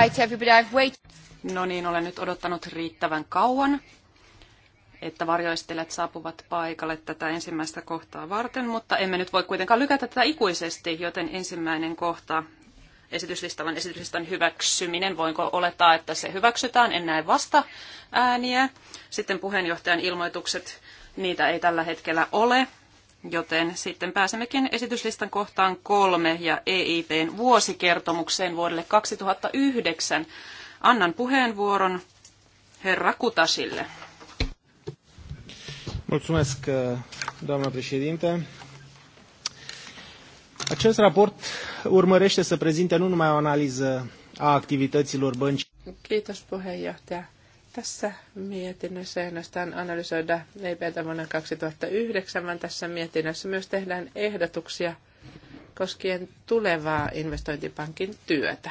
Right, everybody, I've waited. No niin, olen nyt odottanut riittävän kauan, että varjoistelijat saapuvat paikalle tätä ensimmäistä kohtaa varten, mutta emme nyt voi kuitenkaan lykätä tätä ikuisesti, joten ensimmäinen kohta esityslistavan esityslistan hyväksyminen. Voinko olettaa, että se hyväksytään? En näe vasta ääniä. Sitten puheenjohtajan ilmoitukset, niitä ei tällä hetkellä ole. Joten sitten pääsemmekin esityslistan kohtaan kolme ja EIPn vuosikertomukseen vuodelle 2009. Annan puheenvuoron herra Kutasille. Mulțumesc, doamna președinte. Acest raport urmărește să prezinte nu numai o analiză a activităților băncii. Kiitos puheenjohtaja tässä mietinnössä ei analysoida EIPtä vuonna 2009, vaan tässä mietinnössä myös tehdään ehdotuksia koskien tulevaa investointipankin työtä,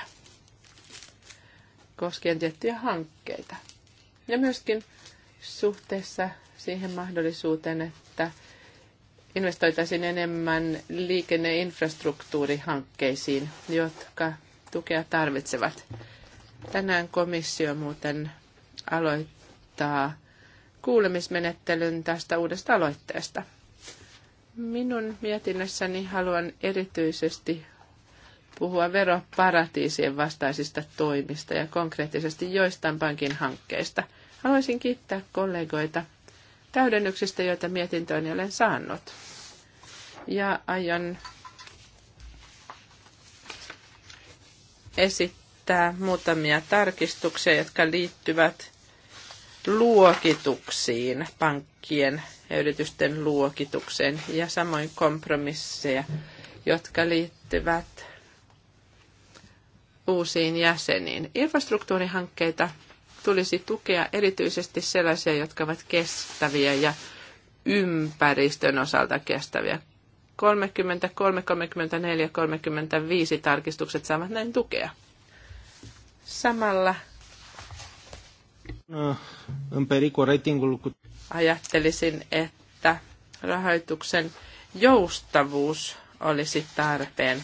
koskien tiettyjä hankkeita. Ja myöskin suhteessa siihen mahdollisuuteen, että investoitaisiin enemmän liikenneinfrastruktuurihankkeisiin, jotka tukea tarvitsevat. Tänään komissio muuten aloittaa kuulemismenettelyn tästä uudesta aloitteesta. Minun mietinnössäni haluan erityisesti puhua veroparatiisien vastaisista toimista ja konkreettisesti joistain pankin hankkeista. Haluaisin kiittää kollegoita täydennyksistä, joita mietintöön olen saanut. Ja aion esittää esittää muutamia tarkistuksia, jotka liittyvät luokituksiin, pankkien ja yritysten luokitukseen ja samoin kompromisseja, jotka liittyvät uusiin jäseniin. Infrastruktuurihankkeita tulisi tukea erityisesti sellaisia, jotka ovat kestäviä ja ympäristön osalta kestäviä. 33, 34, 35 tarkistukset saavat näin tukea samalla uh, ajattelisin, että rahoituksen joustavuus olisi tarpeen.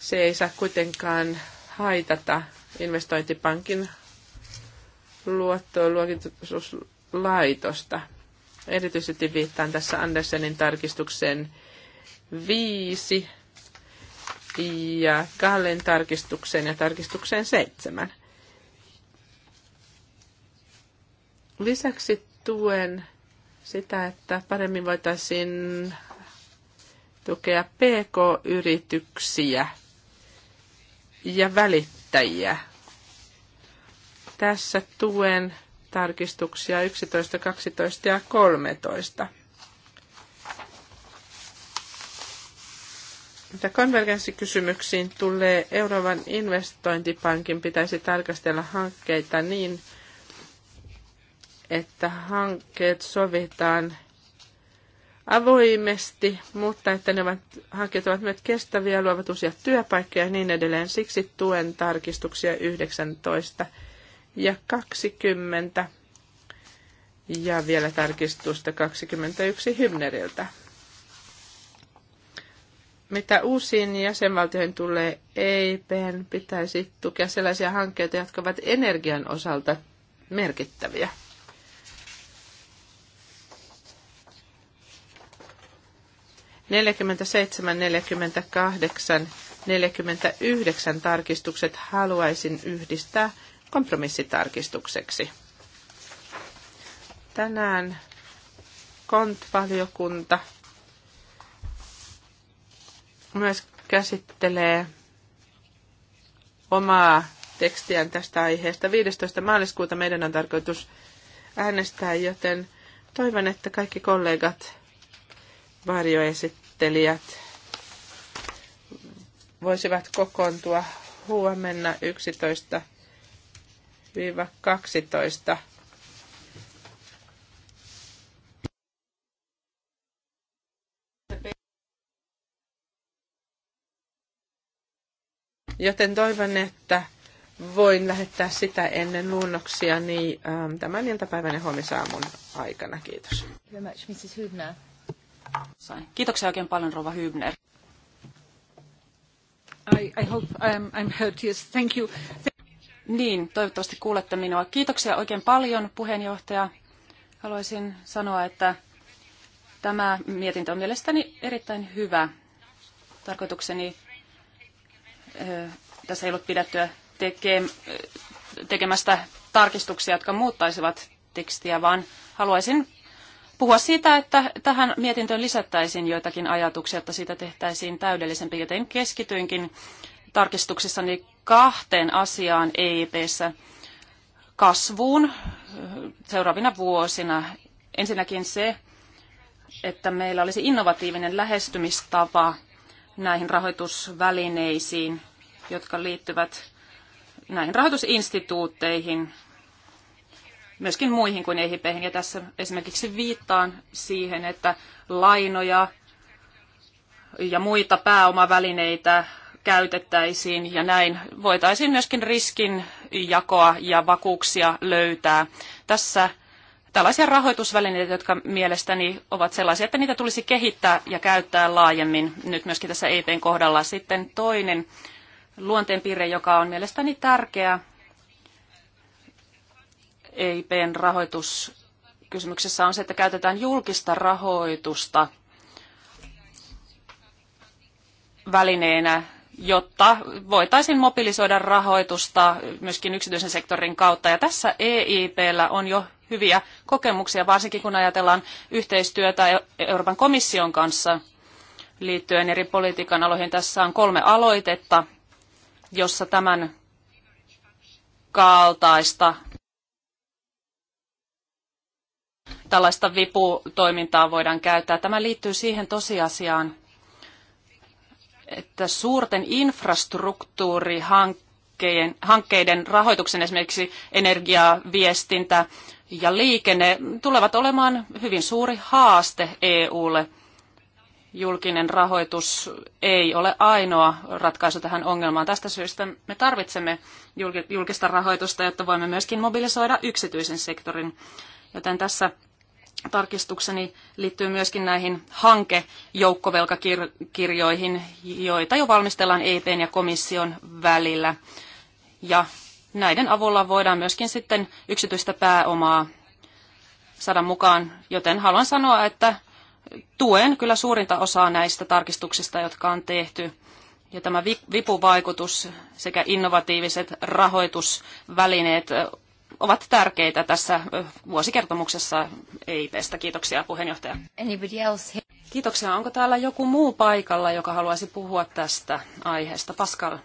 Se ei saa kuitenkaan haitata investointipankin luottoluokituslaitosta. Erityisesti viittaan tässä Andersenin tarkistukseen viisi ja kahden tarkistukseen ja tarkistukseen seitsemän. Lisäksi tuen sitä, että paremmin voitaisiin tukea PK-yrityksiä ja välittäjiä. Tässä tuen tarkistuksia 11, 12 ja 13. Mitä konvergenssikysymyksiin tulee, Euroopan investointipankin pitäisi tarkastella hankkeita niin, että hankkeet sovitaan avoimesti, mutta että ne ovat, hankkeet ovat myös kestäviä, luovat uusia työpaikkoja ja niin edelleen. Siksi tuen tarkistuksia 19 ja 20 ja vielä tarkistusta 21 Hymneriltä mitä uusiin jäsenvaltioihin tulee, EIPn pitäisi tukea sellaisia hankkeita, jotka ovat energian osalta merkittäviä. Neljäkymmentäseitsemän, neljäkymmentäkahdeksan, neljäkymmentäyhdeksän tarkistukset haluaisin yhdistää kompromissitarkistukseksi. Tänään KONT-valiokunta myös käsittelee omaa tekstiään tästä aiheesta. 15. maaliskuuta meidän on tarkoitus äänestää, joten toivon, että kaikki kollegat, varjoesittelijät, voisivat kokoontua huomenna 11-12 Joten toivon, että voin lähettää sitä ennen luonnoksia niin, ähm, tämän iltapäivän ja huomisaamun aikana. Kiitos. Kiitoksia oikein paljon, Rova Hübner. I, I hope I'm, I'm heard. Yes, thank you. Niin, toivottavasti kuulette minua. Kiitoksia oikein paljon, puheenjohtaja. Haluaisin sanoa, että tämä mietintö on mielestäni erittäin hyvä. Tarkoitukseni tässä ei ollut pidettyä teke- tekemästä tarkistuksia, jotka muuttaisivat tekstiä, vaan haluaisin puhua siitä, että tähän mietintöön lisättäisiin joitakin ajatuksia, että siitä tehtäisiin täydellisempi, joten keskityinkin tarkistuksissani kahteen asiaan EIPssä kasvuun seuraavina vuosina. Ensinnäkin se, että meillä olisi innovatiivinen lähestymistapa näihin rahoitusvälineisiin, jotka liittyvät näihin rahoitusinstituutteihin, myöskin muihin kuin EIP:ihin. Ja tässä esimerkiksi viittaan siihen, että lainoja ja muita pääomavälineitä käytettäisiin ja näin voitaisiin myöskin riskin jakoa ja vakuuksia löytää. Tässä tällaisia rahoitusvälineitä, jotka mielestäni ovat sellaisia, että niitä tulisi kehittää ja käyttää laajemmin nyt myöskin tässä EIPn kohdalla. Sitten toinen luonteenpiirre, joka on mielestäni tärkeä EIPn rahoituskysymyksessä on se, että käytetään julkista rahoitusta välineenä jotta voitaisiin mobilisoida rahoitusta myöskin yksityisen sektorin kautta. Ja tässä EIPllä on jo hyviä kokemuksia, varsinkin kun ajatellaan yhteistyötä e- Euroopan komission kanssa liittyen eri politiikan aloihin. Tässä on kolme aloitetta, jossa tämän kaltaista tällaista viputoimintaa voidaan käyttää. Tämä liittyy siihen tosiasiaan, että suurten infrastruktuurihankkeiden hankkeiden rahoituksen esimerkiksi energia, viestintä ja liikenne tulevat olemaan hyvin suuri haaste EUlle. Julkinen rahoitus ei ole ainoa ratkaisu tähän ongelmaan. Tästä syystä me tarvitsemme julkista rahoitusta, jotta voimme myöskin mobilisoida yksityisen sektorin. Joten tässä tarkistukseni liittyy myöskin näihin hankejoukkovelkakirjoihin, joita jo valmistellaan EPn ja komission välillä. Ja näiden avulla voidaan myöskin sitten yksityistä pääomaa saada mukaan, joten haluan sanoa, että tuen kyllä suurinta osaa näistä tarkistuksista, jotka on tehty. Ja tämä vipuvaikutus sekä innovatiiviset rahoitusvälineet ovat tärkeitä tässä vuosikertomuksessa EIPstä. Kiitoksia puheenjohtaja. Kiitoksia. Onko täällä joku muu paikalla, joka haluaisi puhua tästä aiheesta? Pascal.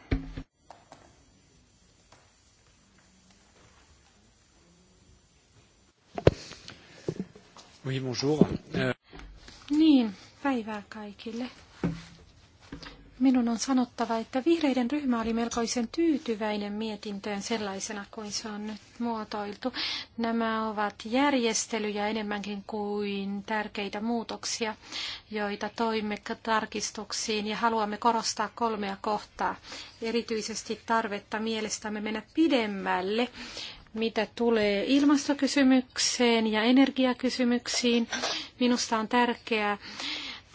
Oui, bonjour. Euh, niin, päivää kaikille. Minun on sanottava, että vihreiden ryhmä oli melkoisen tyytyväinen mietintöön sellaisena kuin se on nyt muotoiltu. Nämä ovat järjestelyjä enemmänkin kuin tärkeitä muutoksia, joita toimme tarkistuksiin ja haluamme korostaa kolmea kohtaa. Erityisesti tarvetta mielestämme mennä pidemmälle mitä tulee ilmastokysymykseen ja energiakysymyksiin. Minusta on tärkeää,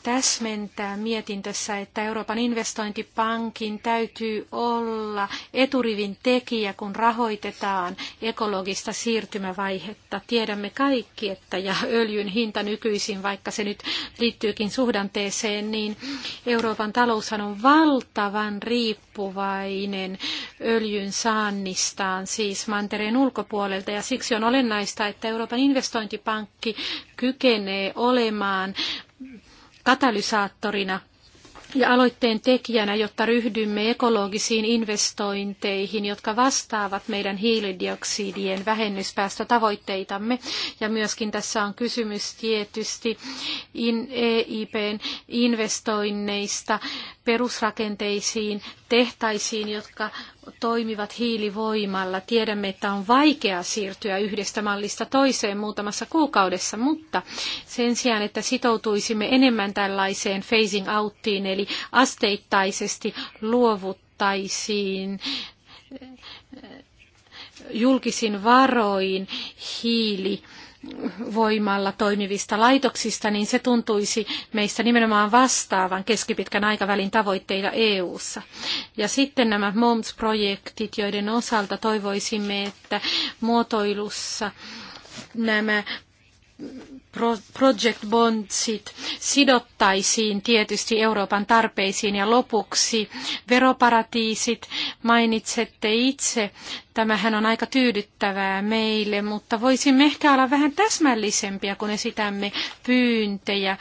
täsmentää mietintössä, että Euroopan investointipankin täytyy olla eturivin tekijä, kun rahoitetaan ekologista siirtymävaihetta. Tiedämme kaikki, että ja öljyn hinta nykyisin, vaikka se nyt liittyykin suhdanteeseen, niin Euroopan taloushan on valtavan riippuvainen öljyn saannistaan, siis mantereen ulkopuolelta, ja siksi on olennaista, että Euroopan investointipankki kykenee olemaan katalysaattorina ja aloitteen tekijänä, jotta ryhdymme ekologisiin investointeihin, jotka vastaavat meidän hiilidioksidien vähennyspäästötavoitteitamme. Ja myöskin tässä on kysymys tietysti EIPn investoinneista perusrakenteisiin, tehtaisiin, jotka toimivat hiilivoimalla. Tiedämme, että on vaikea siirtyä yhdestä mallista toiseen muutamassa kuukaudessa, mutta sen sijaan, että sitoutuisimme enemmän tällaiseen phasing outtiin, eli asteittaisesti luovuttaisiin eh, eh, julkisin varoin hiili voimalla toimivista laitoksista, niin se tuntuisi meistä nimenomaan vastaavan keskipitkän aikavälin tavoitteita EU:ssa. Ja sitten nämä MOMS-projektit, joiden osalta toivoisimme, että muotoilussa nämä project bondsit sidottaisiin tietysti Euroopan tarpeisiin. Ja lopuksi veroparatiisit mainitsette itse. Tämähän on aika tyydyttävää meille, mutta voisimme ehkä olla vähän täsmällisempiä, kun esitämme pyyntejä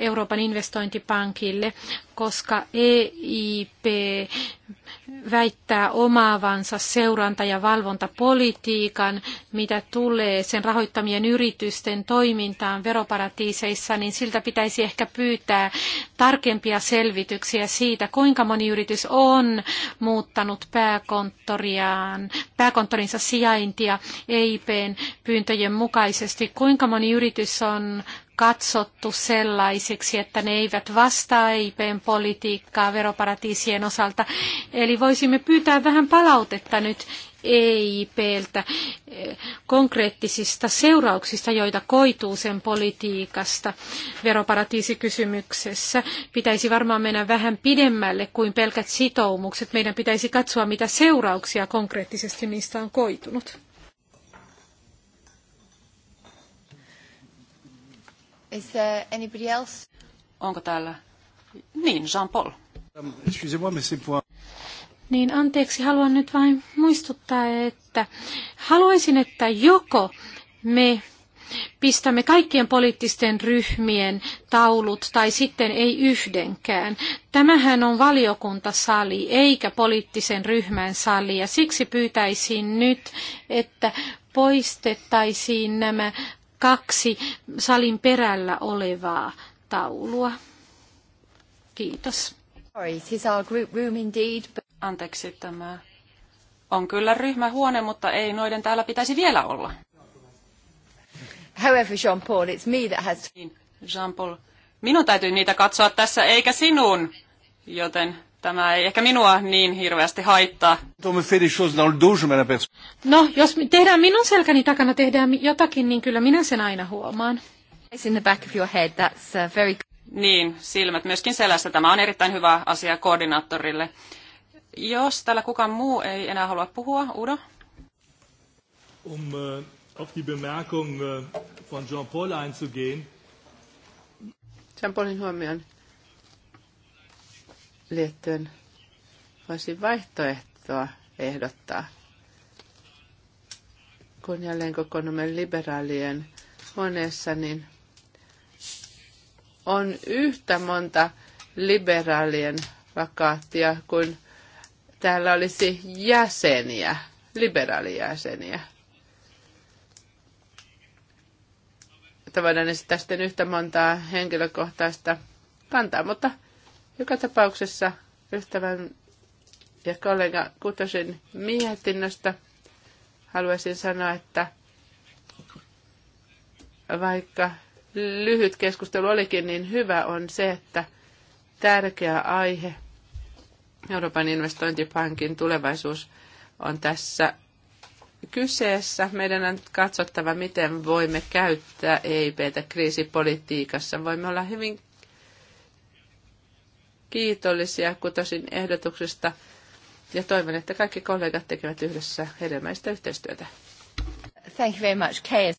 Euroopan investointipankille, koska EIP väittää omaavansa seuranta- ja valvontapolitiikan, mitä tulee sen rahoittamien yritysten toimintaan veroparatiiseissa, niin siltä pitäisi ehkä pyytää tarkempia selvityksiä siitä, kuinka moni yritys on muuttanut pääkonttoriaan, pääkonttorinsa sijaintia EIPn pyyntöjen mukaisesti, kuinka moni yritys on katsottu sellaisiksi, että ne eivät vastaa EIPn politiikkaa veroparatiisien osalta. Eli voisimme pyytää vähän palautetta nyt EIPltä eh, konkreettisista seurauksista, joita koituu sen politiikasta veroparatiisikysymyksessä. Pitäisi varmaan mennä vähän pidemmälle kuin pelkät sitoumukset. Meidän pitäisi katsoa, mitä seurauksia konkreettisesti niistä on koitunut. Is there anybody else? Onko täällä? Niin, Jean-Paul. Excusez-moi, mais c'est pour niin anteeksi, haluan nyt vain muistuttaa, että haluaisin, että joko me pistämme kaikkien poliittisten ryhmien taulut tai sitten ei yhdenkään. Tämähän on valiokuntasali eikä poliittisen ryhmän sali ja siksi pyytäisin nyt, että poistettaisiin nämä kaksi salin perällä olevaa taulua. Kiitos. Anteeksi, tämä on kyllä ryhmähuone, mutta ei noiden täällä pitäisi vielä olla. However, Jean-Paul, it's me that has... Niin, Jean-Paul, minun täytyy niitä katsoa tässä, eikä sinun. Joten Tämä ei ehkä minua niin hirveästi haittaa. No, jos tehdään minun selkäni takana tehdään jotakin, niin kyllä minä sen aina huomaan. in the back of your head. That's uh, very... Niin, silmät myöskin selässä. Tämä on erittäin hyvä asia koordinaattorille. Jos täällä kukaan muu ei enää halua puhua, Udo? Um uh, auf die Bemerkung äh, von Jean-Paul einzugehen. Jean-Paulin huomioon liittyen voisin vaihtoehtoa ehdottaa. Kun jälleen kokoonnumme liberaalien huoneessa, niin on yhtä monta liberaalien vakaattia kuin täällä olisi jäseniä, liberaalijäseniä. Että voidaan esittää sitten yhtä montaa henkilökohtaista kantaa, mutta joka tapauksessa ystävän ja kollega Kutosen mietinnöstä haluaisin sanoa, että vaikka lyhyt keskustelu olikin, niin hyvä on se, että tärkeä aihe, Euroopan investointipankin tulevaisuus on tässä kyseessä. Meidän on katsottava, miten voimme käyttää EIPtä kriisipolitiikassa. Voimme olla hyvin kiitollisia Kutosin ehdotuksesta ja toivon, että kaikki kollegat tekevät yhdessä hedelmäistä yhteistyötä. Thank you very much, Kay.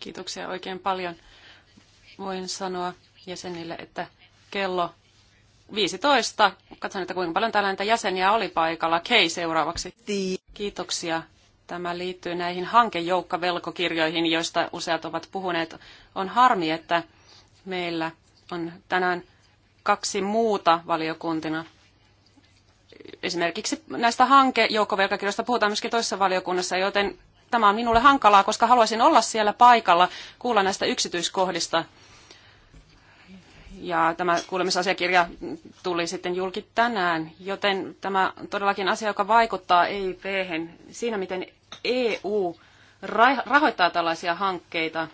Kiitoksia oikein paljon. Voin sanoa jäsenille, että kello 15. Katson, että kuinka paljon täällä näitä jäseniä oli paikalla. Kei seuraavaksi. Kiitoksia. Tämä liittyy näihin hankejoukkavelkokirjoihin, joista useat ovat puhuneet. On harmi, että meillä on tänään kaksi muuta valiokuntina. Esimerkiksi näistä hankejoukkovelkakirjoista puhutaan myöskin toisessa valiokunnassa, joten tämä on minulle hankalaa, koska haluaisin olla siellä paikalla, kuulla näistä yksityiskohdista. Ja tämä kuulemisasiakirja tuli sitten julki tänään, joten tämä on todellakin asia, joka vaikuttaa eip -hän. siinä, miten EU rahoittaa tällaisia hankkeita.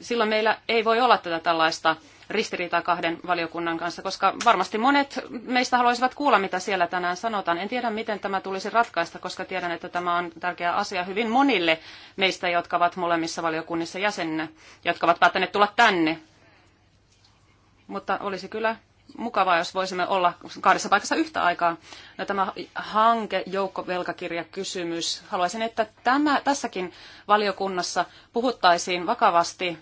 Silloin meillä ei voi olla tätä tällaista ristiriitaa kahden valiokunnan kanssa, koska varmasti monet meistä haluaisivat kuulla, mitä siellä tänään sanotaan. En tiedä, miten tämä tulisi ratkaista, koska tiedän, että tämä on tärkeä asia hyvin monille meistä, jotka ovat molemmissa valiokunnissa jäseninä, jotka ovat päättäneet tulla tänne. Mutta olisi kyllä mukavaa, jos voisimme olla kahdessa paikassa yhtä aikaa. No, tämä hanke, kysymys haluaisin, että tämä, tässäkin valiokunnassa puhuttaisiin vakavasti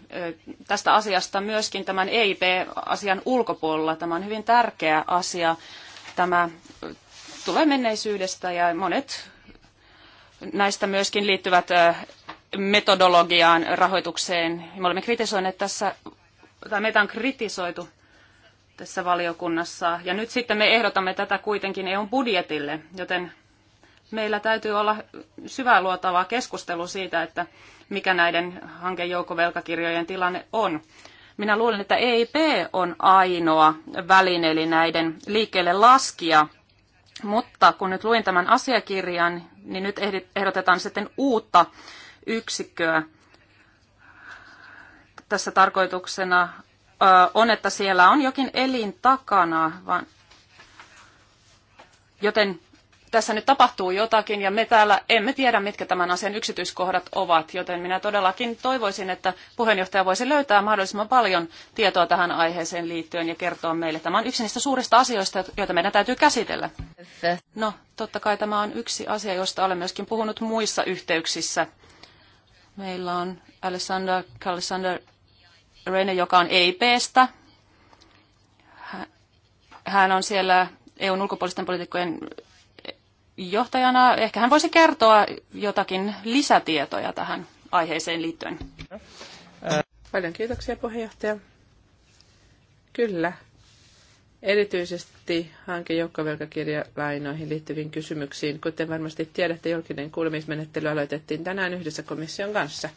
tästä asiasta myöskin tämän EIP-asian ulkopuolella. Tämä on hyvin tärkeä asia. Tämä tulee menneisyydestä ja monet näistä myöskin liittyvät metodologiaan, rahoitukseen. Me olemme kritisoineet tässä, tai meitä on kritisoitu tässä valiokunnassa. Ja nyt sitten me ehdotamme tätä kuitenkin EUn budjetille, joten meillä täytyy olla syvää luotavaa keskustelu siitä, että mikä näiden hankejoukkovelkakirjojen tilanne on. Minä luulen, että EIP on ainoa väline, eli näiden liikkeelle laskija, mutta kun nyt luin tämän asiakirjan, niin nyt ehdotetaan sitten uutta yksikköä. Tässä tarkoituksena on, että siellä on jokin elin takana, vaan joten tässä nyt tapahtuu jotakin ja me täällä emme tiedä, mitkä tämän asian yksityiskohdat ovat, joten minä todellakin toivoisin, että puheenjohtaja voisi löytää mahdollisimman paljon tietoa tähän aiheeseen liittyen ja kertoa meille. Tämä on yksi niistä suurista asioista, joita meidän täytyy käsitellä. No, totta kai tämä on yksi asia, josta olen myöskin puhunut muissa yhteyksissä. Meillä on Alessandra Kalisander Reine, joka on EIPstä. Hän on siellä EUn ulkopuolisten poliitikkojen johtajana. Ehkä hän voisi kertoa jotakin lisätietoja tähän aiheeseen liittyen. Paljon kiitoksia puheenjohtaja. Kyllä. Erityisesti hanke joukkovelkakirjalainoihin liittyviin kysymyksiin. Kuten varmasti tiedätte, julkinen kuulemismenettely aloitettiin tänään yhdessä komission kanssa.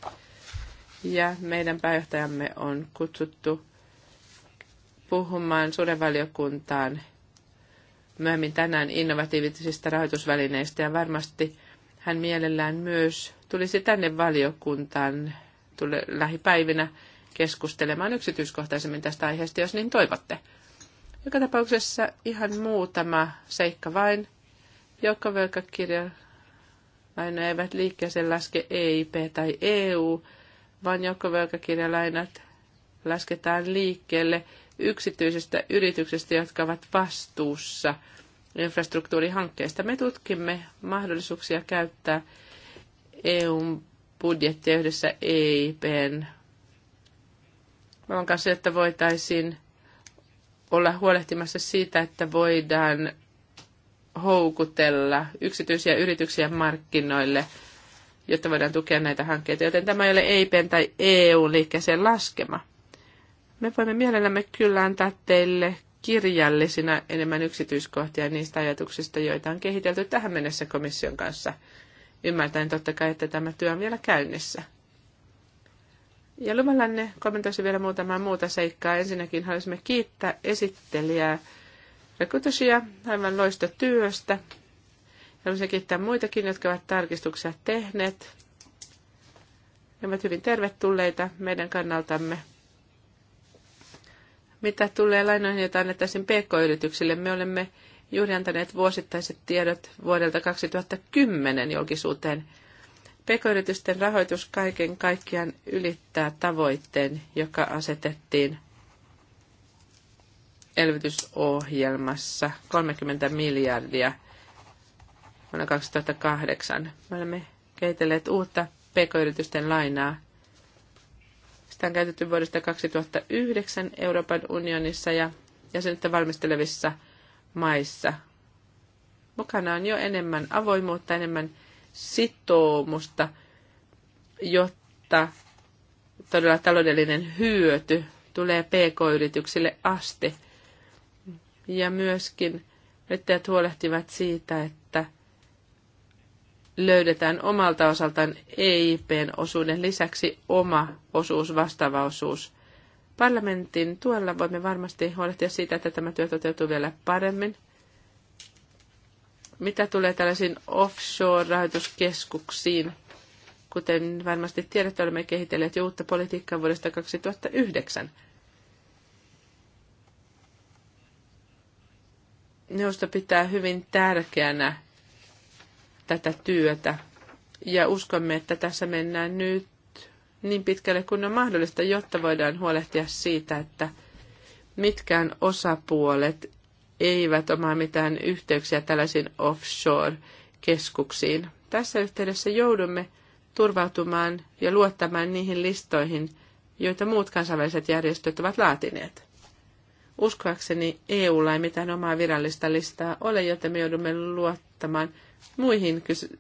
Ja meidän pääjohtajamme on kutsuttu puhumaan suurenvaliokuntaan myöhemmin tänään innovatiivisista rahoitusvälineistä ja varmasti hän mielellään myös tulisi tänne valiokuntaan tule, lähipäivinä keskustelemaan yksityiskohtaisemmin tästä aiheesta, jos niin toivotte. Joka tapauksessa ihan muutama seikka vain. Joka velkakirja aina eivät liikkeeseen laske EIP tai EU – vaan joukkovelkakirjalainat lasketaan liikkeelle yksityisestä yrityksestä, jotka ovat vastuussa infrastruktuurihankkeesta. Me tutkimme mahdollisuuksia käyttää EUn budjettia yhdessä EIPn kanssa, että voitaisiin olla huolehtimassa siitä, että voidaan houkutella yksityisiä yrityksiä markkinoille – jotta voidaan tukea näitä hankkeita, joten tämä ei ole EIPen tai EU-liikkeeseen laskema. Me voimme mielellämme kyllä antaa teille kirjallisina enemmän yksityiskohtia niistä ajatuksista, joita on kehitelty tähän mennessä komission kanssa. Ymmärtäen totta kai, että tämä työ on vielä käynnissä. Ja lumalanne, kommentoisi vielä muutamaa muuta seikkaa. Ensinnäkin haluaisimme kiittää esittelijää Rekutusia aivan loista työstä. Haluaisin kiittää muitakin, jotka ovat tarkistuksia tehneet. Ne ovat hyvin tervetulleita meidän kannaltamme. Mitä tulee lainoihin, joita annettaisiin pk-yrityksille, me olemme juuri antaneet vuosittaiset tiedot vuodelta 2010 julkisuuteen. Pk-yritysten rahoitus kaiken kaikkiaan ylittää tavoitteen, joka asetettiin elvytysohjelmassa 30 miljardia – vuonna 2008. Me olemme kehitelleet uutta pk-yritysten lainaa. Sitä on käytetty vuodesta 2009 Euroopan unionissa ja jäsenyyttä valmistelevissa maissa. Mukana on jo enemmän avoimuutta, enemmän sitoumusta, jotta todella taloudellinen hyöty tulee pk-yrityksille asti. Ja myöskin yrittäjät huolehtivat siitä, että löydetään omalta osaltaan EIPn osuuden lisäksi oma osuus, vastaava osuus. Parlamentin tuella voimme varmasti huolehtia siitä, että tämä työ toteutuu vielä paremmin. Mitä tulee tällaisiin offshore-rahoituskeskuksiin, kuten varmasti tiedätte, olemme kehitelleet jo uutta politiikkaa vuodesta 2009. Neuvosto pitää hyvin tärkeänä tätä työtä. Ja uskomme, että tässä mennään nyt niin pitkälle kuin on mahdollista, jotta voidaan huolehtia siitä, että mitkään osapuolet eivät omaa mitään yhteyksiä tällaisiin offshore-keskuksiin. Tässä yhteydessä joudumme turvautumaan ja luottamaan niihin listoihin, joita muut kansainväliset järjestöt ovat laatineet. Uskoakseni EUlla ei mitään omaa virallista listaa ole, joten me joudumme luottamaan – muihin kysy-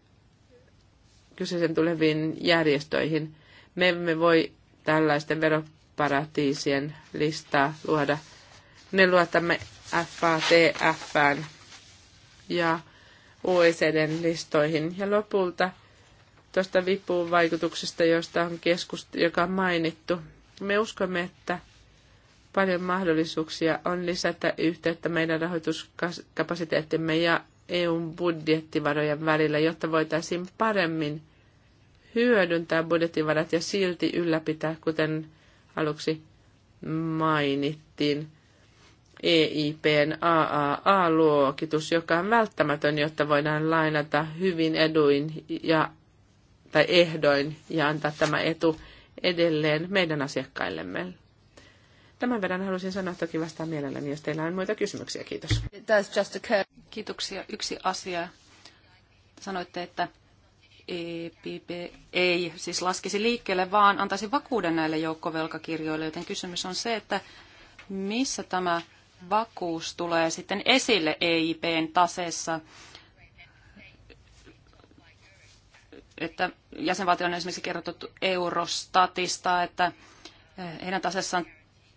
kyseisen tuleviin järjestöihin. Me emme voi tällaisten veroparatiisien listaa luoda. Me luotamme FATF ja OECDn listoihin. Ja lopulta tuosta vipuun vaikutuksesta, josta on keskust- joka on mainittu. Me uskomme, että paljon mahdollisuuksia on lisätä yhteyttä meidän rahoituskapasiteettimme ja EUn budjettivarojen välillä, jotta voitaisiin paremmin hyödyntää budjettivarat ja silti ylläpitää, kuten aluksi mainittiin, EIPn AAA-luokitus, joka on välttämätön, jotta voidaan lainata hyvin eduin ja, tai ehdoin ja antaa tämä etu edelleen meidän asiakkaillemme. Tämän verran halusin sanoa, toki vastaan mielelläni, jos teillä on muita kysymyksiä. Kiitos. Kiitoksia. Yksi asia. Sanoitte, että EPP ei siis laskisi liikkeelle, vaan antaisi vakuuden näille joukkovelkakirjoille, joten kysymys on se, että missä tämä vakuus tulee sitten esille EIPn tasessa? että jäsenvaltio on esimerkiksi kerrottu Eurostatista, että eh, heidän tasessaan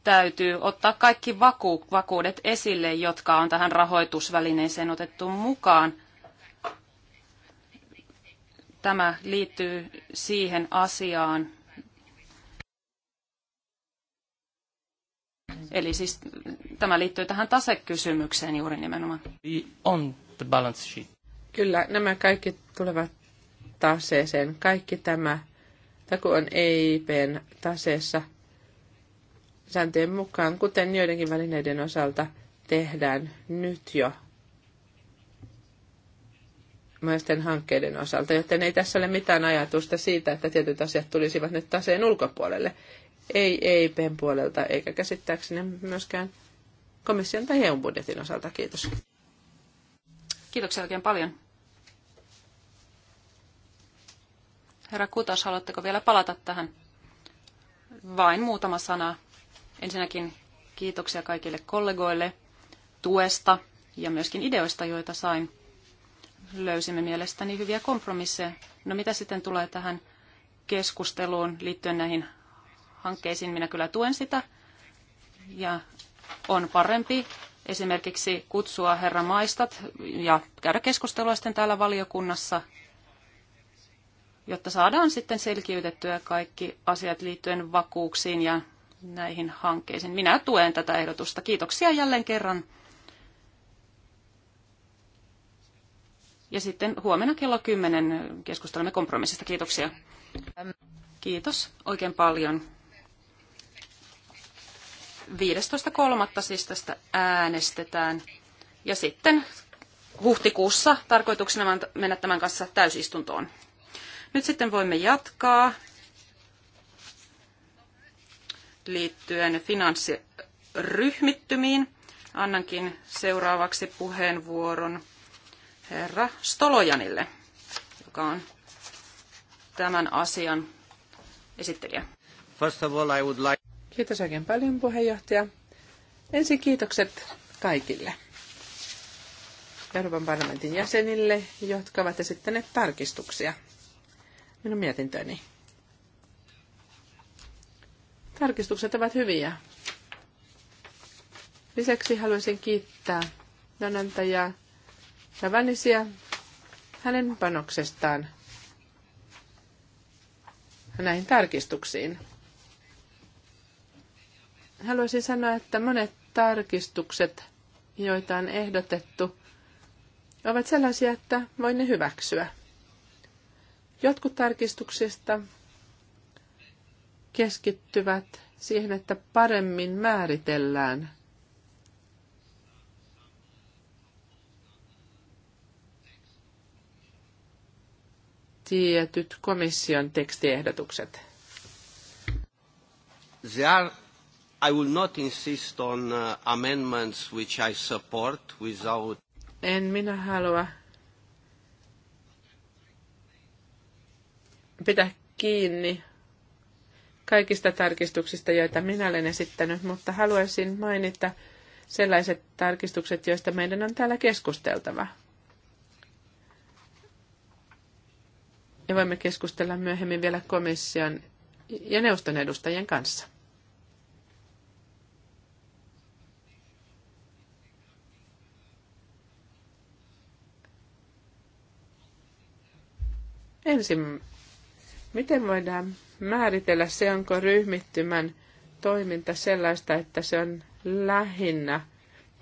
täytyy ottaa kaikki vaku- vakuudet esille, jotka on tähän rahoitusvälineeseen otettu mukaan. Tämä liittyy siihen asiaan. Eli siis tämä liittyy tähän tasekysymykseen juuri nimenomaan. On the balance sheet. Kyllä, nämä kaikki tulevat taseeseen. Kaikki tämä, kun on EIPn taseessa – sääntöjen mukaan, kuten joidenkin välineiden osalta tehdään nyt jo maisten hankkeiden osalta, joten ei tässä ole mitään ajatusta siitä, että tietyt asiat tulisivat nyt taseen ulkopuolelle. Ei EIPn puolelta, eikä käsittääkseni myöskään komission tai EU-budjetin osalta. Kiitos. Kiitoksia oikein paljon. Herra Kutas, haluatteko vielä palata tähän? Vain muutama sana Ensinnäkin kiitoksia kaikille kollegoille tuesta ja myöskin ideoista, joita sain. Löysimme mielestäni hyviä kompromisseja. No mitä sitten tulee tähän keskusteluun liittyen näihin hankkeisiin, minä kyllä tuen sitä. Ja on parempi esimerkiksi kutsua herra maistat ja käydä keskustelua sitten täällä valiokunnassa, jotta saadaan sitten selkiytettyä kaikki asiat liittyen vakuuksiin ja näihin hankkeisiin. Minä tuen tätä ehdotusta. Kiitoksia jälleen kerran. Ja sitten huomenna kello 10 keskustelemme kompromissista. Kiitoksia. Kiitos oikein paljon. 15.3. siis tästä äänestetään. Ja sitten huhtikuussa tarkoituksena mennä tämän kanssa täysistuntoon. Nyt sitten voimme jatkaa liittyen finanssiryhmittymiin. Annankin seuraavaksi puheenvuoron herra Stolojanille, joka on tämän asian esittelijä. First of all, I would like... Kiitos oikein paljon puheenjohtaja. Ensin kiitokset kaikille Euroopan parlamentin jäsenille, jotka ovat esittäneet tarkistuksia minun mietintöni. Tarkistukset ovat hyviä. Lisäksi haluaisin kiittää työnantajaa Navanisia hänen panoksestaan näihin tarkistuksiin. Haluaisin sanoa, että monet tarkistukset, joita on ehdotettu, ovat sellaisia, että voin ne hyväksyä. Jotkut tarkistuksista keskittyvät siihen, että paremmin määritellään tietyt komission tekstiehdotukset. There I will not insist on uh, amendments which I support without... En minä halua pitää kiinni kaikista tarkistuksista, joita minä olen esittänyt, mutta haluaisin mainita sellaiset tarkistukset, joista meidän on täällä keskusteltava. Ja voimme keskustella myöhemmin vielä komission ja neuvoston edustajien kanssa. Ensin, miten voidaan määritellä se, onko ryhmittymän toiminta sellaista, että se on lähinnä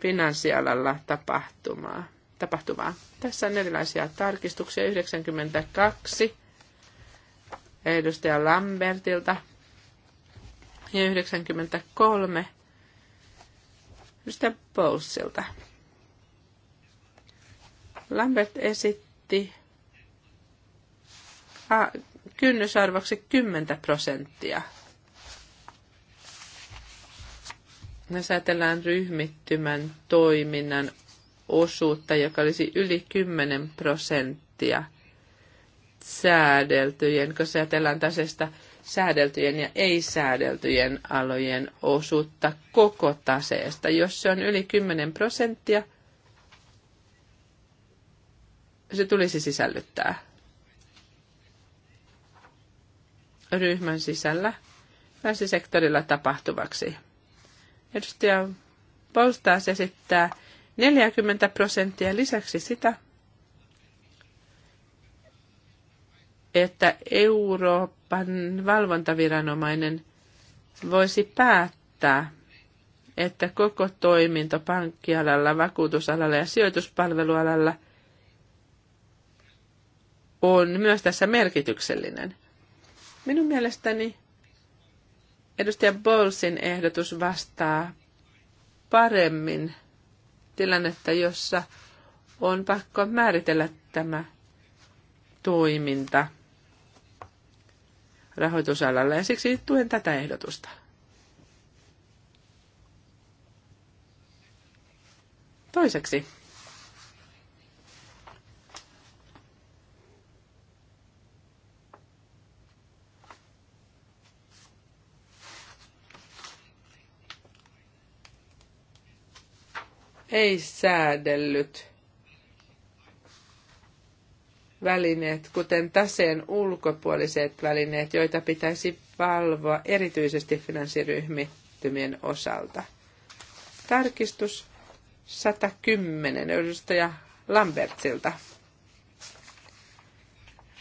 finanssialalla tapahtumaa. Tapahtumaa. Tässä on erilaisia tarkistuksia. 92 edustaja Lambertilta ja 93 edustaja Bowsilta. Lambert esitti kynnysarvoksi 10 prosenttia. Me säätellään ryhmittymän toiminnan osuutta, joka olisi yli 10 prosenttia säädeltyjen, kun säätellään tasesta säädeltyjen ja ei-säädeltyjen alojen osuutta koko taseesta. Jos se on yli 10 prosenttia, se tulisi sisällyttää. ryhmän sisällä länsisektorilla tapahtuvaksi. Edustaja Polstaas esittää 40 prosenttia lisäksi sitä, että Euroopan valvontaviranomainen voisi päättää, että koko toiminto pankkialalla, vakuutusalalla ja sijoituspalvelualalla on myös tässä merkityksellinen – Minun mielestäni edustaja Bolsin ehdotus vastaa paremmin tilannetta, jossa on pakko määritellä tämä toiminta rahoitusalalla ja siksi tuen tätä ehdotusta. Toiseksi ei säädellyt välineet, kuten taseen ulkopuoliset välineet, joita pitäisi valvoa erityisesti finanssiryhmittymien osalta. Tarkistus 110 edustaja Lambertsilta.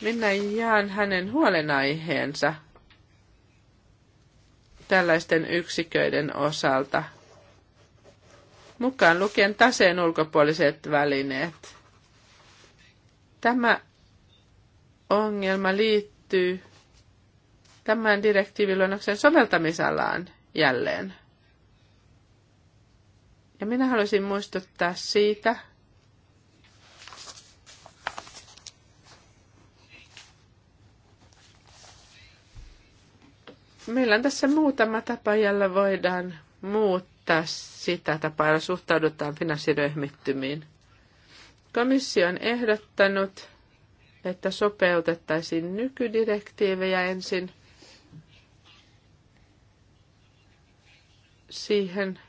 Minä jaan hänen huolenaiheensa tällaisten yksiköiden osalta – mukaan lukien taseen ulkopuoliset välineet. Tämä ongelma liittyy tämän direktiiviluonnoksen soveltamisalaan jälleen. Ja minä haluaisin muistuttaa siitä, Meillä on tässä muutama tapa, jolla voidaan muuttaa muuttaa sitä tapaa, jolla suhtaudutaan finanssiryhmittymiin. Komissio on ehdottanut, että sopeutettaisiin nykydirektiivejä ensin siihen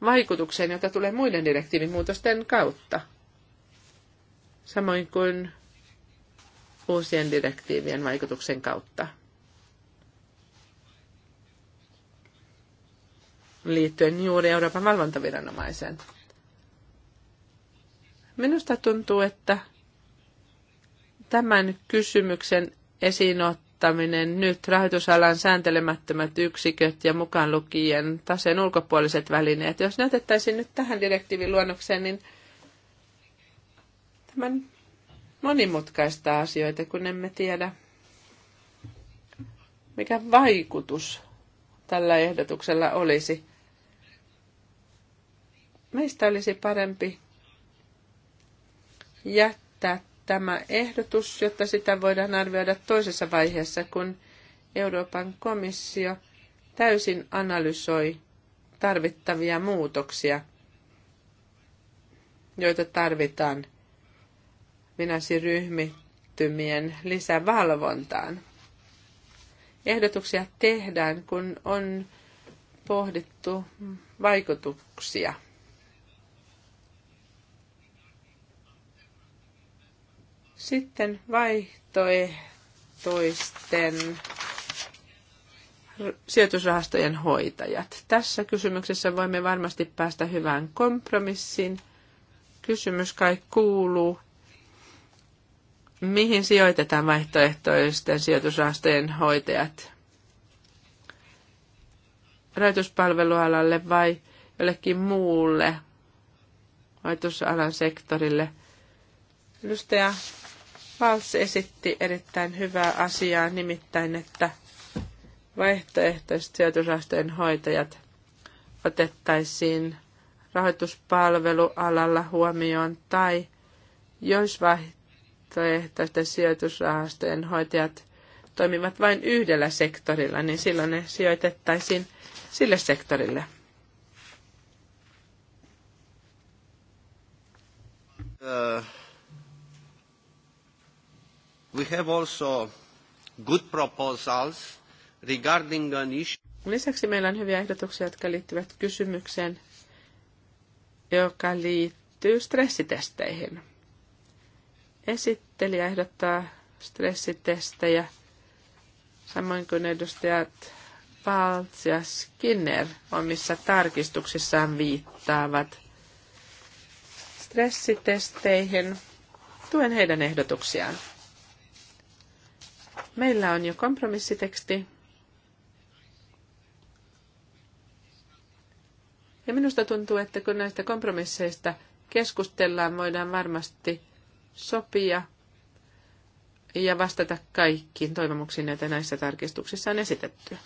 vaikutukseen, jota tulee muiden direktiivimuutosten kautta, samoin kuin uusien direktiivien vaikutuksen kautta. liittyen juuri Euroopan valvontaviranomaiseen. Minusta tuntuu, että tämän kysymyksen esiin ottaminen nyt rahoitusalan sääntelemättömät yksiköt ja mukaan lukien taseen ulkopuoliset välineet, jos ne otettaisiin nyt tähän direktiivin luonnokseen, niin tämän monimutkaista asioita, kun emme tiedä, mikä vaikutus tällä ehdotuksella olisi Meistä olisi parempi jättää tämä ehdotus, jotta sitä voidaan arvioida toisessa vaiheessa, kun Euroopan komissio täysin analysoi tarvittavia muutoksia, joita tarvitaan finanssiryhmittymien lisävalvontaan. Ehdotuksia tehdään, kun on pohdittu vaikutuksia. Sitten vaihtoehtoisten sijoitusrahastojen hoitajat. Tässä kysymyksessä voimme varmasti päästä hyvään kompromissiin. Kysymys kai kuuluu, mihin sijoitetaan vaihtoehtoisten sijoitusrahastojen hoitajat? Rajoituspalvelualalle vai jollekin muulle rajoitusalan sektorille? Edustaja Vals esitti erittäin hyvää asiaa, nimittäin, että vaihtoehtoiset sijoitusrahastojen hoitajat otettaisiin rahoituspalvelualalla huomioon tai jos vaihtoehtoisten sijoitusrahastojen hoitajat toimivat vain yhdellä sektorilla, niin silloin ne sijoitettaisiin sille sektorille. Uh. We have also good proposals regarding an issue. Lisäksi meillä on hyviä ehdotuksia, jotka liittyvät kysymykseen, joka liittyy stressitesteihin. Esittelijä ehdottaa stressitestejä, samoin kuin edustajat Paltz ja Skinner omissa tarkistuksissaan viittaavat stressitesteihin. Tuen heidän ehdotuksiaan. Meillä on jo kompromissiteksti. Ja minusta tuntuu, että kun näistä kompromisseista keskustellaan, voidaan varmasti sopia ja vastata kaikkiin toivomuksiin, joita näissä tarkistuksissa on esitetty.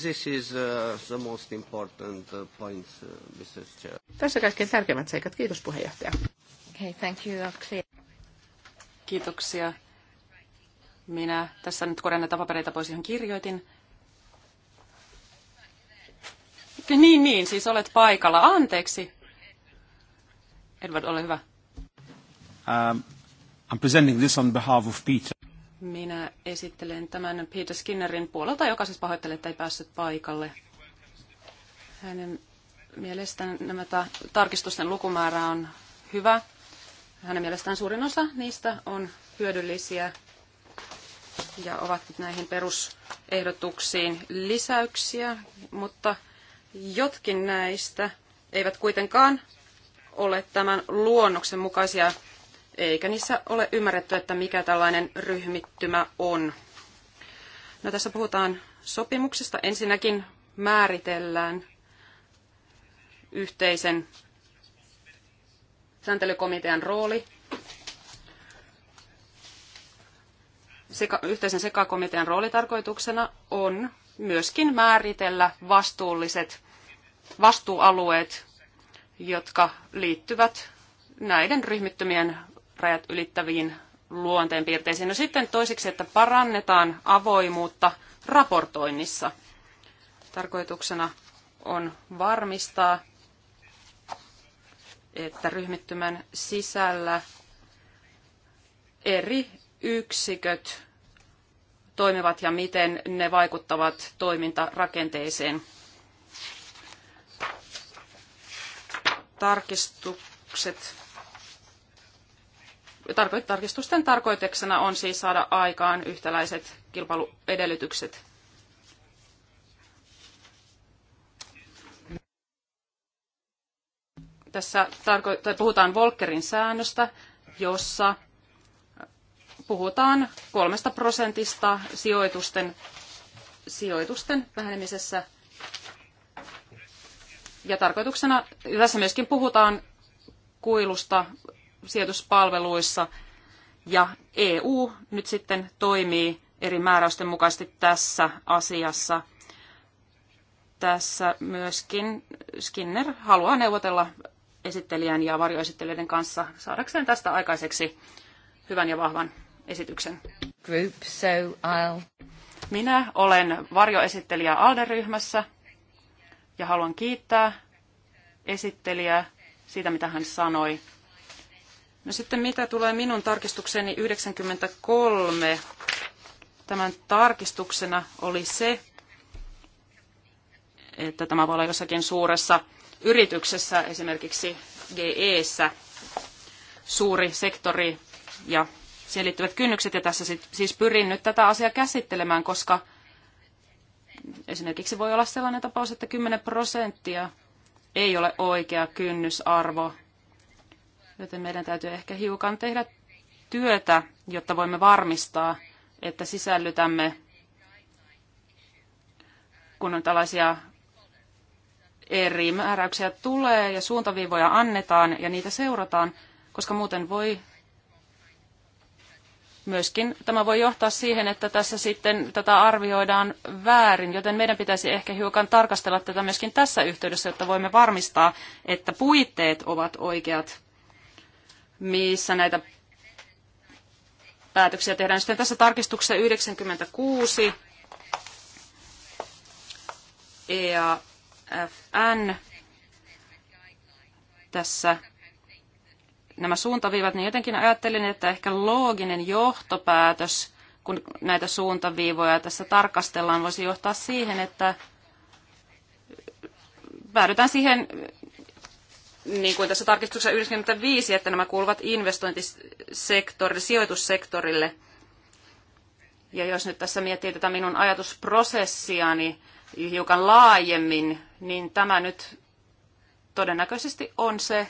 This is uh, the most important uh, points, uh, Mrs. Chair. Tässä kaikkein tärkeimmät seikat. Kiitos puheenjohtaja. Okay, thank you. Clear. Kiitoksia. Minä tässä nyt korjaan näitä papereita pois, johon kirjoitin. Niin, niin, siis olet paikalla. Anteeksi. Edward, ole hyvä. Um, I'm presenting this on behalf of Peter. Minä esittelen tämän Peter Skinnerin puolelta, joka siis pahoittelee, että ei päässyt paikalle. Hänen mielestään nämä tarkistusten lukumäärä on hyvä. Hänen mielestään suurin osa niistä on hyödyllisiä ja ovat näihin perusehdotuksiin lisäyksiä, mutta jotkin näistä eivät kuitenkaan ole tämän luonnoksen mukaisia, eikä niissä ole ymmärretty, että mikä tällainen ryhmittymä on. No, tässä puhutaan sopimuksesta. Ensinnäkin määritellään yhteisen sääntelykomitean rooli seka, yhteisen sekakomitean roolitarkoituksena on myöskin määritellä vastuulliset vastuualueet, jotka liittyvät näiden ryhmittymien rajat ylittäviin luonteenpiirteisiin. No sitten toiseksi, että parannetaan avoimuutta raportoinnissa. Tarkoituksena on varmistaa, että ryhmittymän sisällä eri yksiköt toimivat ja miten ne vaikuttavat toimintarakenteeseen. Tarkistukset. Tarkoit, tarkistusten tarkoituksena on siis saada aikaan yhtäläiset kilpailuedellytykset. tässä tarko- tai puhutaan Volkerin säännöstä, jossa puhutaan kolmesta prosentista sijoitusten, sijoitusten vähenemisessä. Ja tarkoituksena, ja tässä myöskin puhutaan kuilusta sijoituspalveluissa, ja EU nyt sitten toimii eri määräysten mukaisesti tässä asiassa. Tässä myöskin Skinner haluaa neuvotella esittelijän ja varjoesittelijöiden kanssa saadakseen tästä aikaiseksi hyvän ja vahvan esityksen. Group, so I'll... Minä olen varjoesittelijä ALDE-ryhmässä ja haluan kiittää esittelijää siitä, mitä hän sanoi. No sitten mitä tulee minun tarkistukseni 93? Tämän tarkistuksena oli se, että tämä voi olla jossakin suuressa yrityksessä, esimerkiksi GEssä, suuri sektori ja siihen liittyvät kynnykset. Ja tässä siis pyrin nyt tätä asiaa käsittelemään, koska esimerkiksi voi olla sellainen tapaus, että 10 prosenttia ei ole oikea kynnysarvo. Joten meidän täytyy ehkä hiukan tehdä työtä, jotta voimme varmistaa, että sisällytämme, kun on tällaisia eri määräyksiä tulee ja suuntaviivoja annetaan ja niitä seurataan, koska muuten voi myöskin tämä voi johtaa siihen, että tässä sitten tätä arvioidaan väärin, joten meidän pitäisi ehkä hiukan tarkastella tätä myöskin tässä yhteydessä, jotta voimme varmistaa, että puitteet ovat oikeat, missä näitä päätöksiä tehdään. Sitten tässä tarkistuksessa 96 ja e FN. Tässä nämä suuntaviivat, niin jotenkin ajattelin, että ehkä looginen johtopäätös, kun näitä suuntaviivoja tässä tarkastellaan, voisi johtaa siihen, että päädytään siihen, niin kuin tässä tarkistuksessa 95, että nämä kuuluvat investointisektorille, sijoitussektorille. Ja jos nyt tässä miettii tätä minun ajatusprosessiani, hiukan laajemmin, niin tämä nyt todennäköisesti on se,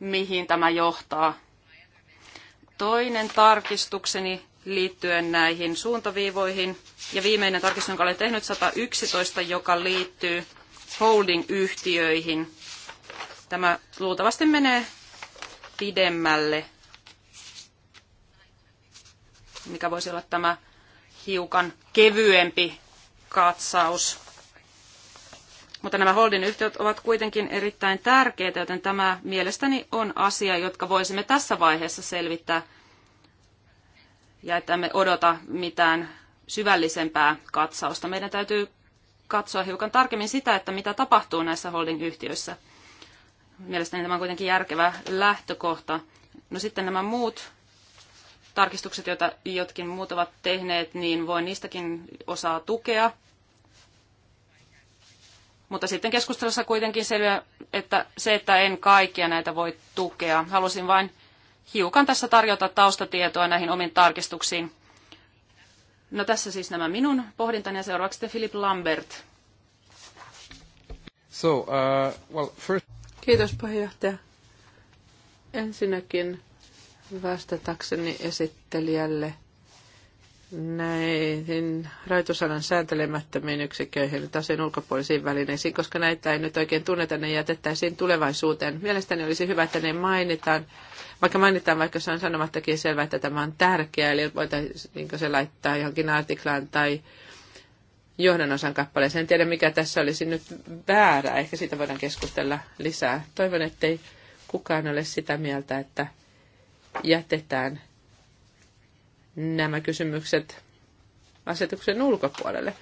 mihin tämä johtaa. Toinen tarkistukseni liittyen näihin suuntaviivoihin ja viimeinen tarkistus, jonka olen tehnyt 111, joka liittyy holding-yhtiöihin. Tämä luultavasti menee pidemmälle, mikä voisi olla tämä hiukan kevyempi katsaus. Mutta nämä holding-yhtiöt ovat kuitenkin erittäin tärkeitä, joten tämä mielestäni on asia, jotka voisimme tässä vaiheessa selvittää ja että me odota mitään syvällisempää katsausta. Meidän täytyy katsoa hiukan tarkemmin sitä, että mitä tapahtuu näissä holding-yhtiöissä. Mielestäni tämä on kuitenkin järkevä lähtökohta. No sitten nämä muut tarkistukset, joita jotkin muut ovat tehneet, niin voin niistäkin osaa tukea. Mutta sitten keskustelussa kuitenkin selviää, että se, että en kaikkia näitä voi tukea. Halusin vain hiukan tässä tarjota taustatietoa näihin omiin tarkistuksiin. No tässä siis nämä minun pohdintani ja seuraavaksi sitten Philip Lambert. So, uh, well, first... Kiitos puheenjohtaja. Ensinnäkin vastatakseni esittelijälle näihin rajoitusalan sääntelemättömiin yksiköihin, taseen ulkopuolisiin välineisiin, koska näitä ei nyt oikein tunneta, ne jätettäisiin tulevaisuuteen. Mielestäni olisi hyvä, että ne mainitaan, vaikka mainitaan, vaikka se on sanomattakin selvää, että tämä on tärkeää, eli voitaisiin se laittaa johonkin artiklaan tai johdonosan kappaleeseen. En tiedä, mikä tässä olisi nyt väärää, ehkä siitä voidaan keskustella lisää. Toivon, ettei kukaan ole sitä mieltä, että jätetään nämä kysymykset asetuksen ulkopuolelle.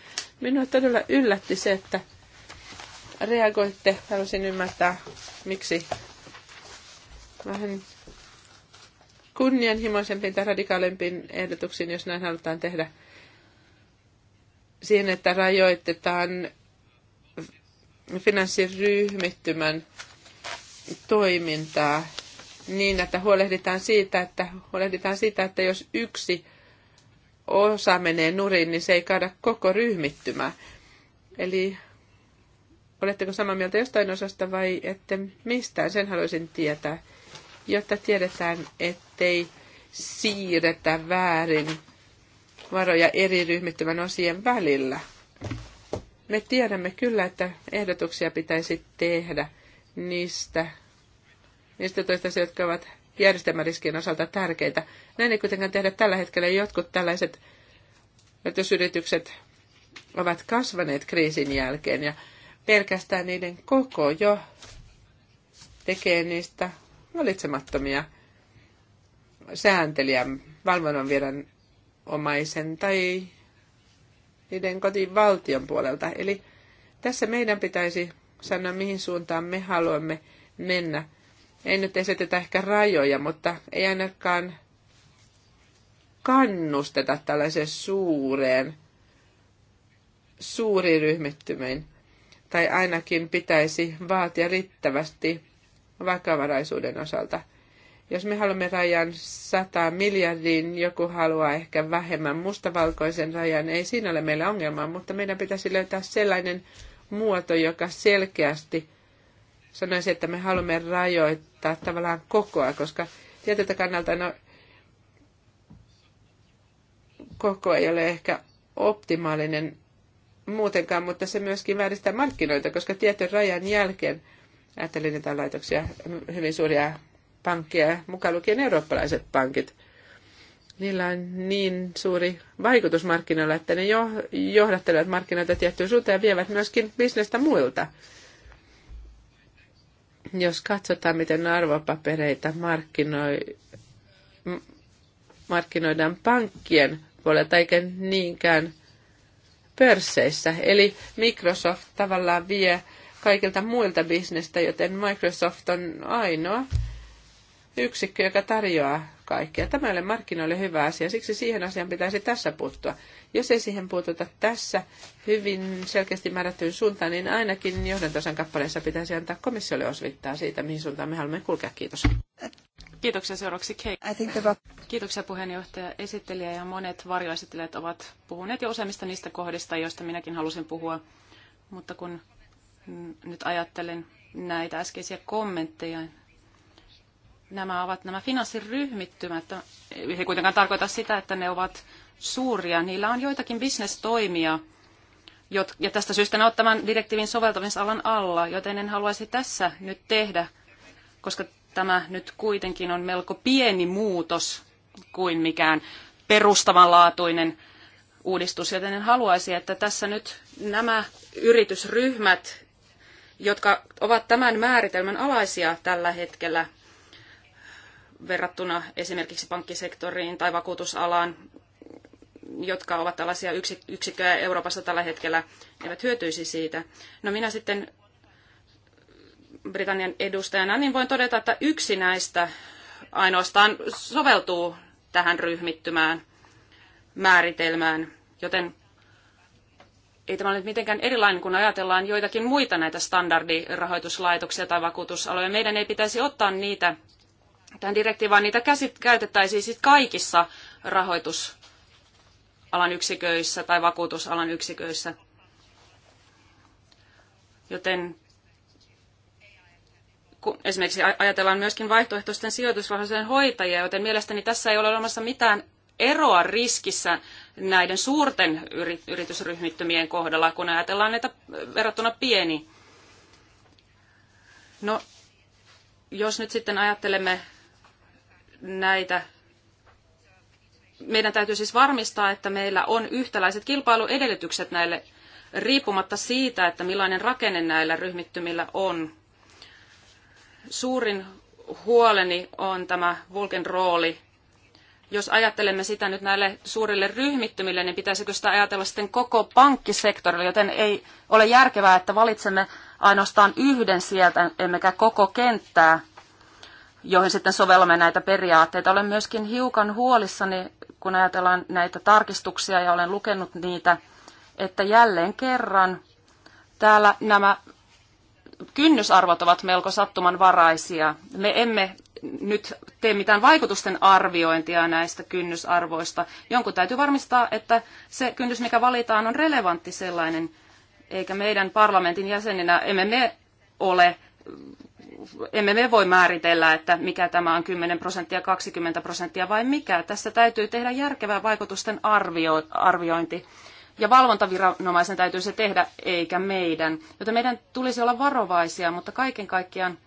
Minua todella yllätti se, että reagoitte. Haluaisin ymmärtää, miksi vähän kunnianhimoisempiin tai radikaalimpiin ehdotuksiin, jos näin halutaan tehdä, siihen, että rajoitetaan finanssiryhmittymän toimintaa niin, että huolehditaan siitä, että, huolehditaan siitä, että jos yksi osa menee nurin, niin se ei kaada koko ryhmittymää. Eli oletteko samaa mieltä jostain osasta vai että mistään? Sen haluaisin tietää, jotta tiedetään, ettei siirretä väärin varoja eri ryhmittymän osien välillä. Me tiedämme kyllä, että ehdotuksia pitäisi tehdä niistä instituutioista, jotka ovat järjestelmäriskien osalta tärkeitä. Näin ei kuitenkaan tehdä tällä hetkellä. Jotkut tällaiset yritykset ovat kasvaneet kriisin jälkeen ja pelkästään niiden koko jo tekee niistä valitsemattomia sääntelijän, valvonnan omaisen tai niiden valtion puolelta. Eli tässä meidän pitäisi sanoa, mihin suuntaan me haluamme mennä – ei nyt esitetä ehkä rajoja, mutta ei ainakaan kannusteta tällaiseen suureen, suuri ryhmittymiin. Tai ainakin pitäisi vaatia riittävästi vakavaraisuuden osalta. Jos me haluamme rajan 100 miljardiin, joku haluaa ehkä vähemmän mustavalkoisen rajan, ei siinä ole meillä ongelmaa, mutta meidän pitäisi löytää sellainen muoto, joka selkeästi – sanoisin, että me haluamme rajoittaa tavallaan kokoa, koska tietyltä kannalta no, koko ei ole ehkä optimaalinen muutenkaan, mutta se myöskin vääristää markkinoita, koska tietyn rajan jälkeen ajattelin jotain laitoksia, hyvin suuria pankkeja, mukaan lukien eurooppalaiset pankit. Niillä on niin suuri vaikutus markkinoilla, että ne jo, johdattelevat markkinoita tiettyyn suuntaan ja vievät myöskin bisnestä muilta. Jos katsotaan, miten arvopapereita markkinoi, markkinoidaan pankkien puolelta, eikä niinkään pörsseissä. Eli Microsoft tavallaan vie kaikilta muilta bisnestä, joten Microsoft on ainoa yksikkö, joka tarjoaa kaikkea. Tämä ei ole markkinoille hyvä asia, siksi siihen asiaan pitäisi tässä puuttua. Jos ei siihen puututa tässä hyvin selkeästi määrättyyn suuntaan, niin ainakin johdantosan kappaleessa pitäisi antaa komissiolle osvittaa siitä, mihin suuntaan me haluamme kulkea. Kiitos. Kiitoksia seuraavaksi Kate. Kiitoksia puheenjohtaja, esittelijä ja monet varjoesittelijät ovat puhuneet jo useimmista niistä kohdista, joista minäkin halusin puhua. Mutta kun nyt ajattelen näitä äskeisiä kommentteja, nämä ovat nämä finanssiryhmittymät. Ei kuitenkaan tarkoita sitä, että ne ovat suuria. Niillä on joitakin bisnestoimia, ja tästä syystä ne ovat tämän direktiivin soveltamisalan alla, joten en haluaisi tässä nyt tehdä, koska tämä nyt kuitenkin on melko pieni muutos kuin mikään perustavanlaatuinen uudistus, joten en haluaisi, että tässä nyt nämä yritysryhmät, jotka ovat tämän määritelmän alaisia tällä hetkellä verrattuna esimerkiksi pankkisektoriin tai vakuutusalaan, jotka ovat tällaisia yksikköjä Euroopassa tällä hetkellä, eivät hyötyisi siitä. No minä sitten Britannian edustajana, niin voin todeta, että yksi näistä ainoastaan soveltuu tähän ryhmittymään määritelmään, joten ei tämä ole mitenkään erilainen, kun ajatellaan joitakin muita näitä standardirahoituslaitoksia tai vakuutusaloja. Meidän ei pitäisi ottaa niitä tähän direktiivaan, niitä käsit, käytettäisiin siis kaikissa rahoitus alan yksiköissä tai vakuutusalan yksiköissä. Joten kun esimerkiksi ajatellaan myöskin vaihtoehtoisten sijoitusrahastojen hoitajia, joten mielestäni tässä ei ole olemassa mitään eroa riskissä näiden suurten yritysryhmittymien kohdalla, kun ajatellaan näitä verrattuna pieni. No, jos nyt sitten ajattelemme näitä meidän täytyy siis varmistaa, että meillä on yhtäläiset kilpailuedellytykset näille riippumatta siitä, että millainen rakenne näillä ryhmittymillä on. Suurin huoleni on tämä Vulken rooli. Jos ajattelemme sitä nyt näille suurille ryhmittymille, niin pitäisikö sitä ajatella sitten koko pankkisektorille, joten ei ole järkevää, että valitsemme ainoastaan yhden sieltä, emmekä koko kenttää, joihin sitten sovellamme näitä periaatteita. Olen myöskin hiukan huolissani kun ajatellaan näitä tarkistuksia ja olen lukenut niitä, että jälleen kerran täällä nämä kynnysarvot ovat melko sattumanvaraisia. Me emme nyt tee mitään vaikutusten arviointia näistä kynnysarvoista. Jonkun täytyy varmistaa, että se kynnys, mikä valitaan, on relevantti sellainen, eikä meidän parlamentin jäseninä, emme me ole emme me voi määritellä, että mikä tämä on 10 prosenttia, 20 prosenttia vai mikä. Tässä täytyy tehdä järkevää vaikutusten arvio, arviointi. Ja valvontaviranomaisen täytyy se tehdä, eikä meidän. Joten meidän tulisi olla varovaisia, mutta kaiken kaikkiaan,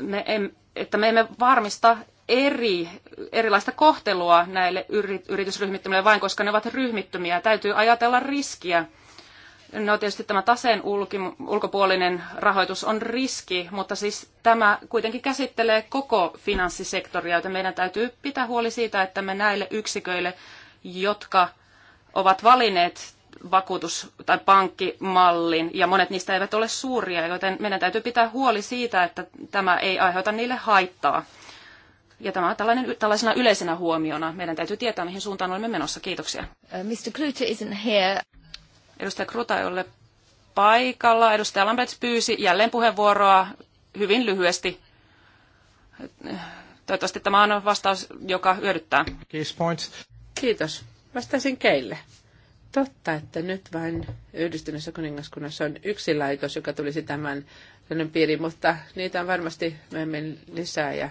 me em, että me emme varmista eri, erilaista kohtelua näille yritysryhmittymille vain, koska ne ovat ryhmittymiä. Täytyy ajatella riskiä No tietysti tämä taseen ulkopuolinen rahoitus on riski, mutta siis tämä kuitenkin käsittelee koko finanssisektoria, joten meidän täytyy pitää huoli siitä, että me näille yksiköille, jotka ovat valinneet vakuutus- tai pankkimallin, ja monet niistä eivät ole suuria, joten meidän täytyy pitää huoli siitä, että tämä ei aiheuta niille haittaa. Ja tämä on tällainen, tällaisena yleisenä huomiona. Meidän täytyy tietää, mihin suuntaan olemme menossa. Kiitoksia. Uh, Mr. isn't here. Edustaja Kruta ei ole paikalla. Edustaja Lamberts pyysi jälleen puheenvuoroa hyvin lyhyesti. Toivottavasti tämä on vastaus, joka hyödyttää. Kiitos. Vastasin keille. Totta, että nyt vain yhdistyneessä kuningaskunnassa on yksi laitos, joka tulisi tämän piiriin, mutta niitä on varmasti myöhemmin lisää. Ja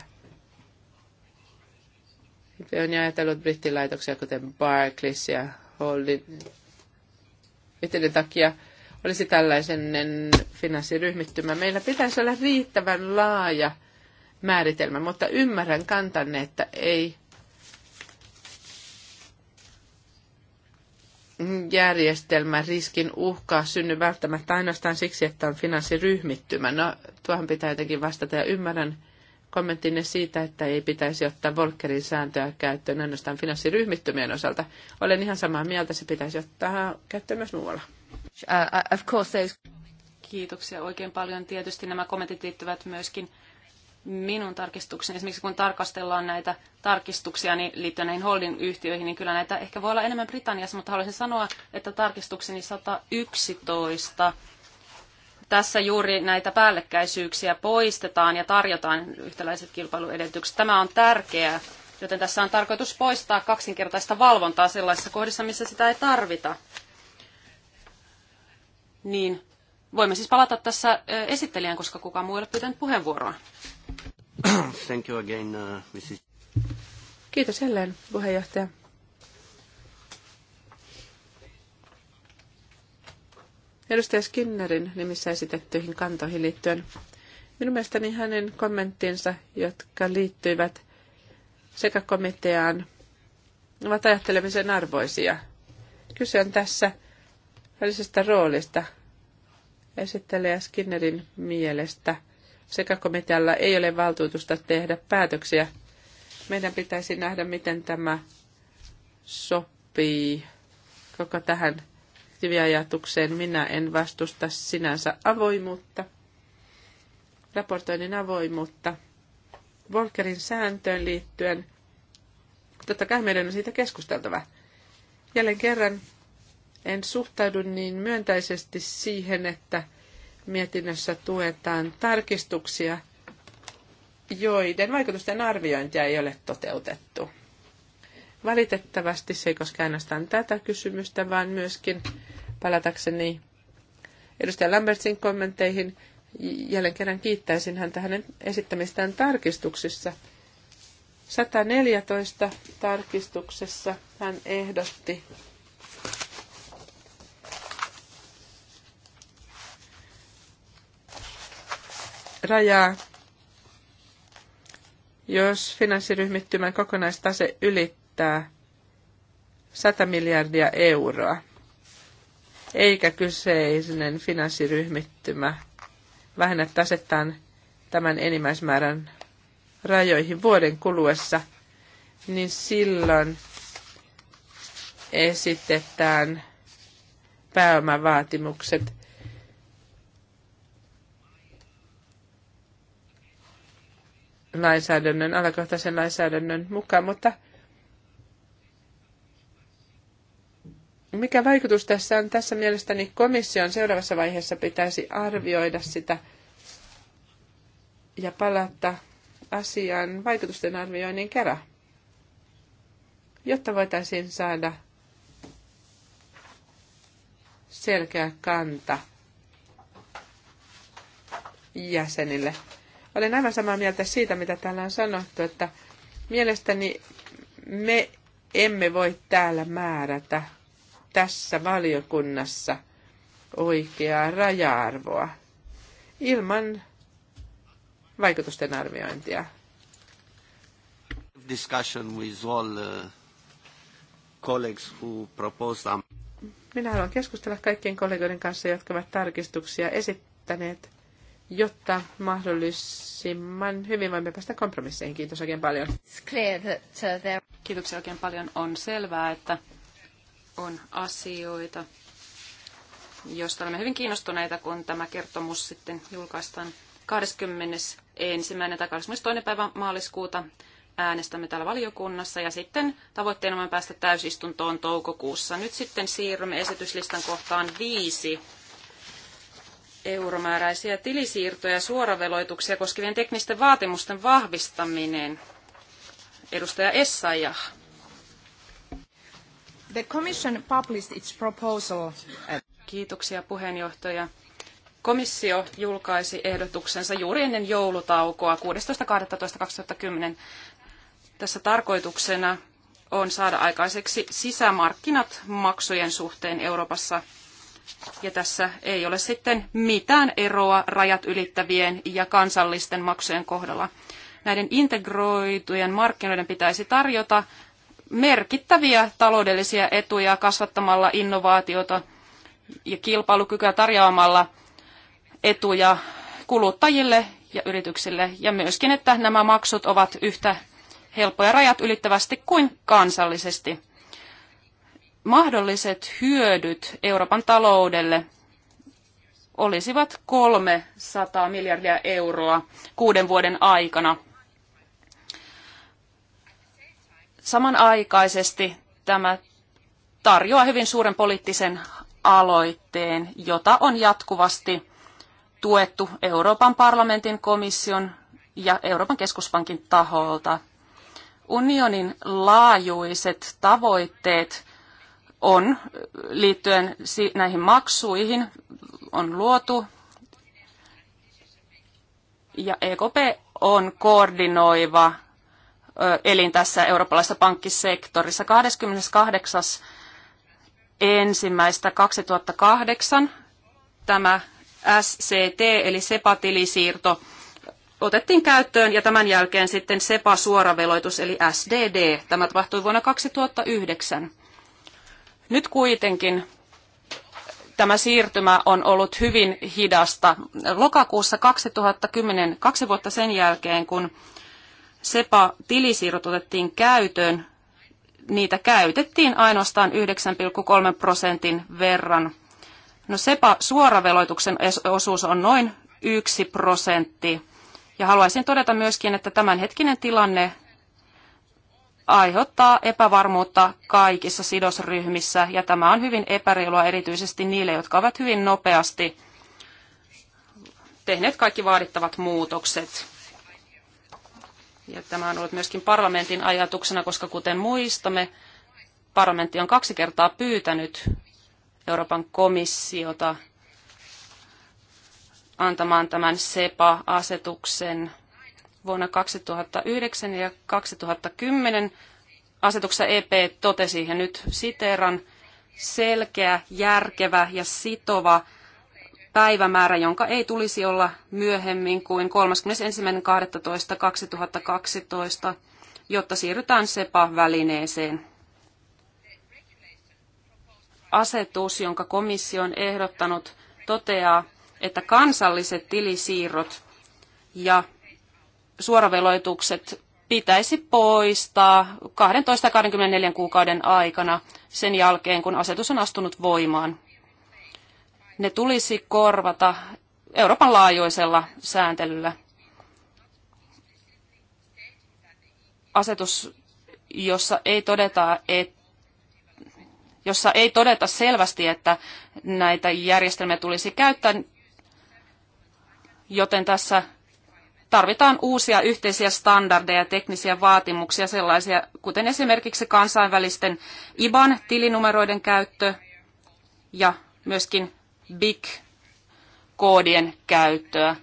olen ajatellut brittilaitoksia, kuten Barclays ja Holding, yhtiöiden takia olisi tällaisen finanssiryhmittymä. Meillä pitäisi olla riittävän laaja määritelmä, mutta ymmärrän kantanne, että ei järjestelmä riskin uhkaa synny välttämättä ainoastaan siksi, että on finanssiryhmittymä. No, tuohon pitää jotenkin vastata ja ymmärrän kommenttinne siitä, että ei pitäisi ottaa Volkerin sääntöä käyttöön ainoastaan finanssiryhmittymien osalta. Olen ihan samaa mieltä, se pitäisi ottaa käyttöön myös muualla. Uh, uh of course those... Kiitoksia oikein paljon. Tietysti nämä kommentit liittyvät myöskin minun tarkistukseni. Esimerkiksi kun tarkastellaan näitä tarkistuksia niin liittyen näihin holding-yhtiöihin, niin kyllä näitä ehkä voi olla enemmän Britanniassa, mutta haluaisin sanoa, että tarkistukseni 111 tässä juuri näitä päällekkäisyyksiä poistetaan ja tarjotaan yhtäläiset kilpailuedellytykset. Tämä on tärkeää, joten tässä on tarkoitus poistaa kaksinkertaista valvontaa sellaisissa kohdissa, missä sitä ei tarvita. Niin, voimme siis palata tässä esittelijään, koska kukaan muu ei ole pyytänyt puheenvuoroa. Thank you again, uh, Mrs. Kiitos jälleen, puheenjohtaja. edustaja Skinnerin nimissä esitettyihin kantoihin liittyen. Minun mielestäni hänen kommenttinsa, jotka liittyivät sekä komiteaan, ovat ajattelemisen arvoisia. Kyse on tässä välisestä roolista. Esittelijä Skinnerin mielestä sekä komitealla ei ole valtuutusta tehdä päätöksiä. Meidän pitäisi nähdä, miten tämä sopii koko tähän direktiiviajatukseen minä en vastusta sinänsä avoimuutta, raportoinnin avoimuutta. Volkerin sääntöön liittyen, totta kai meidän on siitä keskusteltava. Jälleen kerran en suhtaudu niin myöntäisesti siihen, että mietinnössä tuetaan tarkistuksia, joiden vaikutusten arviointia ei ole toteutettu. Valitettavasti se ei koske ainoastaan tätä kysymystä, vaan myöskin palatakseni edustaja Lambertsin kommentteihin. Jälleen kerran kiittäisin häntä hänen esittämistään tarkistuksissa. 114 tarkistuksessa hän ehdotti rajaa, jos finanssiryhmittymän kokonaistase ylittää 100 miljardia euroa eikä kyseinen finanssiryhmittymä vähennä tasettaan tämän enimmäismäärän rajoihin vuoden kuluessa, niin silloin esitetään pääomavaatimukset. lainsäädännön, alakohtaisen lainsäädännön mukaan, mutta Mikä vaikutus tässä on? Tässä mielestäni komission seuraavassa vaiheessa pitäisi arvioida sitä ja palata asian vaikutusten arvioinnin kerran, jotta voitaisiin saada selkeä kanta jäsenille. Olen aivan samaa mieltä siitä, mitä täällä on sanottu, että mielestäni me emme voi täällä määrätä tässä valiokunnassa oikeaa raja-arvoa ilman vaikutusten arviointia. Uh, um, Minä haluan keskustella kaikkien kollegoiden kanssa, jotka ovat tarkistuksia esittäneet, jotta mahdollisimman hyvin voimme päästä kompromisseihin. Kiitos oikein paljon. Uh, Kiitoksia oikein paljon. On selvää, että on asioita, joista olemme hyvin kiinnostuneita, kun tämä kertomus sitten julkaistaan 21. tai 22. päivä maaliskuuta äänestämme täällä valiokunnassa ja sitten tavoitteena on päästä täysistuntoon toukokuussa. Nyt sitten siirrymme esityslistan kohtaan viisi euromääräisiä tilisiirtoja ja suoraveloituksia koskevien teknisten vaatimusten vahvistaminen. Edustaja Essayah. The Commission published its proposal. Kiitoksia puheenjohtaja. Komissio julkaisi ehdotuksensa juuri ennen joulutaukoa 16.12.2010. Tässä tarkoituksena on saada aikaiseksi sisämarkkinat maksujen suhteen Euroopassa. Ja tässä ei ole sitten mitään eroa rajat ylittävien ja kansallisten maksujen kohdalla. Näiden integroitujen markkinoiden pitäisi tarjota merkittäviä taloudellisia etuja kasvattamalla innovaatiota ja kilpailukykyä tarjoamalla etuja kuluttajille ja yrityksille. Ja myöskin, että nämä maksut ovat yhtä helppoja rajat ylittävästi kuin kansallisesti. Mahdolliset hyödyt Euroopan taloudelle olisivat 300 miljardia euroa kuuden vuoden aikana – Samanaikaisesti tämä tarjoaa hyvin suuren poliittisen aloitteen, jota on jatkuvasti tuettu Euroopan parlamentin komission ja Euroopan keskuspankin taholta. Unionin laajuiset tavoitteet on liittyen näihin maksuihin on luotu ja EKP on koordinoiva elin tässä eurooppalaisessa pankkisektorissa. 28. ensimmäistä 2008 tämä SCT eli sepatilisiirto otettiin käyttöön ja tämän jälkeen sitten SEPA suoraveloitus eli SDD. Tämä tapahtui vuonna 2009. Nyt kuitenkin tämä siirtymä on ollut hyvin hidasta. Lokakuussa 2010, kaksi vuotta sen jälkeen, kun SEPA-tilisiirrot otettiin käyttöön, niitä käytettiin ainoastaan 9,3 prosentin verran. No SEPA-suoraveloituksen osuus on noin 1 prosentti. Ja haluaisin todeta myöskin, että tämänhetkinen tilanne aiheuttaa epävarmuutta kaikissa sidosryhmissä, ja tämä on hyvin epäreilua erityisesti niille, jotka ovat hyvin nopeasti tehneet kaikki vaadittavat muutokset. Ja tämä on ollut myöskin parlamentin ajatuksena, koska kuten muistamme, parlamentti on kaksi kertaa pyytänyt Euroopan komissiota antamaan tämän SEPA-asetuksen vuonna 2009 ja 2010. Asetuksessa EP totesi, ja nyt siteeran, selkeä, järkevä ja sitova päivämäärä, jonka ei tulisi olla myöhemmin kuin 31.12.2012, jotta siirrytään SEPA-välineeseen. Asetus, jonka komissio on ehdottanut, toteaa, että kansalliset tilisiirrot ja suoraveloitukset pitäisi poistaa 12-24 kuukauden aikana sen jälkeen, kun asetus on astunut voimaan ne tulisi korvata Euroopan laajuisella sääntelyllä. Asetus, jossa ei todeta, että jossa ei todeta selvästi, että näitä järjestelmiä tulisi käyttää, joten tässä tarvitaan uusia yhteisiä standardeja ja teknisiä vaatimuksia, sellaisia kuten esimerkiksi kansainvälisten IBAN-tilinumeroiden käyttö ja myöskin big-koodien käyttöä.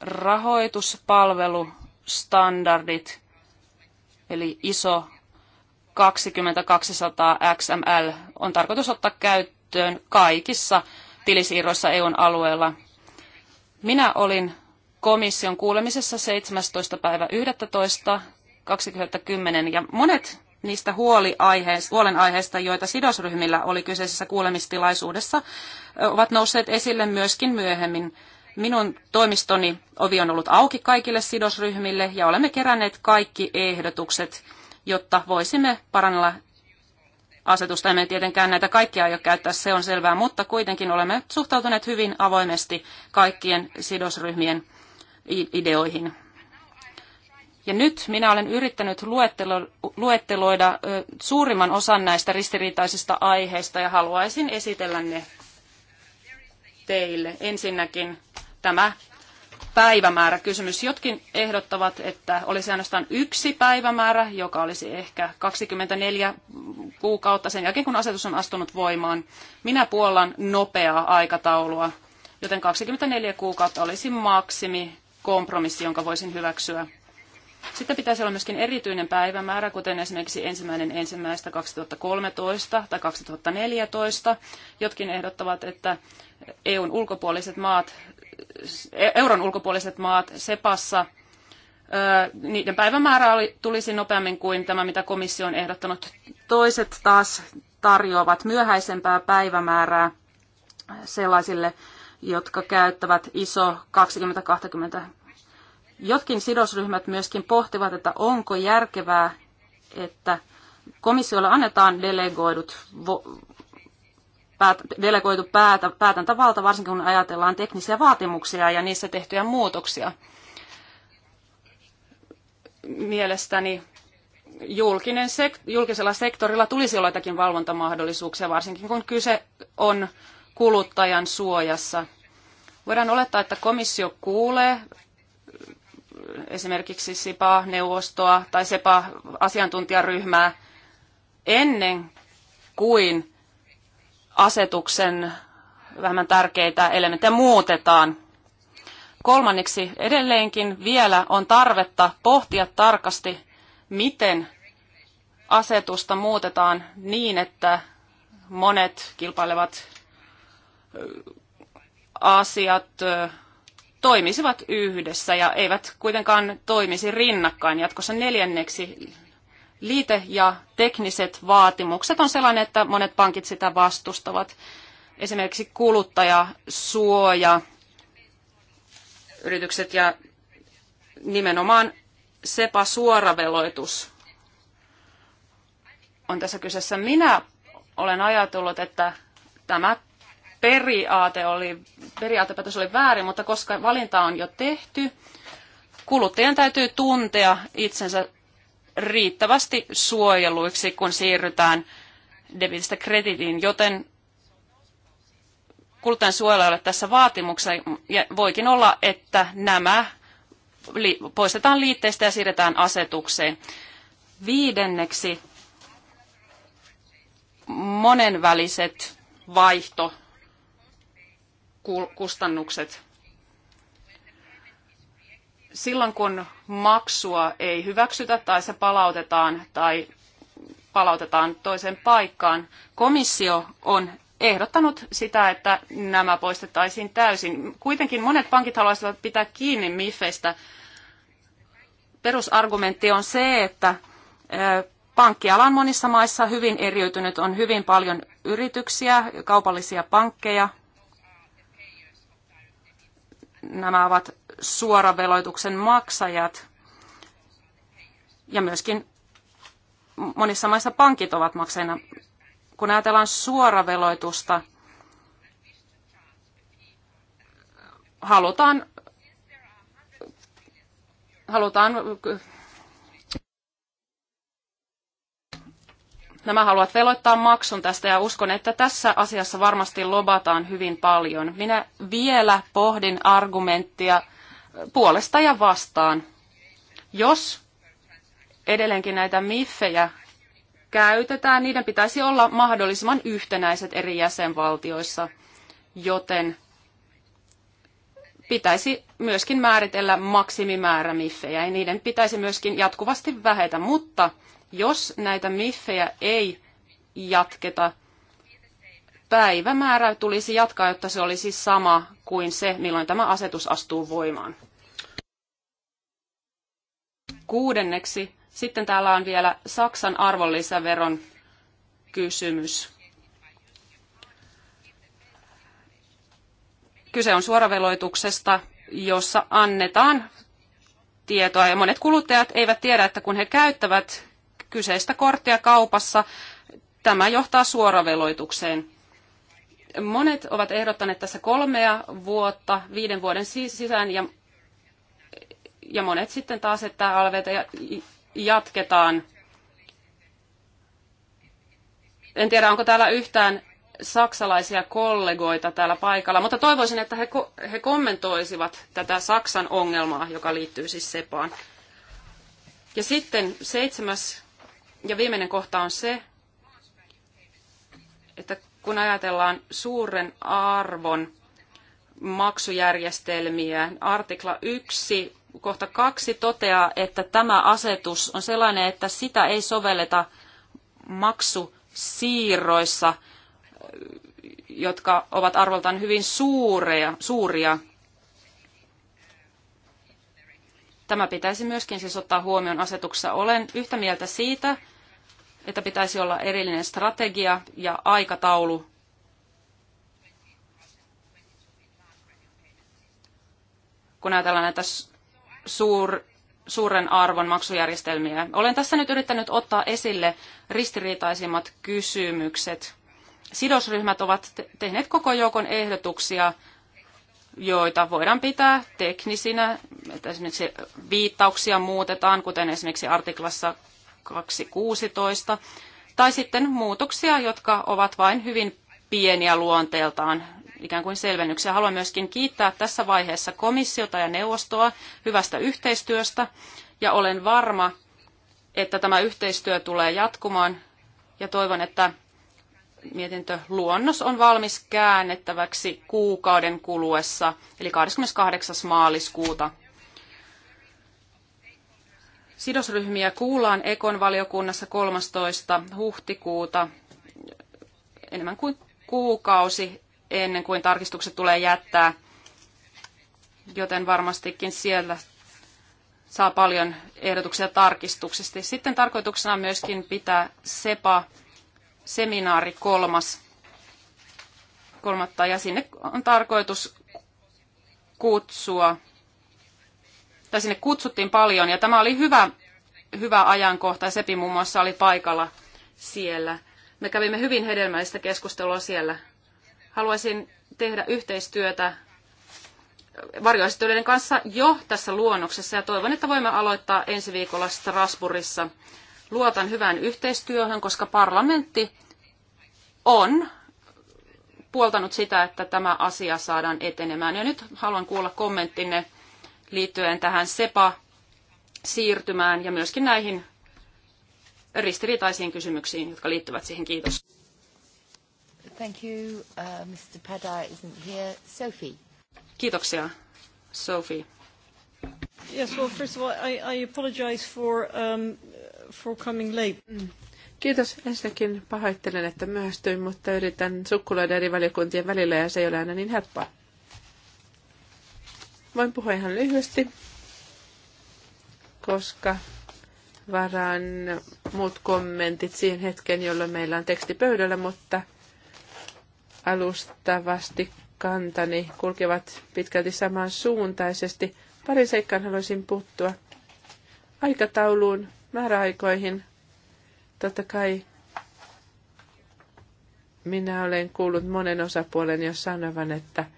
Rahoituspalvelustandardit, eli ISO 2200 XML, on tarkoitus ottaa käyttöön kaikissa tilisiirroissa EUn alueella. Minä olin komission kuulemisessa 17.11.2010 päivä ja monet niistä huolenaiheista, joita sidosryhmillä oli kyseisessä kuulemistilaisuudessa, ovat nousseet esille myöskin myöhemmin. Minun toimistoni ovi on ollut auki kaikille sidosryhmille ja olemme keränneet kaikki ehdotukset, jotta voisimme parannella asetusta. Emme tietenkään näitä kaikkia aio käyttää, se on selvää, mutta kuitenkin olemme suhtautuneet hyvin avoimesti kaikkien sidosryhmien ideoihin. Ja nyt minä olen yrittänyt luettelo, luetteloida ö, suurimman osan näistä ristiriitaisista aiheista ja haluaisin esitellä ne teille. Ensinnäkin tämä päivämääräkysymys. Jotkin ehdottavat, että olisi ainoastaan yksi päivämäärä, joka olisi ehkä 24 kuukautta sen jälkeen, kun asetus on astunut voimaan. Minä puollan nopeaa aikataulua, joten 24 kuukautta olisi maksimi kompromissi, jonka voisin hyväksyä. Sitten pitäisi olla myöskin erityinen päivämäärä, kuten esimerkiksi ensimmäinen ensimmäistä 2013 tai 2014. Jotkin ehdottavat, että EUn ulkopuoliset maat, e- euron ulkopuoliset maat SEPassa niiden päivämäärä oli, tulisi nopeammin kuin tämä, mitä komissio on ehdottanut. Toiset taas tarjoavat myöhäisempää päivämäärää sellaisille, jotka käyttävät ISO 2020 Jotkin sidosryhmät myöskin pohtivat, että onko järkevää, että komissiolle annetaan delegoidut päät, delegoitu päätä, päätäntävalta, varsinkin kun ajatellaan teknisiä vaatimuksia ja niissä tehtyjä muutoksia. Mielestäni julkinen sek, julkisella sektorilla tulisi olla jotakin valvontamahdollisuuksia, varsinkin kun kyse on kuluttajan suojassa. Voidaan olettaa, että komissio kuulee esimerkiksi SIPA-neuvostoa tai SEPA-asiantuntijaryhmää ennen kuin asetuksen vähemmän tärkeitä elementtejä muutetaan. Kolmanneksi edelleenkin vielä on tarvetta pohtia tarkasti, miten asetusta muutetaan niin, että monet kilpailevat asiat toimisivat yhdessä ja eivät kuitenkaan toimisi rinnakkain. Jatkossa neljänneksi liite- ja tekniset vaatimukset on sellainen, että monet pankit sitä vastustavat. Esimerkiksi kuluttajasuoja, yritykset ja nimenomaan sepa suoraveloitus on tässä kyseessä. Minä olen ajatellut, että tämä periaate oli, periaatepäätös oli väärin, mutta koska valinta on jo tehty, kuluttajan täytyy tuntea itsensä riittävästi suojeluiksi, kun siirrytään debitistä kreditiin, joten kuluttajan suojelijoille tässä vaatimuksessa ja voikin olla, että nämä poistetaan liitteistä ja siirretään asetukseen. Viidenneksi monenväliset vaihto kustannukset. Silloin kun maksua ei hyväksytä tai se palautetaan tai palautetaan toiseen paikkaan, komissio on ehdottanut sitä, että nämä poistettaisiin täysin. Kuitenkin monet pankit haluaisivat pitää kiinni MIFeistä. Perusargumentti on se, että pankkialan monissa maissa hyvin eriytynyt on hyvin paljon yrityksiä, kaupallisia pankkeja, nämä ovat suoraveloituksen maksajat ja myöskin monissa maissa pankit ovat maksajina. Kun ajatellaan suoraveloitusta, halutaan, halutaan nämä haluavat veloittaa maksun tästä ja uskon, että tässä asiassa varmasti lobataan hyvin paljon. Minä vielä pohdin argumenttia puolesta ja vastaan. Jos edelleenkin näitä miffejä käytetään, niiden pitäisi olla mahdollisimman yhtenäiset eri jäsenvaltioissa, joten pitäisi myöskin määritellä maksimimäärä miffejä ja niiden pitäisi myöskin jatkuvasti vähetä, mutta jos näitä miffejä ei jatketa, päivämäärä tulisi jatkaa, jotta se olisi sama kuin se, milloin tämä asetus astuu voimaan. Kuudenneksi sitten täällä on vielä Saksan arvonlisäveron kysymys. Kyse on suoraveloituksesta, jossa annetaan tietoa ja monet kuluttajat eivät tiedä, että kun he käyttävät kyseistä korttia kaupassa. Tämä johtaa suoraveloitukseen. Monet ovat ehdottaneet tässä kolmea vuotta viiden vuoden sisään ja, ja monet sitten taas, että alveita jatketaan. En tiedä, onko täällä yhtään saksalaisia kollegoita täällä paikalla, mutta toivoisin, että he, he kommentoisivat tätä Saksan ongelmaa, joka liittyy siis SEPAan. Ja sitten seitsemäs ja viimeinen kohta on se, että kun ajatellaan suuren arvon maksujärjestelmiä, artikla 1, kohta 2 toteaa, että tämä asetus on sellainen, että sitä ei sovelleta maksusiirroissa, jotka ovat arvoltaan hyvin suureja, suuria. Tämä pitäisi myöskin siis ottaa huomioon asetuksessa. Olen yhtä mieltä siitä, että pitäisi olla erillinen strategia ja aikataulu kun ajatellaan näitä suur, suuren arvon maksujärjestelmiä. Olen tässä nyt yrittänyt ottaa esille ristiriitaisimmat kysymykset. Sidosryhmät ovat tehneet koko joukon ehdotuksia, joita voidaan pitää teknisinä, että esimerkiksi viittauksia muutetaan, kuten esimerkiksi artiklassa 2016, tai sitten muutoksia, jotka ovat vain hyvin pieniä luonteeltaan, ikään kuin selvennyksiä. Haluan myöskin kiittää tässä vaiheessa komissiota ja neuvostoa hyvästä yhteistyöstä, ja olen varma, että tämä yhteistyö tulee jatkumaan, ja toivon, että mietintöluonnos on valmis käännettäväksi kuukauden kuluessa, eli 28. maaliskuuta Sidosryhmiä kuullaan Ekon valiokunnassa 13. huhtikuuta enemmän kuin kuukausi ennen kuin tarkistukset tulee jättää, joten varmastikin siellä saa paljon ehdotuksia tarkistuksista. Sitten tarkoituksena on myöskin pitää SEPA-seminaari kolmas, kolmatta, ja sinne on tarkoitus kutsua tai sinne kutsuttiin paljon, ja tämä oli hyvä, hyvä ajankohta. Sepi muun muassa oli paikalla siellä. Me kävimme hyvin hedelmällistä keskustelua siellä. Haluaisin tehdä yhteistyötä varjoesittelyiden kanssa jo tässä luonnoksessa ja toivon, että voimme aloittaa ensi viikolla Strasbourgissa. Luotan hyvään yhteistyöhön, koska parlamentti on puoltanut sitä, että tämä asia saadaan etenemään. Ja nyt haluan kuulla kommenttinne liittyen tähän SEPA-siirtymään ja myöskin näihin ristiriitaisiin kysymyksiin, jotka liittyvät siihen. Kiitos. Thank you. Uh, Mr. Pada isn't here. Sophie. Kiitoksia, Sophie. Yes, well, first of all, I, I apologize for, um, for coming late. Mm. Kiitos. Ensinnäkin pahoittelen, että myöhästyin, mutta yritän sukkuloida eri valiokuntien välillä ja se ei ole aina niin helppoa. Voin puhua ihan lyhyesti, koska varaan muut kommentit siihen hetken, jolloin meillä on teksti pöydällä, mutta alustavasti kantani kulkevat pitkälti samansuuntaisesti. Pari seikkaan haluaisin puuttua aikatauluun, määräaikoihin. Totta kai minä olen kuullut monen osapuolen jo sanovan, että –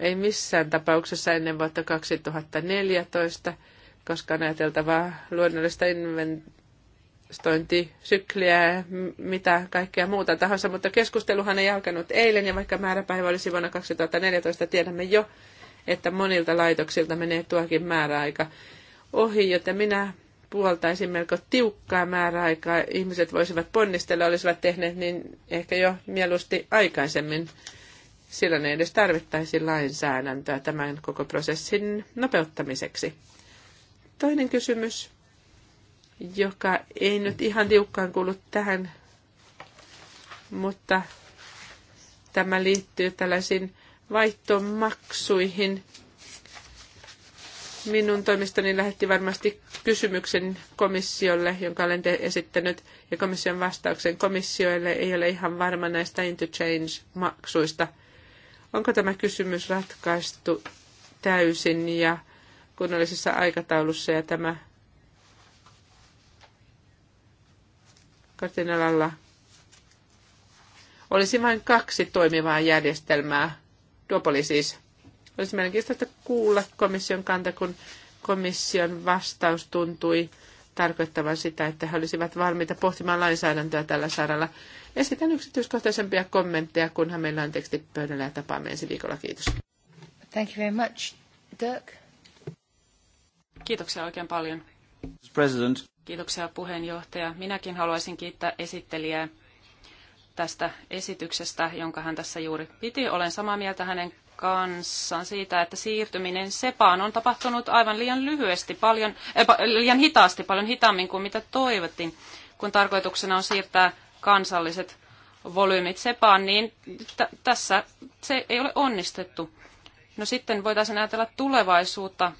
ei missään tapauksessa ennen vuotta 2014, koska on ajateltava luonnollista investointisykliä ja mitä kaikkea muuta tahansa, mutta keskusteluhan ei alkanut eilen ja vaikka määräpäivä olisi vuonna 2014, tiedämme jo, että monilta laitoksilta menee tuokin määräaika ohi, joten minä puoltaisin melko tiukkaa määräaikaa. Ihmiset voisivat ponnistella, olisivat tehneet niin ehkä jo mieluusti aikaisemmin silloin ei edes tarvittaisi lainsäädäntöä tämän koko prosessin nopeuttamiseksi. Toinen kysymys, joka ei nyt ihan tiukkaan kuulu tähän, mutta tämä liittyy tällaisiin vaihtomaksuihin. Minun toimistoni lähetti varmasti kysymyksen komissiolle, jonka olen esittänyt, ja komission vastauksen komissioille ei ole ihan varma näistä interchange-maksuista – Onko tämä kysymys ratkaistu täysin ja kunnollisessa aikataulussa ja tämä kardinalalla olisi vain kaksi toimivaa järjestelmää. Duopoli siis. Olisi mielenkiintoista kuulla komission kanta, kun komission vastaus tuntui tarkoittavan sitä, että he olisivat valmiita pohtimaan lainsäädäntöä tällä saralla. Esitän yksityiskohtaisempia kommentteja, kunhan meillä on teksti pöydällä ja tapaamme ensi viikolla. Kiitos. Thank you very much, Dirk. Kiitoksia oikein paljon. President. Kiitoksia puheenjohtaja. Minäkin haluaisin kiittää esittelijää tästä esityksestä, jonka hän tässä juuri piti. Olen samaa mieltä hänen kanssa siitä, että siirtyminen SEPAan on tapahtunut aivan liian lyhyesti, paljon, äh, liian hitaasti, paljon hitaammin kuin mitä toivottiin, kun tarkoituksena on siirtää kansalliset volyymit SEPAan, niin tässä se ei ole onnistettu. No sitten voitaisiin ajatella tulevaisuutta,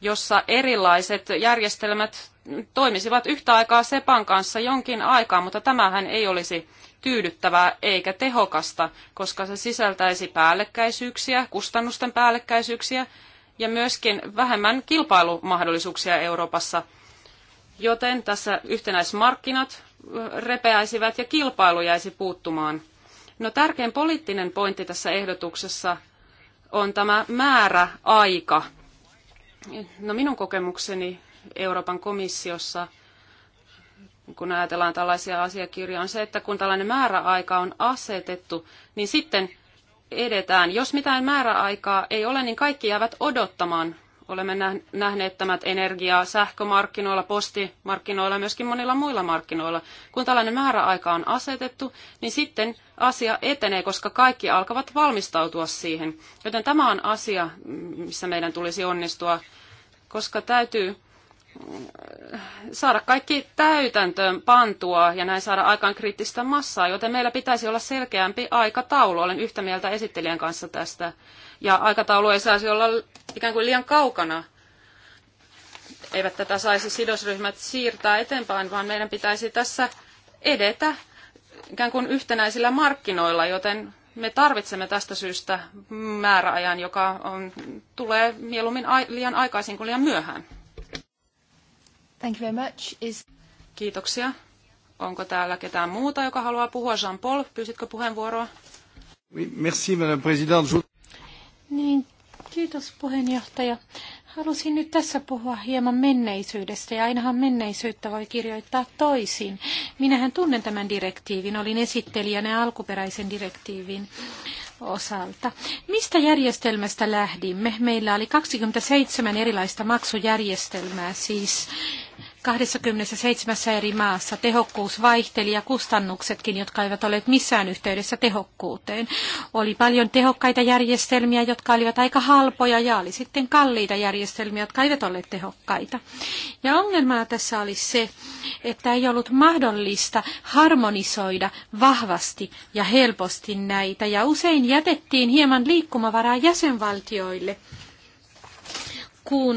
jossa erilaiset järjestelmät toimisivat yhtä aikaa SEPAn kanssa jonkin aikaa, mutta tämähän ei olisi tyydyttävää eikä tehokasta, koska se sisältäisi päällekkäisyyksiä, kustannusten päällekkäisyyksiä ja myöskin vähemmän kilpailumahdollisuuksia Euroopassa. Joten tässä yhtenäismarkkinat repeäisivät ja kilpailu jäisi puuttumaan. No tärkein poliittinen pointti tässä ehdotuksessa on tämä määräaika. No minun kokemukseni Euroopan komissiossa – kun ajatellaan tällaisia asiakirjoja, on se, että kun tällainen määräaika on asetettu, niin sitten edetään. Jos mitään määräaikaa ei ole, niin kaikki jäävät odottamaan. Olemme nähneet tämät energiaa sähkömarkkinoilla, postimarkkinoilla ja myöskin monilla muilla markkinoilla. Kun tällainen määräaika on asetettu, niin sitten asia etenee, koska kaikki alkavat valmistautua siihen. Joten tämä on asia, missä meidän tulisi onnistua, koska täytyy saada kaikki täytäntöön pantua ja näin saada aikaan kriittistä massaa, joten meillä pitäisi olla selkeämpi aikataulu. Olen yhtä mieltä esittelijän kanssa tästä. Ja aikataulu ei saisi olla ikään kuin liian kaukana. Eivät tätä saisi sidosryhmät siirtää eteenpäin, vaan meidän pitäisi tässä edetä ikään kuin yhtenäisillä markkinoilla, joten me tarvitsemme tästä syystä määräajan, joka on, tulee mieluummin liian aikaisin kuin liian myöhään. Thank you very much. Is... Kiitoksia. Onko täällä ketään muuta, joka haluaa puhua? Jean-Paul, pyysitkö puheenvuoroa? Oui, merci, madame présidente. Niin, kiitos puheenjohtaja. Halusin nyt tässä puhua hieman menneisyydestä ja ainahan menneisyyttä voi kirjoittaa toisin. Minähän tunnen tämän direktiivin, olin esittelijänä alkuperäisen direktiivin osalta. Mistä järjestelmästä lähdimme? Meillä oli 27 erilaista maksujärjestelmää, siis 27 eri maassa tehokkuus vaihteli ja kustannuksetkin, jotka eivät olleet missään yhteydessä tehokkuuteen. Oli paljon tehokkaita järjestelmiä, jotka olivat aika halpoja ja oli sitten kalliita järjestelmiä, jotka eivät olleet tehokkaita. Ja ongelmana tässä oli se, että ei ollut mahdollista harmonisoida vahvasti ja helposti näitä ja usein jätettiin hieman liikkumavaraa jäsenvaltioille kun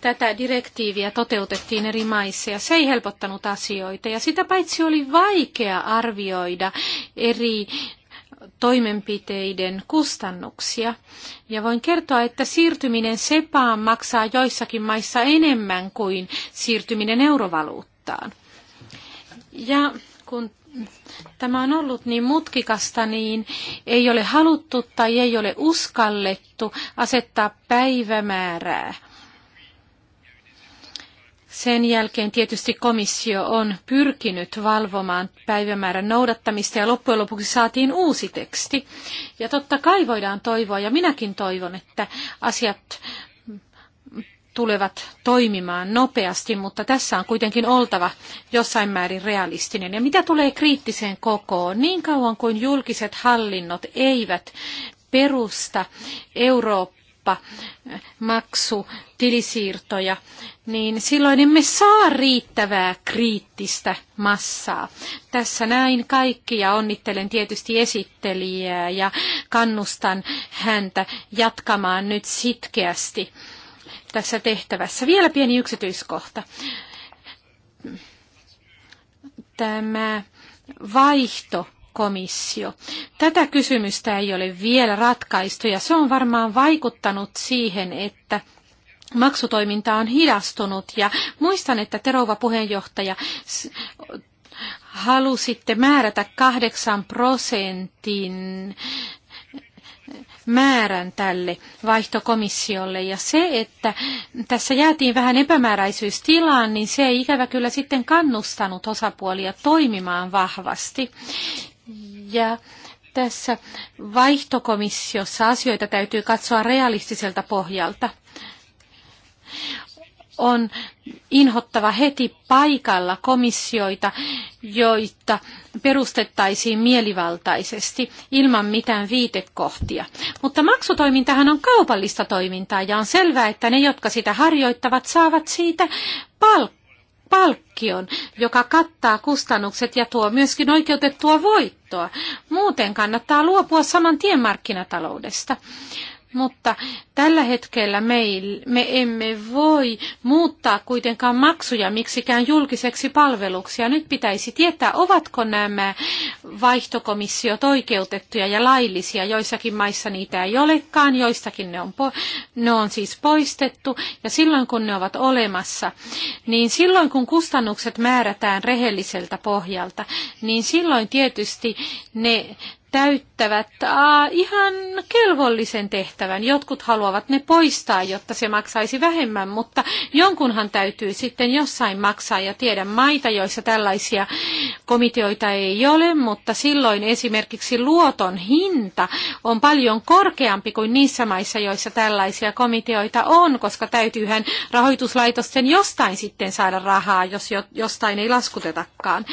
tätä direktiiviä toteutettiin eri maissa ja se ei helpottanut asioita ja sitä paitsi oli vaikea arvioida eri toimenpiteiden kustannuksia. Ja voin kertoa, että siirtyminen SEPAan maksaa joissakin maissa enemmän kuin siirtyminen eurovaluuttaan. Ja kun tämä on ollut niin mutkikasta, niin ei ole haluttu tai ei ole uskallettu asettaa päivämäärää sen jälkeen tietysti komissio on pyrkinyt valvomaan päivämäärän noudattamista ja loppujen lopuksi saatiin uusi teksti. Ja totta kai voidaan toivoa, ja minäkin toivon, että asiat tulevat toimimaan nopeasti, mutta tässä on kuitenkin oltava jossain määrin realistinen. Ja mitä tulee kriittiseen kokoon, niin kauan kuin julkiset hallinnot eivät perusta Eurooppaa, kauppa, maksu, tilisiirtoja, niin silloin emme saa riittävää kriittistä massaa. Tässä näin kaikki ja onnittelen tietysti esittelijää ja kannustan häntä jatkamaan nyt sitkeästi tässä tehtävässä. Vielä pieni yksityiskohta. Tämä vaihto komissio? Tätä kysymystä ei ole vielä ratkaistu ja se on varmaan vaikuttanut siihen, että maksutoiminta on hidastunut ja muistan, että Terova puheenjohtaja halusitte määrätä kahdeksan prosentin määrän tälle vaihtokomissiolle. Ja se, että tässä jäätiin vähän epämääräisyystilaan, niin se ei ikävä kyllä sitten kannustanut osapuolia toimimaan vahvasti. Ja tässä vaihtokomissiossa asioita täytyy katsoa realistiselta pohjalta. On inhottava heti paikalla komissioita, joita perustettaisiin mielivaltaisesti ilman mitään viitekohtia. Mutta maksutoimintahan on kaupallista toimintaa ja on selvää, että ne, jotka sitä harjoittavat, saavat siitä palkkaa palkkion, joka kattaa kustannukset ja tuo myöskin oikeutettua voittoa. Muuten kannattaa luopua saman tien markkinataloudesta mutta tällä hetkellä me, me emme voi muuttaa kuitenkaan maksuja miksikään julkiseksi palveluksi. Ja nyt pitäisi tietää, ovatko nämä vaihtokomissiot oikeutettuja ja laillisia. Joissakin maissa niitä ei olekaan, joistakin ne on, ne on siis poistettu. Ja silloin kun ne ovat olemassa, niin silloin kun kustannukset määrätään rehelliseltä pohjalta, niin silloin tietysti ne täyttävät a, ihan kelvollisen tehtävän. Jotkut haluavat ne poistaa, jotta se maksaisi vähemmän, mutta jonkunhan täytyy sitten jossain maksaa. Ja tiedän maita, joissa tällaisia komiteoita ei ole, mutta silloin esimerkiksi luoton hinta on paljon korkeampi kuin niissä maissa, joissa tällaisia komiteoita on, koska täytyyhän rahoituslaitosten jostain sitten saada rahaa, jos jostain ei laskutetakaan.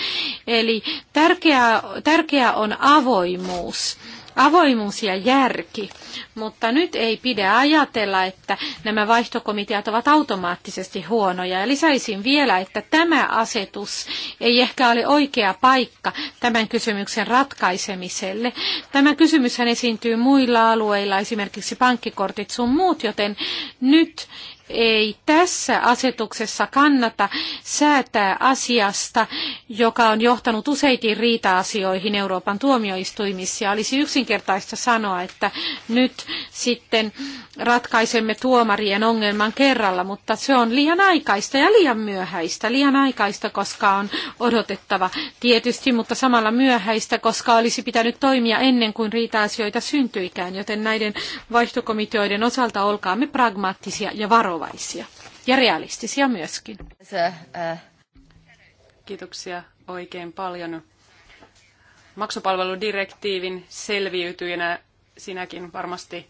Eli tärkeää, tärkeää on avoimuus avoimuus. Avoimuus ja järki. Mutta nyt ei pidä ajatella, että nämä vaihtokomiteat ovat automaattisesti huonoja. Ja lisäisin vielä, että tämä asetus ei ehkä ole oikea paikka tämän kysymyksen ratkaisemiselle. Tämä kysymyshän esiintyy muilla alueilla, esimerkiksi pankkikortit sun muut, joten nyt ei tässä asetuksessa kannata säätää asiasta, joka on johtanut useitiin riita-asioihin Euroopan tuomioistuimissa. Ja olisi yksinkertaista sanoa, että nyt sitten ratkaisemme tuomarien ongelman kerralla, mutta se on liian aikaista ja liian myöhäistä. Liian aikaista, koska on odotettava tietysti, mutta samalla myöhäistä, koska olisi pitänyt toimia ennen kuin riita-asioita syntyikään. Joten näiden vaihtokomiteoiden osalta olkaamme pragmaattisia ja varoja varovaisia ja realistisia myöskin. Äh, Kiitoksia oikein paljon. Maksupalveludirektiivin selviytyjänä sinäkin varmasti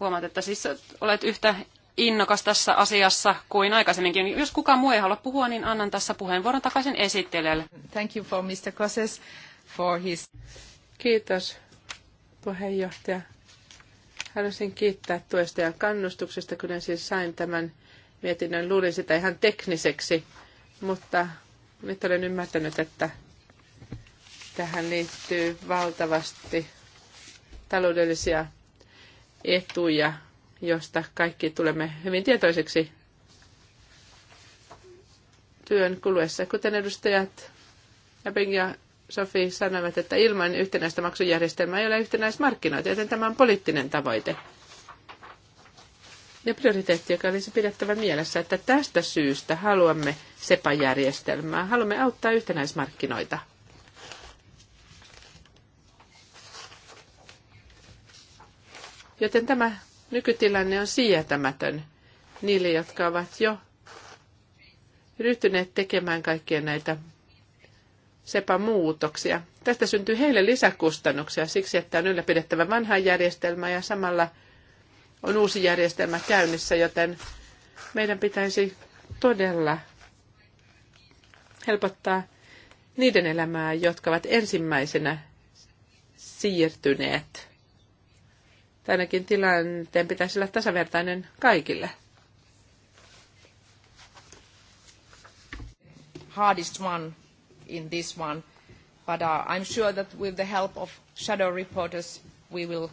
huomaat, että siis olet yhtä innokas tässä asiassa kuin aikaisemminkin. Jos kukaan muu ei halua puhua, niin annan tässä puheenvuoron takaisin esittelijälle. Thank you for Mr. Kosses for his... Kiitos puheenjohtaja Haluaisin kiittää tuesta ja kannustuksesta, kun en siis sain tämän mietinnön. Luulin sitä ihan tekniseksi, mutta nyt olen ymmärtänyt, että tähän liittyy valtavasti taloudellisia etuja, josta kaikki tulemme hyvin tietoiseksi työn kuluessa. Kuten edustajat Ebbing ja Sofi sanoivat, että ilman yhtenäistä maksujärjestelmää ei ole yhtenäismarkkinoita, joten tämä on poliittinen tavoite. Ja prioriteetti, joka olisi pidettävä mielessä, että tästä syystä haluamme SEPA-järjestelmää, haluamme auttaa yhtenäismarkkinoita. Joten tämä nykytilanne on sietämätön niille, jotka ovat jo ryhtyneet tekemään kaikkia näitä sepa muutoksia. Tästä syntyy heille lisäkustannuksia siksi, että on ylläpidettävä vanha järjestelmä ja samalla on uusi järjestelmä käynnissä, joten meidän pitäisi todella helpottaa niiden elämää, jotka ovat ensimmäisenä siirtyneet. tänäkin tilanteen pitäisi olla tasavertainen kaikille. Hardest one in this one. But uh, I'm sure that with the help of shadow reporters we will...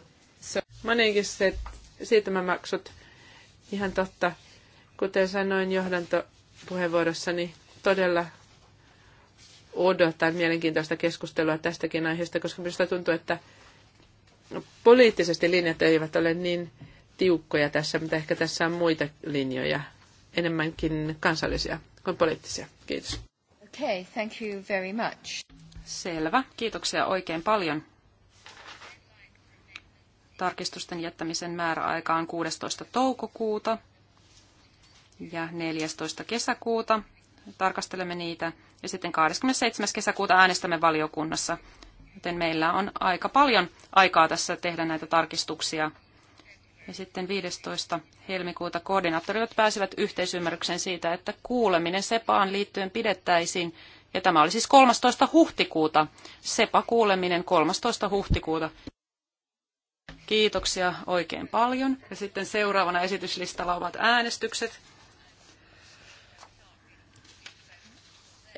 Manikisset, siirtymämaksut, ihan totta. Kuten sanoin johdantopuheenvuorossani, todella odotan mielenkiintoista keskustelua tästäkin aiheesta, koska minusta tuntuu, että poliittisesti linjat eivät ole niin tiukkoja tässä, mitä ehkä tässä on muita linjoja, enemmänkin kansallisia kuin poliittisia. Kiitos. Okay, thank you very much. Selvä. Kiitoksia oikein paljon. Tarkistusten jättämisen määräaika on 16. toukokuuta ja 14. kesäkuuta. Tarkastelemme niitä ja sitten 27. kesäkuuta äänestämme valiokunnassa. Joten meillä on aika paljon aikaa tässä tehdä näitä tarkistuksia. Ja sitten 15. helmikuuta koordinaattorit pääsivät yhteisymmärrykseen siitä, että kuuleminen SEPAan liittyen pidettäisiin. Ja tämä oli siis 13. huhtikuuta. SEPA-kuuleminen 13. huhtikuuta. Kiitoksia oikein paljon. Ja sitten seuraavana esityslistalla ovat äänestykset.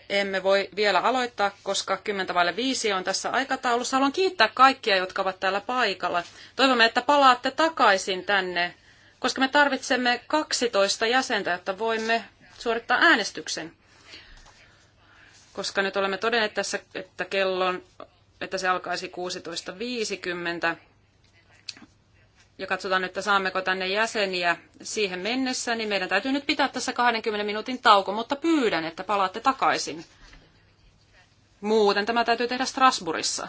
emme voi vielä aloittaa, koska 10 vaille on tässä aikataulussa. Haluan kiittää kaikkia, jotka ovat täällä paikalla. Toivomme, että palaatte takaisin tänne, koska me tarvitsemme 12 jäsentä, jotta voimme suorittaa äänestyksen. Koska nyt olemme todenneet tässä, että kellon, että se alkaisi ja katsotaan, että saammeko tänne jäseniä siihen mennessä, niin meidän täytyy nyt pitää tässä 20 minuutin tauko, mutta pyydän, että palaatte takaisin. Muuten tämä täytyy tehdä Strasbourgissa.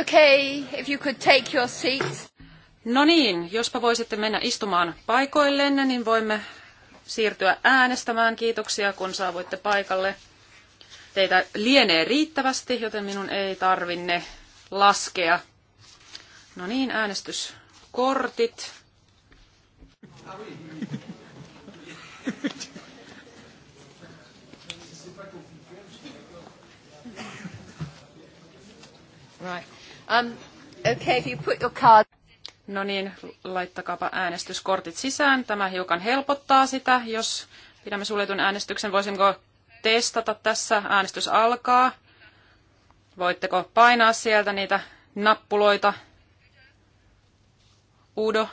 Okay, if you could take your No niin, jospa voisitte mennä istumaan paikoillenne, niin voimme siirtyä äänestämään. Kiitoksia, kun saavuitte paikalle. Teitä lienee riittävästi, joten minun ei tarvinne laskea. No niin, äänestyskortit. Okay, if you put your card... No niin, laittakaapa äänestyskortit sisään. Tämä hiukan helpottaa sitä, jos pidämme suljetun äänestyksen. Voisinko testata tässä? Äänestys alkaa. Voitteko painaa sieltä niitä nappuloita? Udo.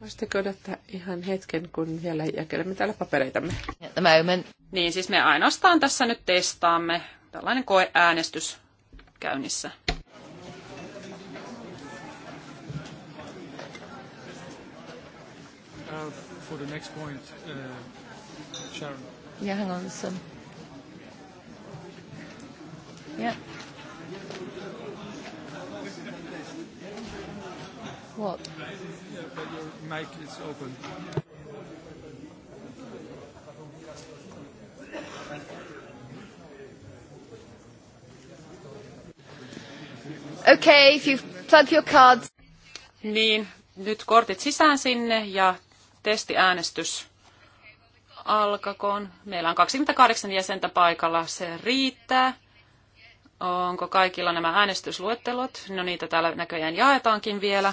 Voisitteko odottaa ihan hetken, kun vielä jäkelemme täällä papereitamme? Tämä men... Niin, siis me ainoastaan tässä nyt testaamme. Tällainen koeäänestys käynnissä. for the next point, uh, Sharon. Yeah, hang on. So. Yeah. What? Yeah, but your mic is open. Okay, if you plug your cards. Niin, nyt kortit sisään sinne ja Testiäänestys alkakoon. Meillä on 28 jäsentä paikalla, se riittää. Onko kaikilla nämä äänestysluettelot? No niitä täällä näköjään jaetaankin vielä.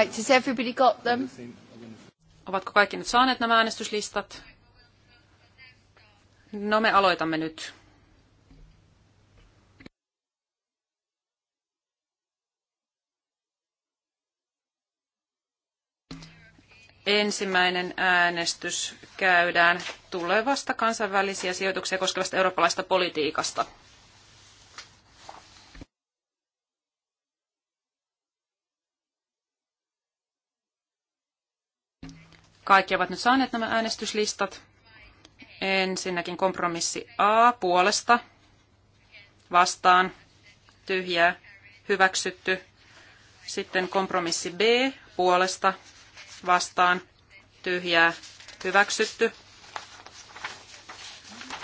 Right, has everybody got them? Ovatko kaikki nyt saaneet nämä äänestyslistat? No me aloitamme nyt. Ensimmäinen äänestys käydään tulevasta kansainvälisiä sijoituksia koskevasta eurooppalaista politiikasta. Kaikki ovat nyt saaneet nämä äänestyslistat. Ensinnäkin kompromissi A puolesta vastaan tyhjää hyväksytty. Sitten kompromissi B puolesta vastaan tyhjää hyväksytty.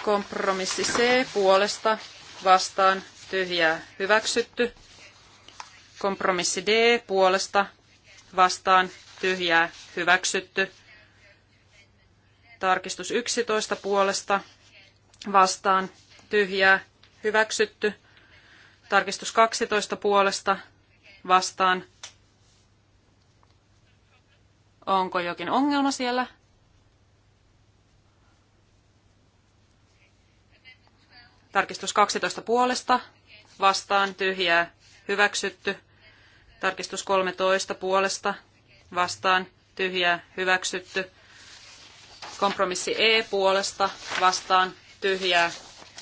Kompromissi C puolesta vastaan tyhjää hyväksytty. Kompromissi D puolesta vastaan tyhjää hyväksytty. Tarkistus 11 puolesta vastaan tyhjää hyväksytty. Tarkistus 12 puolesta vastaan. Onko jokin ongelma siellä? Tarkistus 12 puolesta vastaan tyhjää hyväksytty. Tarkistus 13 puolesta vastaan tyhjää hyväksytty. Kompromissi E puolesta vastaan tyhjää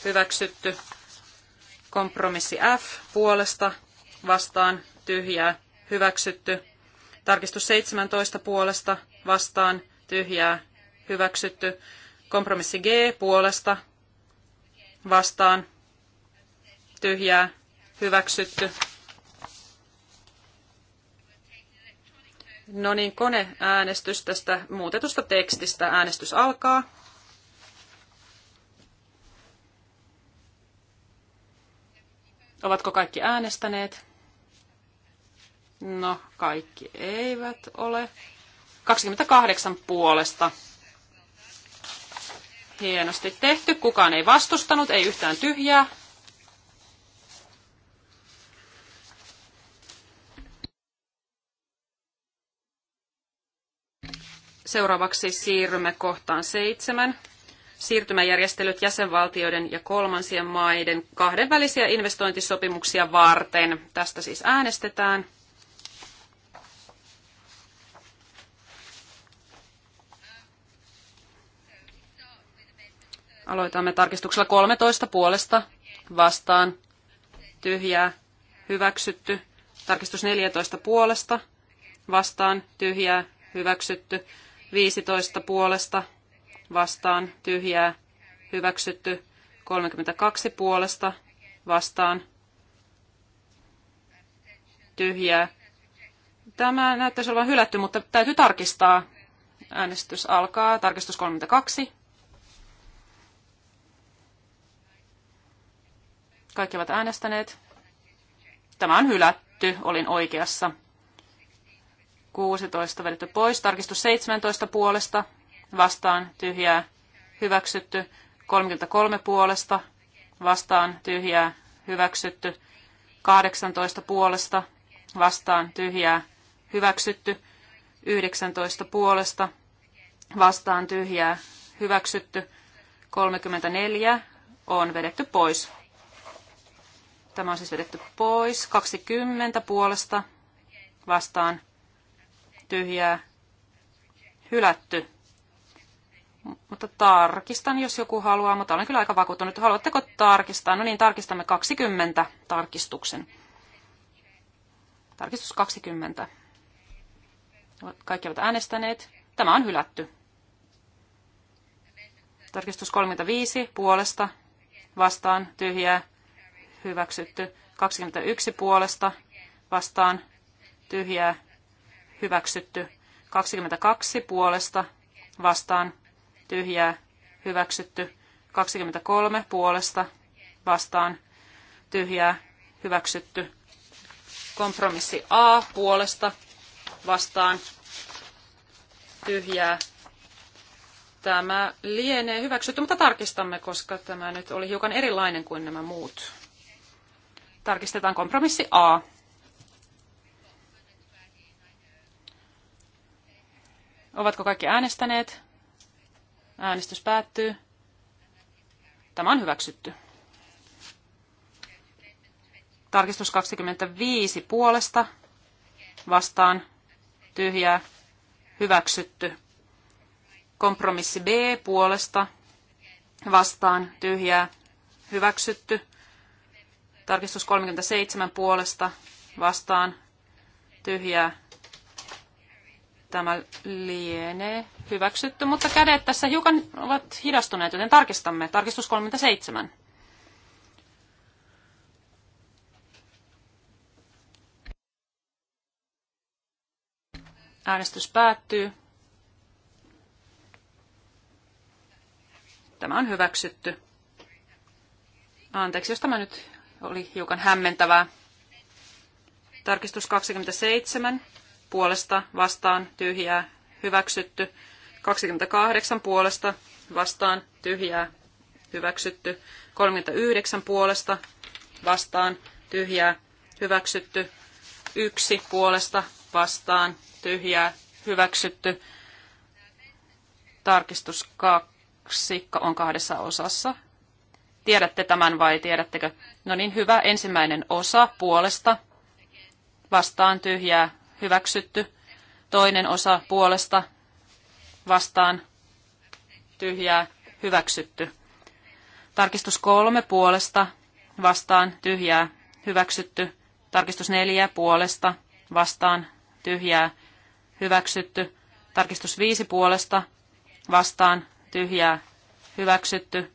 hyväksytty. Kompromissi F puolesta vastaan tyhjää hyväksytty. Tarkistus 17 puolesta vastaan tyhjää hyväksytty. Kompromissi G puolesta vastaan tyhjää hyväksytty. No niin, koneäänestys tästä muutetusta tekstistä. Äänestys alkaa. Ovatko kaikki äänestäneet? No, kaikki eivät ole. 28 puolesta. Hienosti tehty. Kukaan ei vastustanut, ei yhtään tyhjää. Seuraavaksi siirrymme kohtaan seitsemän. Siirtymäjärjestelyt jäsenvaltioiden ja kolmansien maiden kahdenvälisiä investointisopimuksia varten. Tästä siis äänestetään. Aloitamme tarkistuksella 13 puolesta vastaan tyhjää hyväksytty. Tarkistus 14 puolesta vastaan tyhjää hyväksytty. 15 puolesta vastaan tyhjää hyväksytty 32 puolesta vastaan tyhjää. Tämä näyttäisi olevan hylätty, mutta täytyy tarkistaa. Äänestys alkaa. Tarkistus 32. Kaikki ovat äänestäneet. Tämä on hylätty. Olin oikeassa. 16 vedetty pois. Tarkistus 17 puolesta vastaan tyhjää hyväksytty. 33 puolesta vastaan tyhjää hyväksytty. 18 puolesta vastaan tyhjää hyväksytty. 19 puolesta vastaan tyhjää hyväksytty. 34 on vedetty pois. Tämä on siis vedetty pois. 20 puolesta vastaan tyhjää, hylätty. Mutta tarkistan, jos joku haluaa, mutta olen kyllä aika vakuuttunut. Haluatteko tarkistaa? No niin, tarkistamme 20 tarkistuksen. Tarkistus 20. Kaikki ovat äänestäneet. Tämä on hylätty. Tarkistus 35 puolesta vastaan tyhjää hyväksytty. 21 puolesta vastaan tyhjää hyväksytty. 22 puolesta vastaan tyhjää hyväksytty. 23 puolesta vastaan tyhjää hyväksytty. Kompromissi A puolesta vastaan tyhjää. Tämä lienee hyväksytty, mutta tarkistamme, koska tämä nyt oli hiukan erilainen kuin nämä muut. Tarkistetaan kompromissi A. Ovatko kaikki äänestäneet? Äänestys päättyy. Tämä on hyväksytty. Tarkistus 25 puolesta vastaan tyhjää hyväksytty. Kompromissi B puolesta vastaan tyhjää hyväksytty. Tarkistus 37 puolesta vastaan tyhjää Tämä lienee hyväksytty, mutta kädet tässä hiukan ovat hidastuneet, joten tarkistamme. Tarkistus 37. Äänestys päättyy. Tämä on hyväksytty. Anteeksi, jos tämä nyt oli hiukan hämmentävää. Tarkistus 27 puolesta vastaan tyhjää hyväksytty. 28 puolesta vastaan tyhjää hyväksytty. 39 puolesta vastaan tyhjää hyväksytty. yksi puolesta vastaan tyhjää hyväksytty. Tarkistus 2 on kahdessa osassa. Tiedätte tämän vai tiedättekö? No niin, hyvä. Ensimmäinen osa puolesta vastaan tyhjää hyväksytty. Toinen osa puolesta vastaan tyhjää hyväksytty. Tarkistus kolme puolesta vastaan tyhjää hyväksytty. Tarkistus neljä puolesta vastaan tyhjää hyväksytty. Tarkistus viisi puolesta vastaan tyhjää hyväksytty.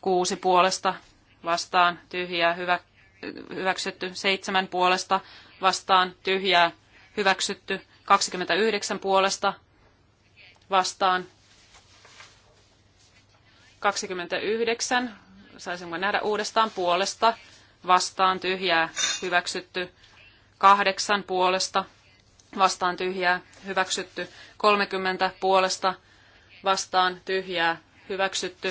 Kuusi puolesta vastaan tyhjää hyvä, hyväksytty. Seitsemän puolesta vastaan tyhjää hyväksytty 29 puolesta vastaan 29, saisinko nähdä uudestaan puolesta, vastaan tyhjää, hyväksytty 8 puolesta, vastaan tyhjää, hyväksytty 30 puolesta, vastaan tyhjää, hyväksytty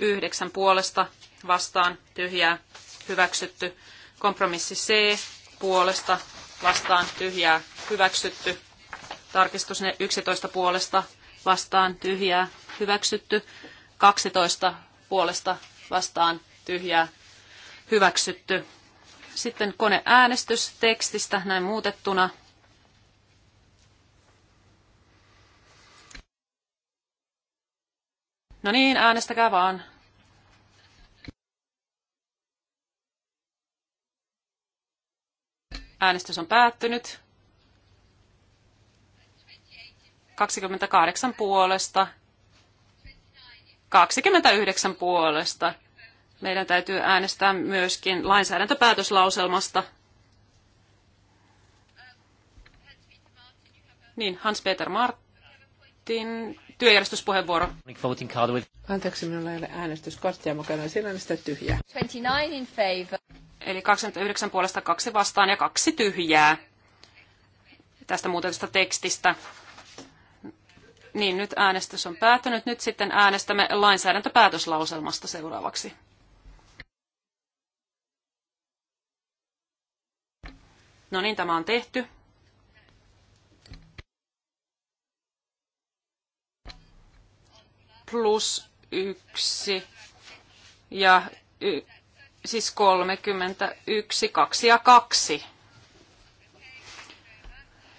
9 puolesta, vastaan tyhjää, hyväksytty kompromissi C puolesta, vastaan tyhjää, hyväksytty. Tarkistus 11 puolesta vastaan tyhjää hyväksytty. 12 puolesta vastaan tyhjää hyväksytty. Sitten koneäänestys tekstistä näin muutettuna. No niin, äänestäkää vaan. Äänestys on päättynyt. 28 puolesta. 29 puolesta. Meidän täytyy äänestää myöskin lainsäädäntöpäätöslauselmasta. Niin, Hans-Peter Martin, työjärjestyspuheenvuoro. Anteeksi, minulla ei ole äänestyskorttia mukana, siinä on sitä tyhjää. 29 in favor. Eli 29 puolesta kaksi vastaan ja kaksi tyhjää tästä muutetusta tekstistä. Niin, nyt äänestys on päättynyt. Nyt sitten äänestämme lainsäädäntöpäätöslauselmasta seuraavaksi. No niin, tämä on tehty. Plus yksi ja y, siis 31, kaksi ja kaksi.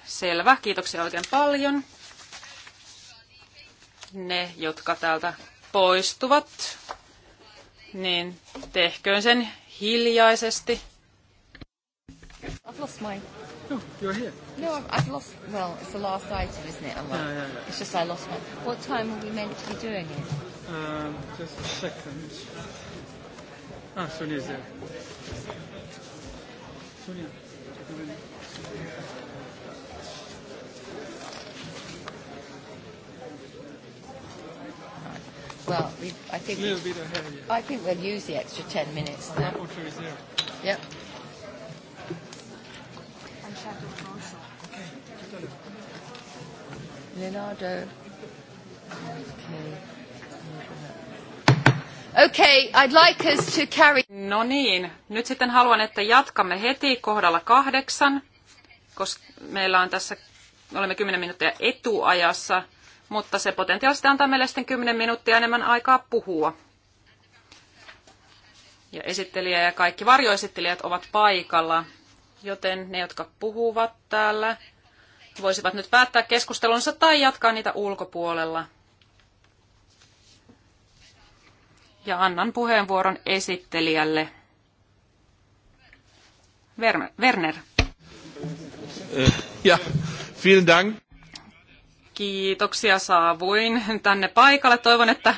Selvä, kiitoksia oikein paljon ne, jotka täältä poistuvat, niin tehköön sen hiljaisesti. I've lost my... No, you're here. No, I've, lost... Well, it's the last item, isn't it? I'm like, yeah, yeah, yeah. It's just I lost my... What time we meant to be doing it? Um, just a second. Ah, Sonia's there. Sonia, Well, we, I think. A little bit ahead, yeah. I think we'll use the extra 10 minutes now. Rapporteur is there. Yep. And shadow also. Okay. Leonardo. Okay. okay, I'd like us to carry... No niin, nyt sitten haluan, että jatkamme heti kohdalla kahdeksan, koska meillä on tässä, olemme kymmenen minuuttia etuajassa mutta se potentiaalisesti antaa meille sitten 10 minuuttia enemmän aikaa puhua. Ja esittelijä ja kaikki varjoesittelijät ovat paikalla, joten ne, jotka puhuvat täällä, voisivat nyt päättää keskustelunsa tai jatkaa niitä ulkopuolella. Ja annan puheenvuoron esittelijälle. Werner. Äh, ja, vielen Dank kiitoksia saavuin tänne paikalle. Toivon, että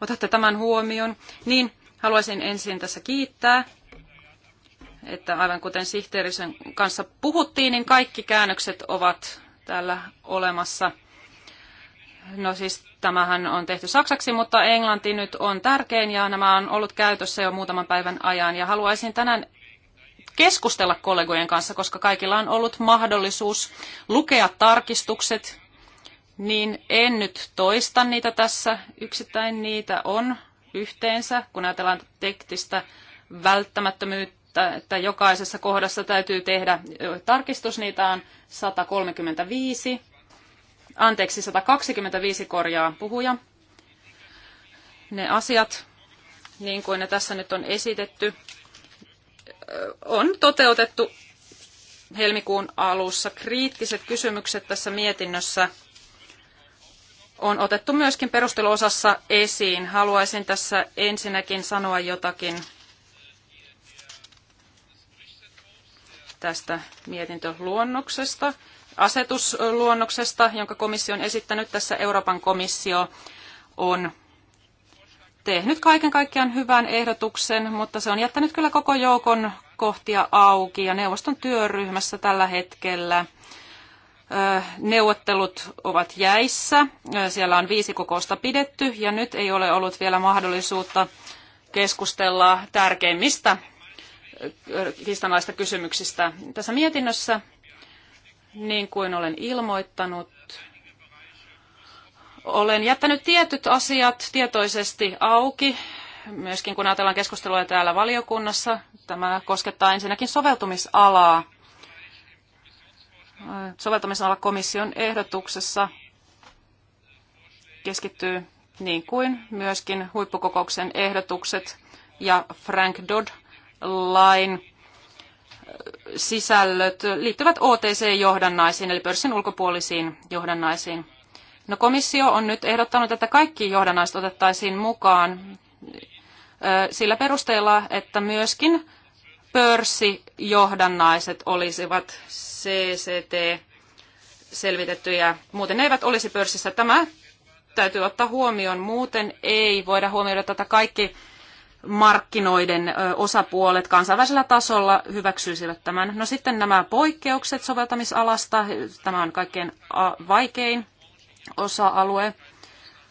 otatte tämän huomioon. Niin, haluaisin ensin tässä kiittää, että aivan kuten sihteerisen kanssa puhuttiin, niin kaikki käännökset ovat täällä olemassa. No siis tämähän on tehty saksaksi, mutta englanti nyt on tärkein ja nämä on ollut käytössä jo muutaman päivän ajan. Ja haluaisin tänään keskustella kollegojen kanssa, koska kaikilla on ollut mahdollisuus lukea tarkistukset niin en nyt toista niitä tässä. Yksittäin niitä on yhteensä, kun ajatellaan tekstistä välttämättömyyttä, että jokaisessa kohdassa täytyy tehdä tarkistus. Niitä on 135, anteeksi 125 korjaa puhuja. Ne asiat, niin kuin ne tässä nyt on esitetty, on toteutettu helmikuun alussa. Kriittiset kysymykset tässä mietinnössä – on otettu myöskin perusteluosassa esiin. Haluaisin tässä ensinnäkin sanoa jotakin tästä mietintöluonnoksesta, asetusluonnoksesta, jonka komissio on esittänyt. Tässä Euroopan komissio on tehnyt kaiken kaikkiaan hyvän ehdotuksen, mutta se on jättänyt kyllä koko joukon kohtia auki ja neuvoston työryhmässä tällä hetkellä neuvottelut ovat jäissä. Siellä on viisi kokousta pidetty ja nyt ei ole ollut vielä mahdollisuutta keskustella tärkeimmistä kiistanlaista kysymyksistä. Tässä mietinnössä, niin kuin olen ilmoittanut, olen jättänyt tietyt asiat tietoisesti auki, myöskin kun ajatellaan keskustelua täällä valiokunnassa. Tämä koskettaa ensinnäkin soveltumisalaa soveltamisala komission ehdotuksessa keskittyy niin kuin myöskin huippukokouksen ehdotukset ja Frank Dodd-lain sisällöt liittyvät OTC-johdannaisiin, eli pörssin ulkopuolisiin johdannaisiin. No komissio on nyt ehdottanut, että kaikki johdannaiset otettaisiin mukaan sillä perusteella, että myöskin pörssijohdannaiset olisivat CCT selvitettyjä, muuten ne eivät olisi pörssissä. Tämä täytyy ottaa huomioon, muuten ei voida huomioida tätä kaikki markkinoiden osapuolet kansainvälisellä tasolla hyväksyisivät tämän. No sitten nämä poikkeukset soveltamisalasta, tämä on kaikkein vaikein osa-alue.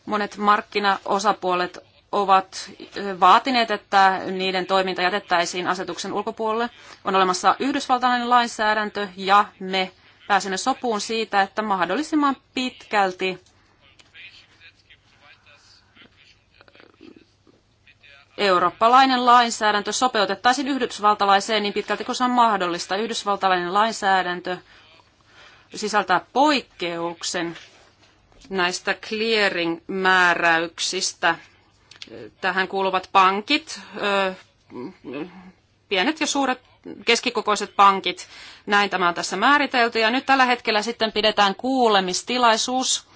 Monet markkinaosapuolet ovat vaatineet, että niiden toiminta jätettäisiin asetuksen ulkopuolelle. On olemassa yhdysvaltainen lainsäädäntö ja me pääsemme sopuun siitä, että mahdollisimman pitkälti eurooppalainen lainsäädäntö sopeutettaisiin yhdysvaltalaiseen niin pitkälti kuin se on mahdollista. Yhdysvaltalainen lainsäädäntö sisältää poikkeuksen näistä clearing-määräyksistä – Tähän kuuluvat pankit, pienet ja suuret keskikokoiset pankit. Näin tämä on tässä määritelty. Ja nyt tällä hetkellä sitten pidetään kuulemistilaisuus,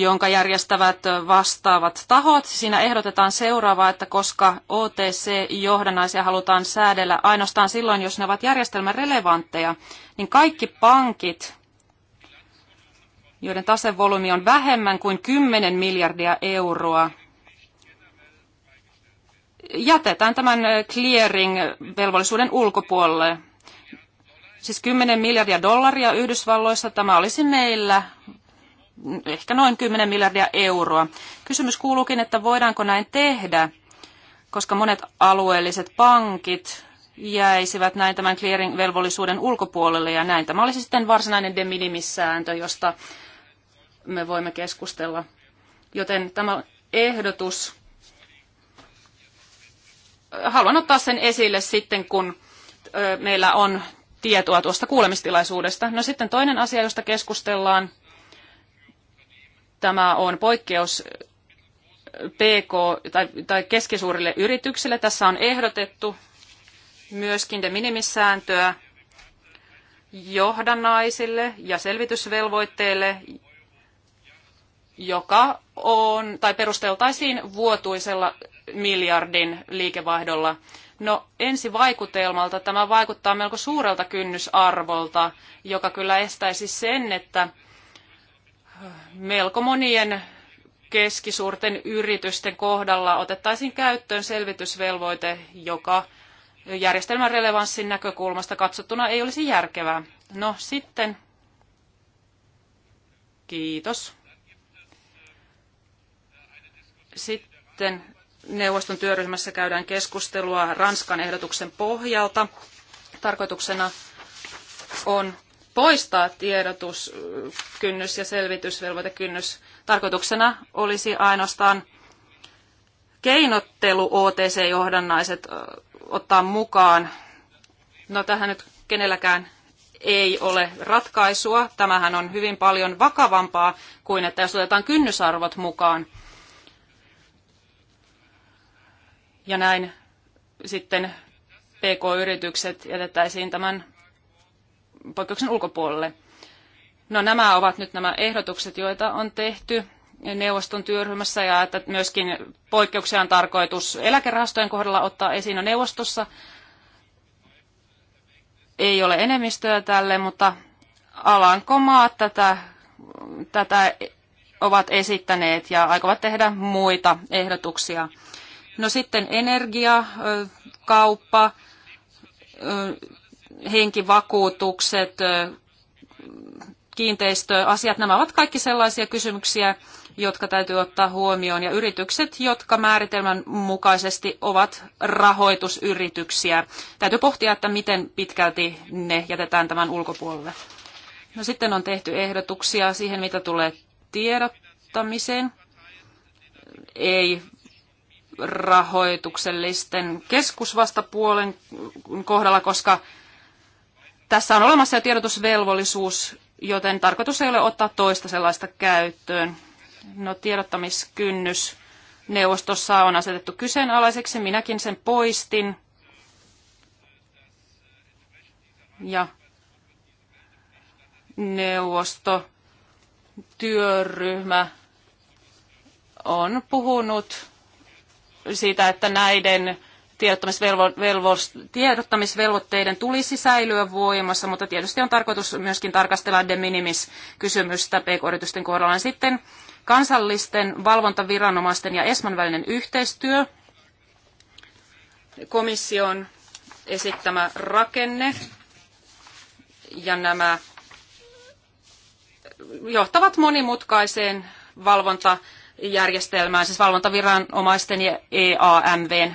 jonka järjestävät vastaavat tahot. Siinä ehdotetaan seuraavaa, että koska OTC-johdannaisia halutaan säädellä ainoastaan silloin, jos ne ovat järjestelmän relevantteja, niin kaikki pankit, joiden tasevolyymi on vähemmän kuin 10 miljardia euroa, jätetään tämän äh, clearing-velvollisuuden ulkopuolelle. Siis 10 miljardia dollaria Yhdysvalloissa tämä olisi meillä ehkä noin 10 miljardia euroa. Kysymys kuuluukin, että voidaanko näin tehdä, koska monet alueelliset pankit jäisivät näin tämän clearing-velvollisuuden ulkopuolelle ja näin. Tämä olisi sitten varsinainen de minimis-sääntö, josta me voimme keskustella. Joten tämä ehdotus haluan ottaa sen esille sitten, kun meillä on tietoa tuosta kuulemistilaisuudesta. No sitten toinen asia, josta keskustellaan, tämä on poikkeus PK- tai, tai keskisuurille yrityksille. Tässä on ehdotettu myöskin de minimissääntöä johdannaisille ja selvitysvelvoitteille, joka on, tai perusteltaisiin vuotuisella miljardin liikevaihdolla. No ensi vaikutelmalta tämä vaikuttaa melko suurelta kynnysarvolta, joka kyllä estäisi sen, että melko monien keskisuurten yritysten kohdalla otettaisiin käyttöön selvitysvelvoite, joka järjestelmän relevanssin näkökulmasta katsottuna ei olisi järkevää. No sitten. Kiitos. Sitten neuvoston työryhmässä käydään keskustelua Ranskan ehdotuksen pohjalta. Tarkoituksena on poistaa tiedotuskynnys ja selvitysvelvoitekynnys. Tarkoituksena olisi ainoastaan keinottelu OTC-johdannaiset ottaa mukaan. No tähän nyt kenelläkään ei ole ratkaisua. Tämähän on hyvin paljon vakavampaa kuin, että jos otetaan kynnysarvot mukaan – ja näin sitten PK-yritykset jätettäisiin tämän poikkeuksen ulkopuolelle. No nämä ovat nyt nämä ehdotukset, joita on tehty neuvoston työryhmässä ja että myöskin poikkeuksia on tarkoitus eläkerahastojen kohdalla ottaa esiin no neuvostossa. Ei ole enemmistöä tälle, mutta Alankomaat tätä, tätä ovat esittäneet ja aikovat tehdä muita ehdotuksia. No sitten energia, kauppa, henkivakuutukset, kiinteistöasiat, nämä ovat kaikki sellaisia kysymyksiä, jotka täytyy ottaa huomioon, ja yritykset, jotka määritelmän mukaisesti ovat rahoitusyrityksiä. Täytyy pohtia, että miten pitkälti ne jätetään tämän ulkopuolelle. No sitten on tehty ehdotuksia siihen, mitä tulee tiedottamiseen. Ei rahoituksellisten keskusvastapuolen kohdalla, koska tässä on olemassa jo tiedotusvelvollisuus, joten tarkoitus ei ole ottaa toista sellaista käyttöön. No tiedottamiskynnys neuvostossa on asetettu kyseenalaiseksi, minäkin sen poistin. Ja neuvosto, työryhmä on puhunut siitä, että näiden tiedottamisvelvoitteiden tulisi säilyä voimassa, mutta tietysti on tarkoitus myöskin tarkastella de minimis kysymystä pk-yritysten kohdalla. Sitten kansallisten valvontaviranomaisten ja ESMAn välinen yhteistyö, komission esittämä rakenne ja nämä johtavat monimutkaiseen valvonta järjestelmään, siis valvontaviranomaisten ja EAMVn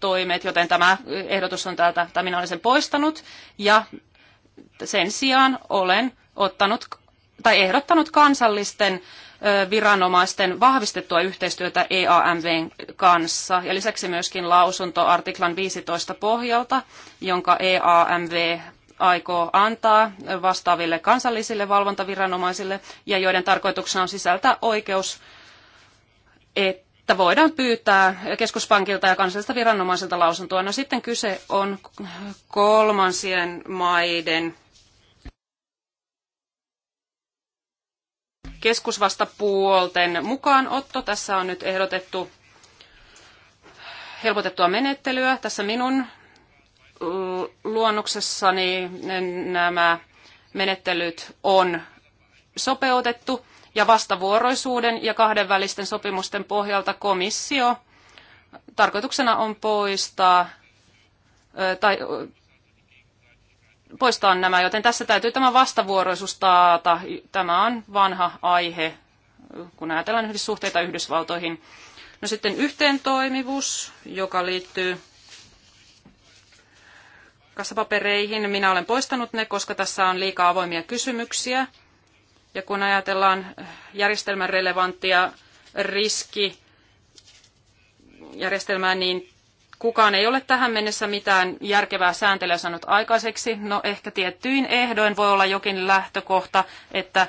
toimet, joten tämä ehdotus on täältä, tai minä olen sen poistanut, ja sen sijaan olen ottanut tai ehdottanut kansallisten viranomaisten vahvistettua yhteistyötä EAMVn kanssa ja lisäksi myöskin lausunto artiklan 15 pohjalta, jonka EAMV aikoo antaa vastaaville kansallisille valvontaviranomaisille ja joiden tarkoituksena on sisältää oikeus että voidaan pyytää keskuspankilta ja kansallista viranomaisilta lausuntoa. No sitten kyse on kolmansien maiden keskusvastapuolten mukaanotto. Tässä on nyt ehdotettu helpotettua menettelyä. Tässä minun luonnoksessani nämä menettelyt on sopeutettu. Ja vastavuoroisuuden ja kahdenvälisten sopimusten pohjalta komissio tarkoituksena on poistaa tai poistaa nämä, joten tässä täytyy tämä vastavuoroisuus taata. Tämä on vanha aihe, kun ajatellaan suhteita Yhdysvaltoihin. No sitten yhteentoimivuus, joka liittyy kassapapereihin. Minä olen poistanut ne, koska tässä on liikaa avoimia kysymyksiä. Ja kun ajatellaan järjestelmän relevanttia riski järjestelmää, niin kukaan ei ole tähän mennessä mitään järkevää sääntelyä saanut aikaiseksi. No ehkä tiettyin ehdoin voi olla jokin lähtökohta, että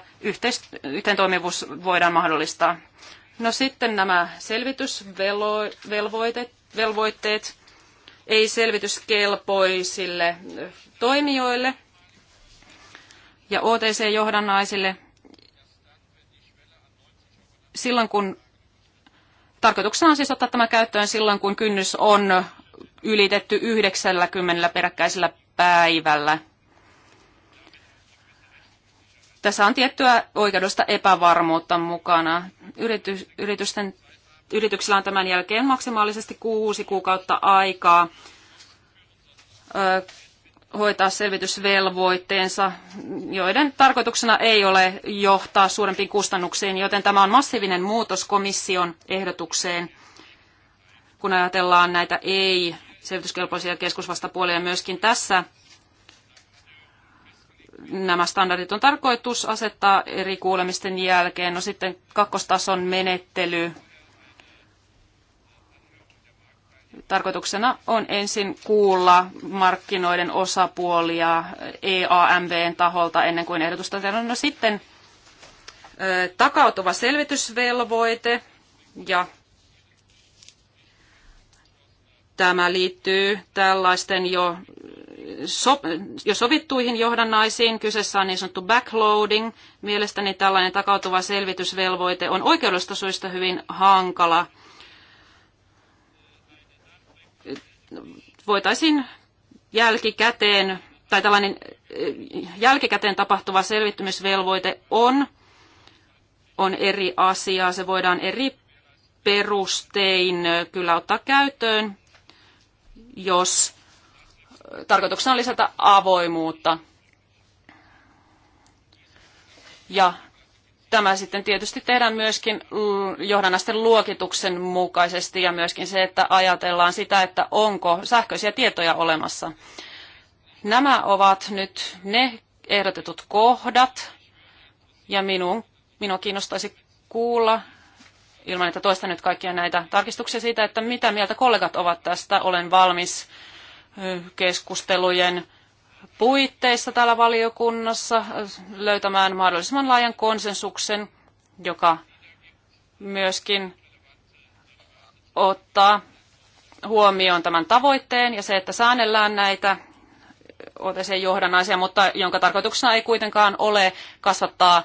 yhteen toimivuus voidaan mahdollistaa. No sitten nämä selvitysvelvoitteet ei selvityskelpoisille toimijoille ja OTC-johdannaisille silloin kun tarkoituksena on siis ottaa tämä käyttöön silloin, kun kynnys on ylitetty 90 peräkkäisellä päivällä. Tässä on tiettyä oikeudesta epävarmuutta mukana. Yritys, yritysten, yrityksillä on tämän jälkeen maksimaalisesti kuusi kuukautta aikaa hoitaa selvitysvelvoitteensa, joiden tarkoituksena ei ole johtaa suurempiin kustannuksiin, joten tämä on massiivinen muutos komission ehdotukseen, kun ajatellaan näitä ei-selvityskelpoisia keskusvastapuolia myöskin tässä. Nämä standardit on tarkoitus asettaa eri kuulemisten jälkeen. No sitten kakkostason menettely tarkoituksena on ensin kuulla markkinoiden osapuolia EAMVn taholta ennen kuin ehdotusta tehdään. No sitten takautuva selvitysvelvoite ja tämä liittyy tällaisten jo, so, jo sovittuihin johdannaisiin. Kyseessä on niin sanottu backloading. Mielestäni tällainen takautuva selvitysvelvoite on oikeudellista syistä hyvin hankala – voitaisiin jälkikäteen, tai tällainen eh, jälkikäteen tapahtuva selvittymisvelvoite on, on eri asia. Se voidaan eri perustein eh, kyllä ottaa käyttöön, jos eh, tarkoituksena on lisätä avoimuutta. Ja tämä sitten tietysti tehdään myöskin johdannaisten luokituksen mukaisesti ja myöskin se, että ajatellaan sitä, että onko sähköisiä tietoja olemassa. Nämä ovat nyt ne ehdotetut kohdat ja minun, minua kiinnostaisi kuulla, ilman että toistan nyt kaikkia näitä tarkistuksia siitä, että mitä mieltä kollegat ovat tästä. Olen valmis keskustelujen puitteissa täällä valiokunnassa löytämään mahdollisimman laajan konsensuksen, joka myöskin ottaa huomioon tämän tavoitteen ja se, että säännellään näitä otesien johdannaisia mutta jonka tarkoituksena ei kuitenkaan ole kasvattaa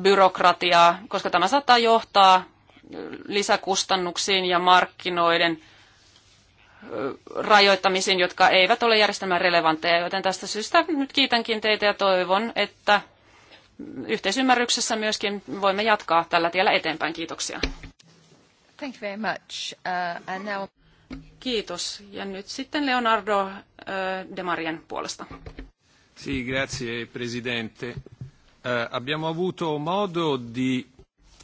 byrokratiaa, koska tämä saattaa johtaa lisäkustannuksiin ja markkinoiden rajoittamisiin, jotka eivät ole järjestelmän relevantteja, joten tästä syystä nyt kiitänkin teitä ja toivon, että yhteisymmärryksessä myöskin voimme jatkaa tällä tiellä eteenpäin. Kiitoksia. Thank you very much. Uh, and now... Kiitos. Ja nyt sitten Leonardo uh, Marien puolesta. Sì, grazie Presidente. Uh, abbiamo avuto modo di...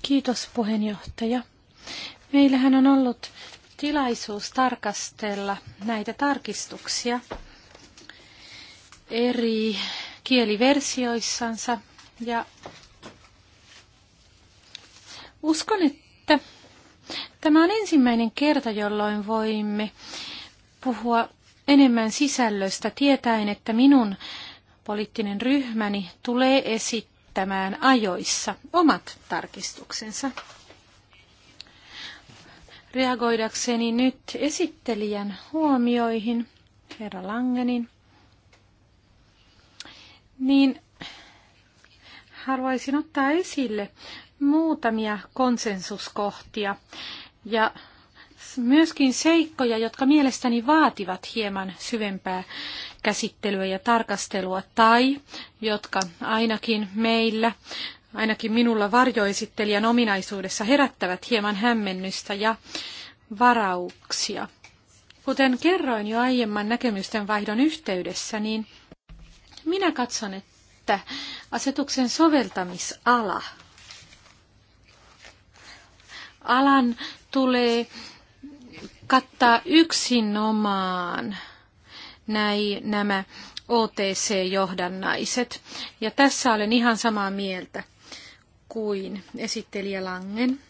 Kiitos puheenjohtaja. Meillähän on ollut tilaisuus tarkastella näitä tarkistuksia eri kieliversioissansa ja uskon, että tämä on ensimmäinen kerta, jolloin voimme puhua enemmän sisällöstä tietäen, että minun poliittinen ryhmäni tulee esittämään ajoissa omat tarkistuksensa reagoidakseni nyt esittelijän huomioihin, herra Langenin, niin haluaisin ottaa esille muutamia konsensuskohtia ja myöskin seikkoja, jotka mielestäni vaativat hieman syvempää käsittelyä ja tarkastelua, tai jotka ainakin meillä ainakin minulla varjoesittelijän ominaisuudessa herättävät hieman hämmennystä ja varauksia. Kuten kerroin jo aiemman näkemysten vaihdon yhteydessä, niin minä katson, että asetuksen soveltamisala alan tulee kattaa yksinomaan näin nämä OTC-johdannaiset. Ja tässä olen ihan samaa mieltä kuin esittelijä Langen.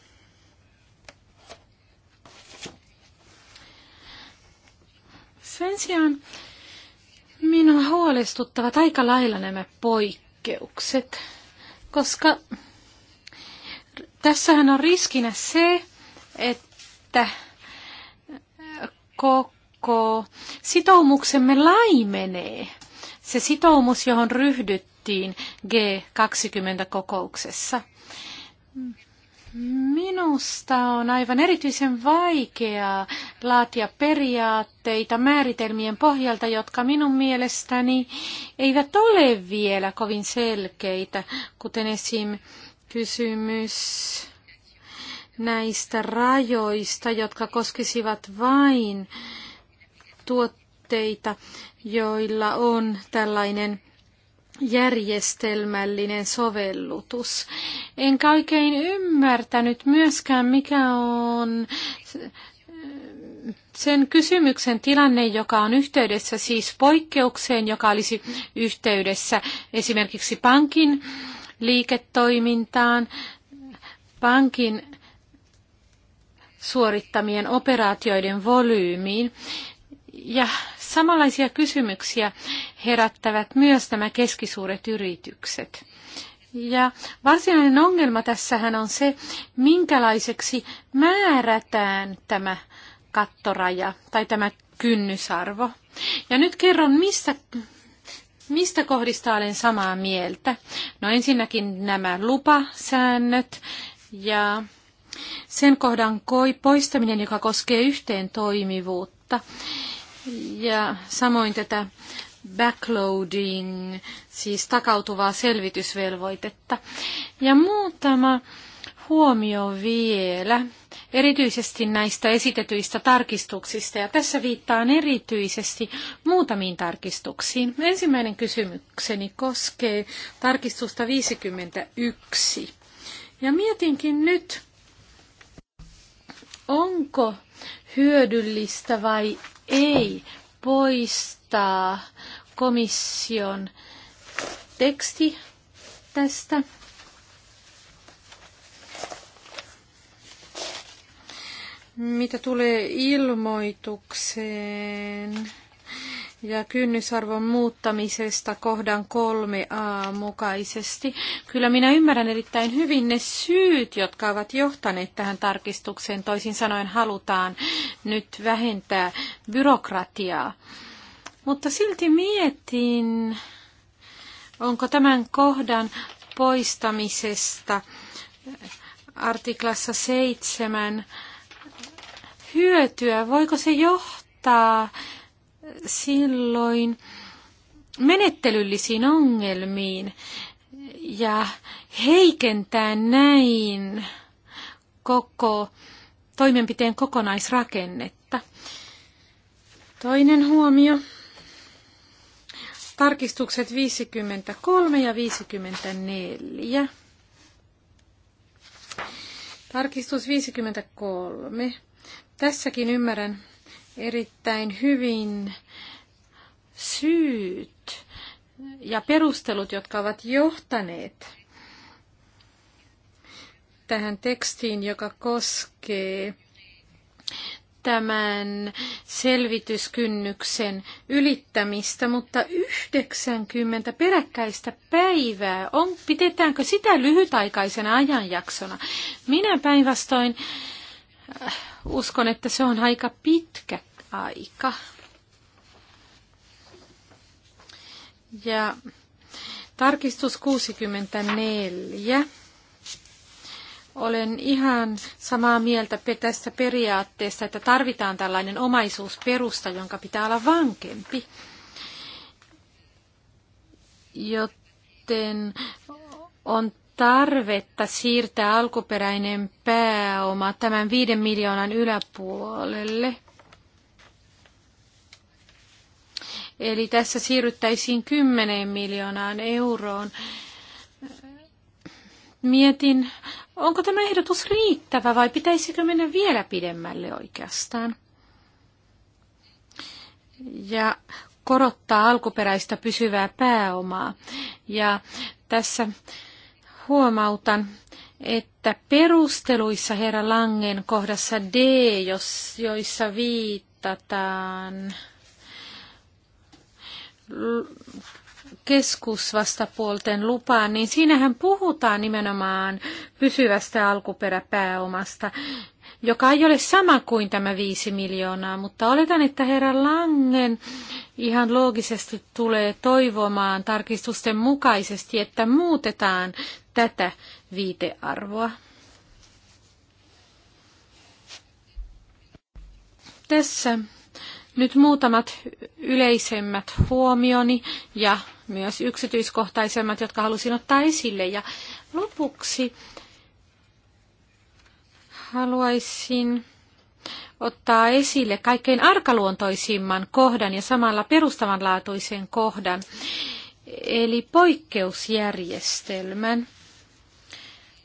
Sen sijaan minua huolestuttavat aika lailla nämä poikkeukset, koska tässähän on riskinä se, että koko sitoumuksemme laimenee. Se sitoumus, johon ryhdyttiin G20-kokouksessa – Minusta on aivan erityisen vaikeaa laatia periaatteita määritelmien pohjalta, jotka minun mielestäni eivät ole vielä kovin selkeitä, kuten esim. kysymys näistä rajoista, jotka koskisivat vain tuotteita, joilla on tällainen järjestelmällinen sovellutus. Enkä oikein ymmärtänyt myöskään, mikä on sen kysymyksen tilanne, joka on yhteydessä siis poikkeukseen, joka olisi yhteydessä esimerkiksi pankin liiketoimintaan, pankin suorittamien operaatioiden volyymiin. Ja Samanlaisia kysymyksiä herättävät myös nämä keskisuuret yritykset. Ja varsinainen ongelma tässähän on se, minkälaiseksi määrätään tämä kattoraja tai tämä kynnysarvo. Ja nyt kerron, mistä, mistä kohdista olen samaa mieltä. No ensinnäkin nämä lupasäännöt ja sen kohdan koi poistaminen, joka koskee yhteen toimivuutta. Ja samoin tätä backloading, siis takautuvaa selvitysvelvoitetta. Ja muutama huomio vielä, erityisesti näistä esitetyistä tarkistuksista, ja tässä viittaan erityisesti muutamiin tarkistuksiin. Ensimmäinen kysymykseni koskee tarkistusta 51. Ja mietinkin nyt, onko hyödyllistä vai ei poistaa komission teksti tästä. Mitä tulee ilmoitukseen? ja kynnysarvon muuttamisesta kohdan 3a mukaisesti. Kyllä minä ymmärrän erittäin hyvin ne syyt, jotka ovat johtaneet tähän tarkistukseen. Toisin sanoen halutaan nyt vähentää byrokratiaa. Mutta silti mietin, onko tämän kohdan poistamisesta artiklassa 7 hyötyä. Voiko se johtaa silloin menettelyllisiin ongelmiin ja heikentää näin koko toimenpiteen kokonaisrakennetta. Toinen huomio. Tarkistukset 53 ja 54. Tarkistus 53. Tässäkin ymmärrän erittäin hyvin syyt ja perustelut, jotka ovat johtaneet tähän tekstiin, joka koskee tämän selvityskynnyksen ylittämistä, mutta 90 peräkkäistä päivää, on, pidetäänkö sitä lyhytaikaisena ajanjaksona? Minä päinvastoin äh, uskon, että se on aika pitkä aika. Ja tarkistus 64. Olen ihan samaa mieltä tästä periaatteesta, että tarvitaan tällainen omaisuusperusta, jonka pitää olla vankempi. Joten on tarvetta siirtää alkuperäinen pääoma tämän viiden miljoonan yläpuolelle. Eli tässä siirryttäisiin 10 miljoonaan euroon. Mietin, onko tämä ehdotus riittävä vai pitäisikö mennä vielä pidemmälle oikeastaan? Ja korottaa alkuperäistä pysyvää pääomaa. Ja tässä huomautan, että perusteluissa herra Langen kohdassa D, jos, joissa viitataan keskusvastapuolten lupaan, niin siinähän puhutaan nimenomaan pysyvästä alkuperäpääomasta, joka ei ole sama kuin tämä viisi miljoonaa, mutta oletan, että herra Langen ihan loogisesti tulee toivomaan tarkistusten mukaisesti, että muutetaan tätä viitearvoa. Tässä nyt muutamat yleisemmät huomioni ja myös yksityiskohtaisemmat, jotka halusin ottaa esille. Ja lopuksi haluaisin ottaa esille kaikkein arkaluontoisimman kohdan ja samalla perustavanlaatuisen kohdan, eli poikkeusjärjestelmän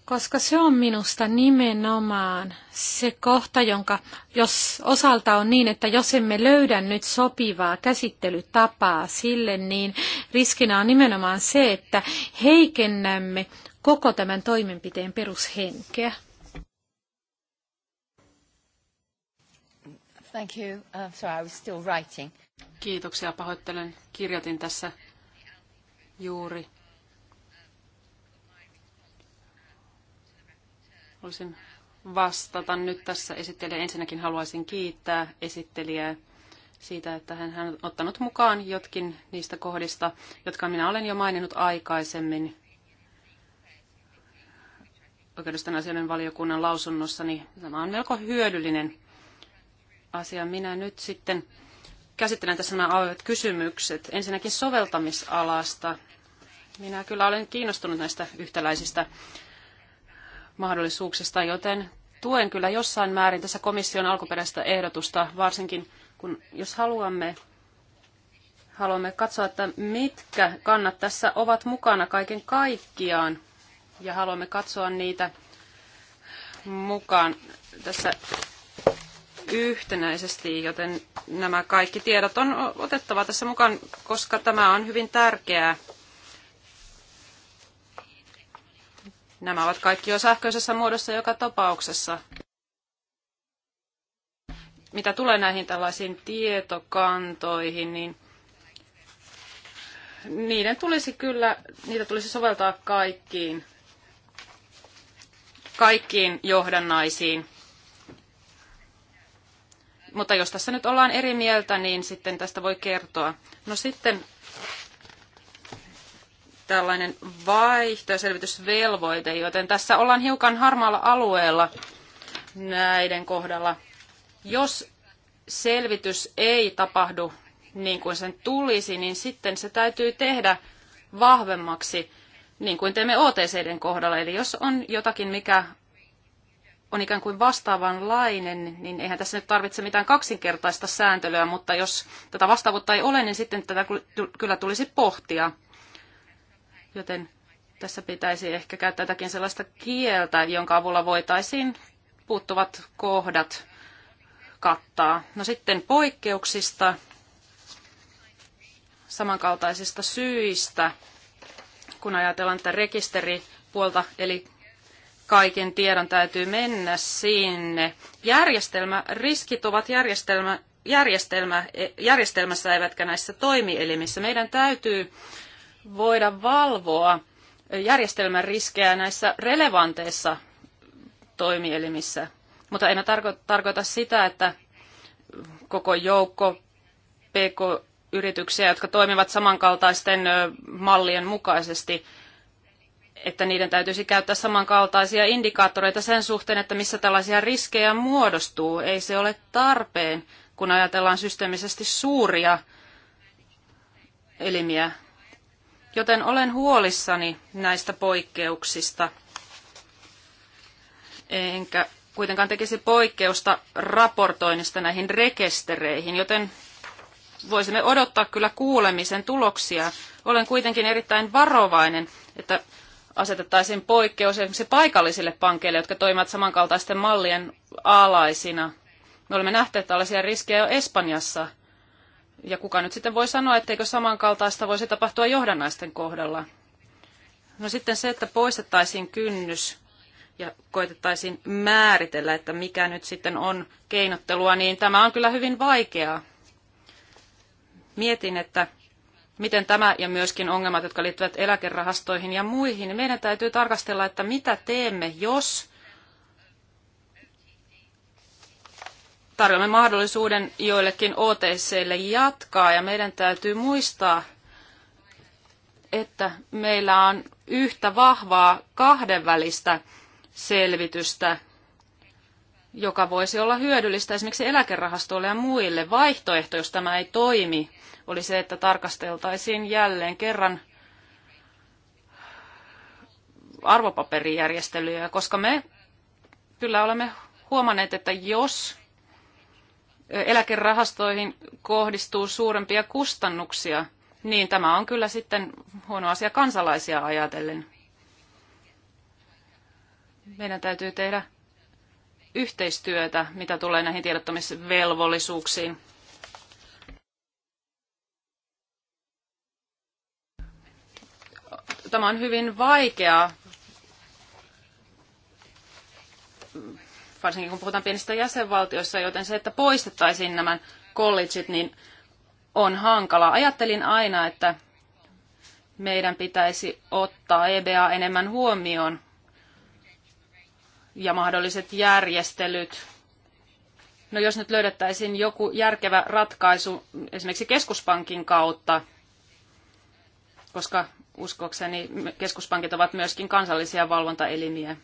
koska se on minusta nimenomaan se kohta, jonka jos osalta on niin, että jos emme löydä nyt sopivaa käsittelytapaa sille, niin riskinä on nimenomaan se, että heikennämme koko tämän toimenpiteen perushenkeä. Thank you. Uh, sorry, I was still writing. Kiitoksia, pahoittelen. Kirjoitin tässä juuri Voisin vastata nyt tässä esittelijä. Ensinnäkin haluaisin kiittää esittelijää siitä, että hän on ottanut mukaan jotkin niistä kohdista, jotka minä olen jo maininnut aikaisemmin oikeudesta asioiden valiokunnan lausunnossa, niin tämä on melko hyödyllinen asia. Minä nyt sitten käsittelen tässä nämä avoimet kysymykset. Ensinnäkin soveltamisalasta. Minä kyllä olen kiinnostunut näistä yhtäläisistä mahdollisuuksista, joten tuen kyllä jossain määrin tässä komission alkuperäistä ehdotusta, varsinkin kun jos haluamme, haluamme katsoa, että mitkä kannat tässä ovat mukana kaiken kaikkiaan, ja haluamme katsoa niitä mukaan tässä yhtenäisesti, joten nämä kaikki tiedot on otettava tässä mukaan, koska tämä on hyvin tärkeää Nämä ovat kaikki jo sähköisessä muodossa joka tapauksessa. Mitä tulee näihin tällaisiin tietokantoihin, niin niiden tulisi kyllä, niitä tulisi soveltaa kaikkiin, kaikkiin johdannaisiin. Mutta jos tässä nyt ollaan eri mieltä, niin sitten tästä voi kertoa. No sitten tällainen vaihtoselvitysvelvoite, joten tässä ollaan hiukan harmaalla alueella näiden kohdalla. Jos selvitys ei tapahdu niin kuin sen tulisi, niin sitten se täytyy tehdä vahvemmaksi, niin kuin teemme OTCiden kohdalla. Eli jos on jotakin, mikä on ikään kuin vastaavanlainen, niin eihän tässä nyt tarvitse mitään kaksinkertaista sääntelyä, mutta jos tätä vastaavuutta ei ole, niin sitten tätä kyllä tulisi pohtia. Joten tässä pitäisi ehkä käyttää jotakin sellaista kieltä, jonka avulla voitaisiin puuttuvat kohdat kattaa. No sitten poikkeuksista, samankaltaisista syistä, kun ajatellaan tätä rekisteripuolta, eli kaiken tiedon täytyy mennä sinne. Järjestelmä, riskit ovat järjestelmä, järjestelmä, e, järjestelmässä eivätkä näissä toimielimissä. Meidän täytyy voida valvoa järjestelmän riskejä näissä relevanteissa toimielimissä. Mutta en tarko- tarkoita sitä, että koko joukko pk-yrityksiä, jotka toimivat samankaltaisten mallien mukaisesti, että niiden täytyisi käyttää samankaltaisia indikaattoreita sen suhteen, että missä tällaisia riskejä muodostuu. Ei se ole tarpeen, kun ajatellaan systeemisesti suuria elimiä Joten olen huolissani näistä poikkeuksista. Enkä kuitenkaan tekisi poikkeusta raportoinnista näihin rekistereihin, joten voisimme odottaa kyllä kuulemisen tuloksia. Olen kuitenkin erittäin varovainen, että asetettaisiin poikkeus esimerkiksi paikallisille pankeille, jotka toimivat samankaltaisten mallien alaisina. Me olemme nähneet tällaisia riskejä jo Espanjassa – ja kuka nyt sitten voi sanoa, etteikö samankaltaista voisi tapahtua johdannaisten kohdalla? No sitten se, että poistettaisiin kynnys ja koitettaisiin määritellä, että mikä nyt sitten on keinottelua, niin tämä on kyllä hyvin vaikeaa. Mietin, että miten tämä ja myöskin ongelmat, jotka liittyvät eläkerahastoihin ja muihin, meidän täytyy tarkastella, että mitä teemme, jos tarjoamme mahdollisuuden joillekin OTCille jatkaa ja meidän täytyy muistaa, että meillä on yhtä vahvaa kahdenvälistä selvitystä, joka voisi olla hyödyllistä esimerkiksi eläkerahastoille ja muille. Vaihtoehto, jos tämä ei toimi, oli se, että tarkasteltaisiin jälleen kerran arvopaperijärjestelyjä, koska me kyllä olemme huomanneet, että jos eläkerahastoihin kohdistuu suurempia kustannuksia, niin tämä on kyllä sitten huono asia kansalaisia ajatellen. Meidän täytyy tehdä yhteistyötä, mitä tulee näihin tiedottamisvelvollisuuksiin. Tämä on hyvin vaikeaa varsinkin kun puhutaan pienistä jäsenvaltioissa, joten se, että poistettaisiin nämä collegeit, niin on hankala. Ajattelin aina, että meidän pitäisi ottaa EBA enemmän huomioon ja mahdolliset järjestelyt. No jos nyt löydettäisiin joku järkevä ratkaisu esimerkiksi keskuspankin kautta, koska uskokseni keskuspankit ovat myöskin kansallisia valvontaelimiä.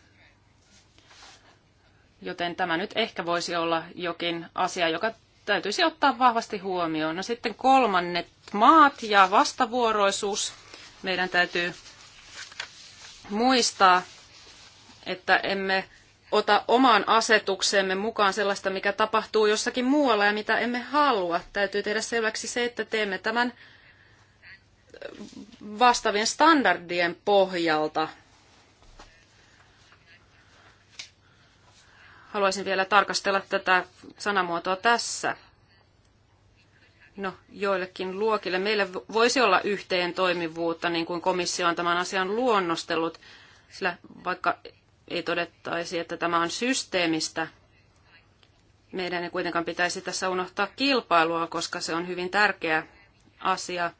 Joten tämä nyt ehkä voisi olla jokin asia, joka täytyisi ottaa vahvasti huomioon. No sitten kolmannet maat ja vastavuoroisuus. Meidän täytyy muistaa, että emme ota omaan asetuksemme mukaan sellaista, mikä tapahtuu jossakin muualla ja mitä emme halua. Täytyy tehdä selväksi se, että teemme tämän vastaavien standardien pohjalta Haluaisin vielä tarkastella tätä sanamuotoa tässä. No, joillekin luokille. Meillä voisi olla yhteen toimivuutta, niin kuin komissio on tämän asian luonnostellut, sillä vaikka ei todettaisi, että tämä on systeemistä, meidän ei kuitenkaan pitäisi tässä unohtaa kilpailua, koska se on hyvin tärkeä asia.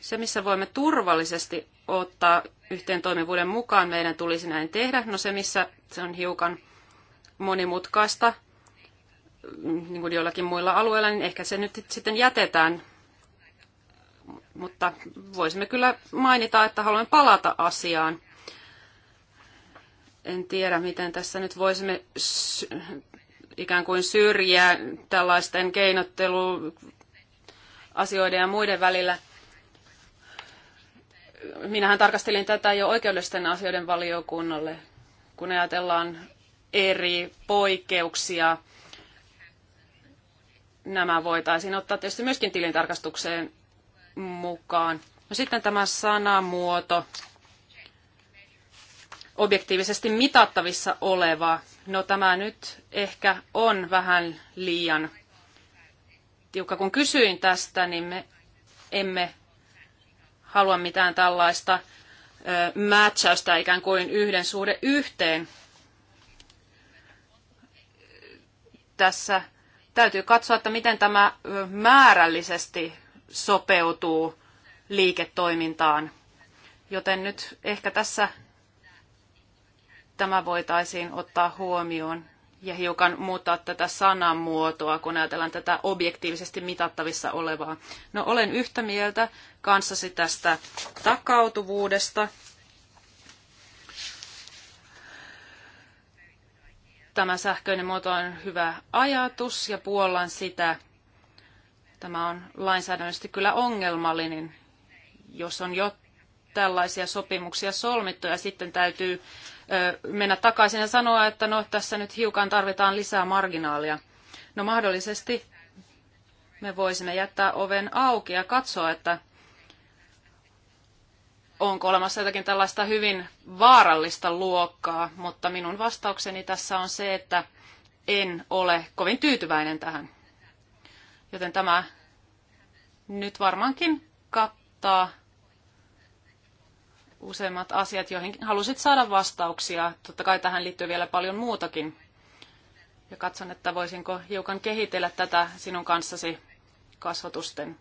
Se, missä voimme turvallisesti ottaa yhteen toimivuuden mukaan, meidän tulisi näin tehdä. No se, missä se on hiukan monimutkaista niin kuin joillakin muilla alueilla, niin ehkä se nyt sitten jätetään. Mutta voisimme kyllä mainita, että haluamme palata asiaan. En tiedä, miten tässä nyt voisimme ikään kuin syrjiä tällaisten keinotteluasioiden ja muiden välillä. Minähän tarkastelin tätä jo oikeudellisten asioiden valiokunnalle, kun ajatellaan eri poikkeuksia. Nämä voitaisiin ottaa tietysti myöskin tilintarkastukseen mukaan. No sitten tämä sanamuoto, objektiivisesti mitattavissa oleva. No tämä nyt ehkä on vähän liian tiukka. Kun kysyin tästä, niin me emme halua mitään tällaista mätsäystä ikään kuin yhden suhde yhteen. tässä täytyy katsoa, että miten tämä määrällisesti sopeutuu liiketoimintaan. Joten nyt ehkä tässä tämä voitaisiin ottaa huomioon ja hiukan muuttaa tätä sanamuotoa, kun ajatellaan tätä objektiivisesti mitattavissa olevaa. No olen yhtä mieltä kanssasi tästä takautuvuudesta Tämä sähköinen muoto on hyvä ajatus ja puollan sitä. Tämä on lainsäädännöllisesti kyllä ongelmallinen, jos on jo tällaisia sopimuksia solmittu ja sitten täytyy mennä takaisin ja sanoa, että no tässä nyt hiukan tarvitaan lisää marginaalia. No mahdollisesti me voisimme jättää oven auki ja katsoa, että onko olemassa jotakin tällaista hyvin vaarallista luokkaa, mutta minun vastaukseni tässä on se, että en ole kovin tyytyväinen tähän. Joten tämä nyt varmaankin kattaa useimmat asiat, joihin halusit saada vastauksia. Totta kai tähän liittyy vielä paljon muutakin. Ja katson, että voisinko hiukan kehitellä tätä sinun kanssasi kasvatusten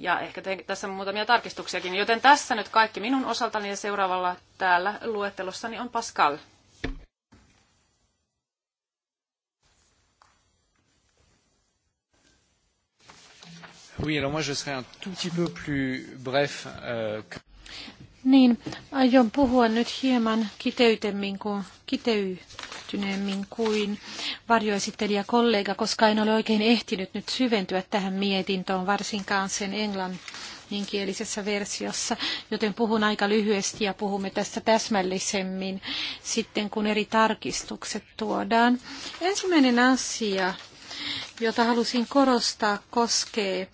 ja ehkä teen tässä muutamia tarkistuksiakin. Joten tässä nyt kaikki minun osaltani ja seuraavalla täällä luettelossani on Pascal. Oui, alors moi je serai un tout petit peu plus bref euh, que... Niin, aion puhua nyt hieman kiteytemmin kuin, kiteytyneemmin kuin varjoesittelijä kollega, koska en ole oikein ehtinyt nyt syventyä tähän mietintoon, varsinkaan sen englanninkielisessä versiossa, joten puhun aika lyhyesti ja puhumme tästä täsmällisemmin sitten, kun eri tarkistukset tuodaan. Ensimmäinen asia, jota halusin korostaa, koskee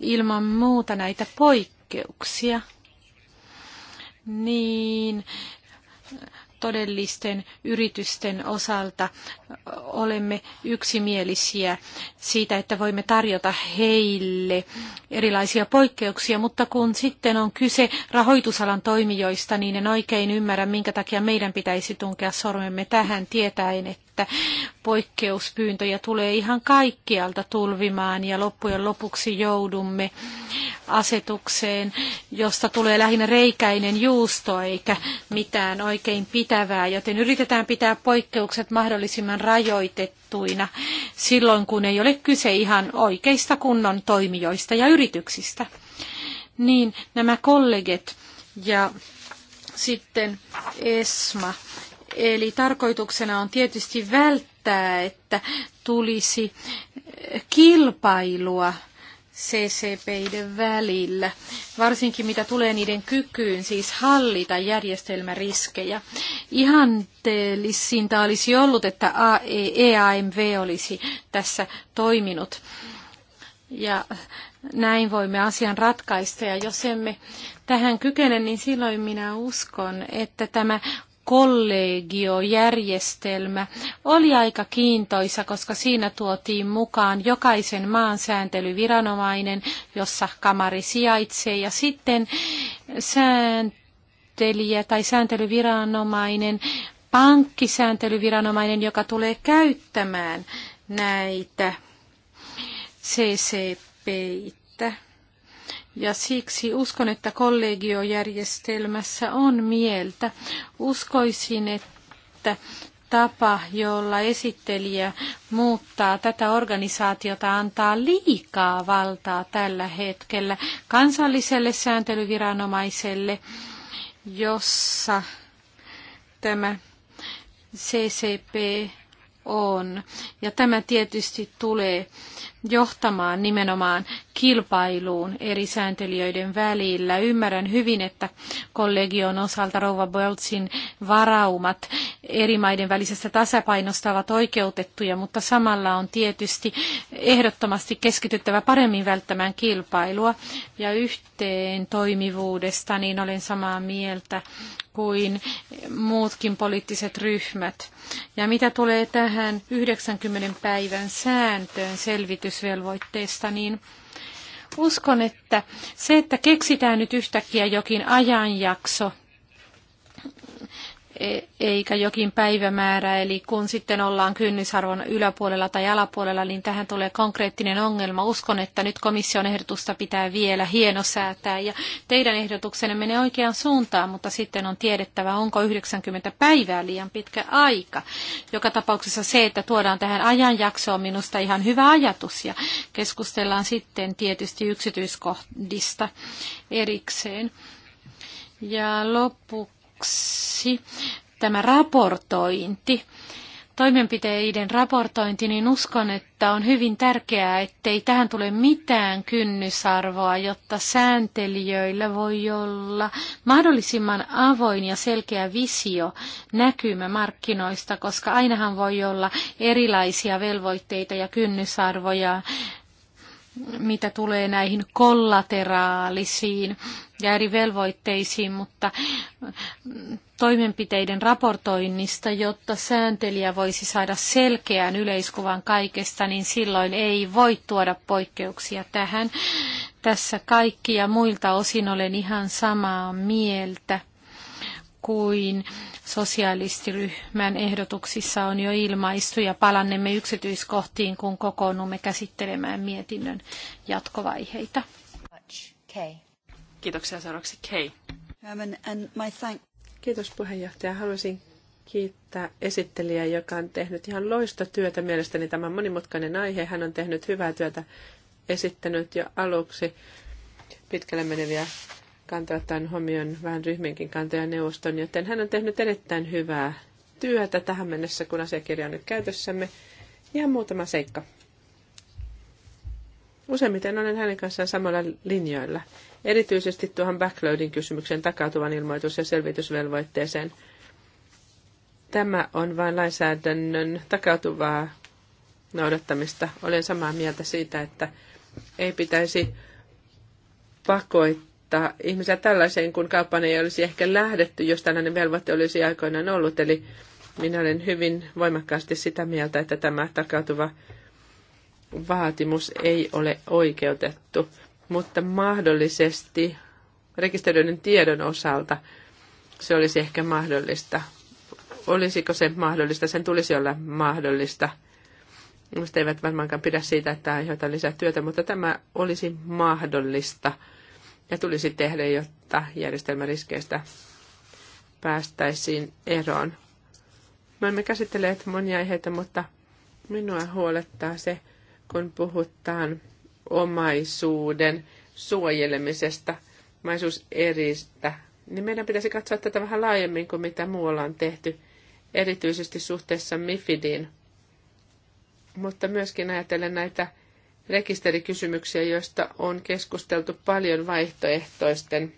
ilman muuta näitä poikkeuksia niin todellisten yritysten osalta olemme yksimielisiä siitä, että voimme tarjota heille erilaisia poikkeuksia, mutta kun sitten on kyse rahoitusalan toimijoista, niin en oikein ymmärrä, minkä takia meidän pitäisi tunkea sormemme tähän tietäen, että että poikkeuspyyntöjä tulee ihan kaikkialta tulvimaan ja loppujen lopuksi joudumme asetukseen, josta tulee lähinnä reikäinen juusto eikä mitään oikein pitävää, joten yritetään pitää poikkeukset mahdollisimman rajoitettuina silloin, kun ei ole kyse ihan oikeista kunnon toimijoista ja yrityksistä. Niin, nämä kollegit ja sitten ESMA Eli tarkoituksena on tietysti välttää, että tulisi kilpailua CCPiden välillä, varsinkin mitä tulee niiden kykyyn siis hallita järjestelmäriskejä. Ihanteellisinta olisi ollut, että EAMV olisi tässä toiminut. Ja näin voimme asian ratkaista. Ja jos emme tähän kykene, niin silloin minä uskon, että tämä kollegiojärjestelmä oli aika kiintoisa, koska siinä tuotiin mukaan jokaisen maan sääntelyviranomainen, jossa kamari sijaitsee, ja sitten sääntelijä tai sääntelyviranomainen, pankkisääntelyviranomainen, joka tulee käyttämään näitä CCPitä. Ja siksi uskon, että kollegiojärjestelmässä on mieltä. Uskoisin, että tapa, jolla esittelijä muuttaa tätä organisaatiota, antaa liikaa valtaa tällä hetkellä kansalliselle sääntelyviranomaiselle, jossa tämä CCP on. Ja tämä tietysti tulee johtamaan nimenomaan kilpailuun eri sääntelijöiden välillä. Ymmärrän hyvin, että kollegion osalta Rouva Boltsin varaumat eri maiden välisestä tasapainosta ovat oikeutettuja, mutta samalla on tietysti ehdottomasti keskityttävä paremmin välttämään kilpailua ja yhteen toimivuudesta, niin olen samaa mieltä kuin muutkin poliittiset ryhmät ja mitä tulee tähän 90 päivän sääntöön selvitysvelvoitteesta, niin uskon, että se, että keksitään nyt yhtäkkiä jokin ajanjakso, E, eikä jokin päivämäärä, eli kun sitten ollaan kynnysarvon yläpuolella tai alapuolella, niin tähän tulee konkreettinen ongelma. Uskon, että nyt komission ehdotusta pitää vielä hienosäätää, ja teidän ehdotuksenne menee oikeaan suuntaan, mutta sitten on tiedettävä, onko 90 päivää liian pitkä aika. Joka tapauksessa se, että tuodaan tähän ajanjaksoon minusta ihan hyvä ajatus, ja keskustellaan sitten tietysti yksityiskohdista erikseen. Ja loppu kaksi, tämä raportointi, toimenpiteiden raportointi, niin uskon, että on hyvin tärkeää, ettei tähän tule mitään kynnysarvoa, jotta sääntelijöillä voi olla mahdollisimman avoin ja selkeä visio näkymä markkinoista, koska ainahan voi olla erilaisia velvoitteita ja kynnysarvoja mitä tulee näihin kollateraalisiin ja eri velvoitteisiin, mutta mm, toimenpiteiden raportoinnista, jotta sääntelijä voisi saada selkeän yleiskuvan kaikesta, niin silloin ei voi tuoda poikkeuksia tähän. Tässä kaikki ja muilta osin olen ihan samaa mieltä kuin sosialistiryhmän ehdotuksissa on jo ilmaistu ja palannemme yksityiskohtiin, kun kokoonnumme käsittelemään mietinnön jatkovaiheita. Kiitoksia seuraavaksi Kay. Kiitos puheenjohtaja. Haluaisin kiittää esittelijää, joka on tehnyt ihan loista työtä. Mielestäni tämä monimutkainen aihe. Hän on tehnyt hyvää työtä, esittänyt jo aluksi pitkälle meneviä kantaa tämän huomioon vähän ryhmienkin kantoja neuvoston, joten hän on tehnyt erittäin hyvää työtä tähän mennessä, kun asiakirja on nyt käytössämme. Ihan muutama seikka. Useimmiten olen hänen kanssaan samalla linjoilla. Erityisesti tuohon backloadin kysymyksen takautuvan ilmoitus- ja selvitysvelvoitteeseen. Tämä on vain lainsäädännön takautuvaa noudattamista. Olen samaa mieltä siitä, että ei pitäisi pakoittaa pakottaa ihmisiä tällaiseen, kun kauppaan ei olisi ehkä lähdetty, jos tällainen velvoite olisi aikoinaan ollut. Eli minä olen hyvin voimakkaasti sitä mieltä, että tämä takautuva vaatimus ei ole oikeutettu, mutta mahdollisesti rekisteröidyn tiedon osalta se olisi ehkä mahdollista. Olisiko se mahdollista? Sen tulisi olla mahdollista. Minusta eivät varmaankaan pidä siitä, että aiheutan lisää työtä, mutta tämä olisi mahdollista – ja tulisi tehdä, jotta järjestelmäriskeistä päästäisiin eroon. Me olemme käsitelleet monia aiheita, mutta minua huolettaa se, kun puhutaan omaisuuden suojelemisesta, omaisuuseristä, niin meidän pitäisi katsoa tätä vähän laajemmin kuin mitä muualla on tehty, erityisesti suhteessa MIFIDiin. Mutta myöskin ajatellen näitä rekisterikysymyksiä, joista on keskusteltu paljon vaihtoehtoisten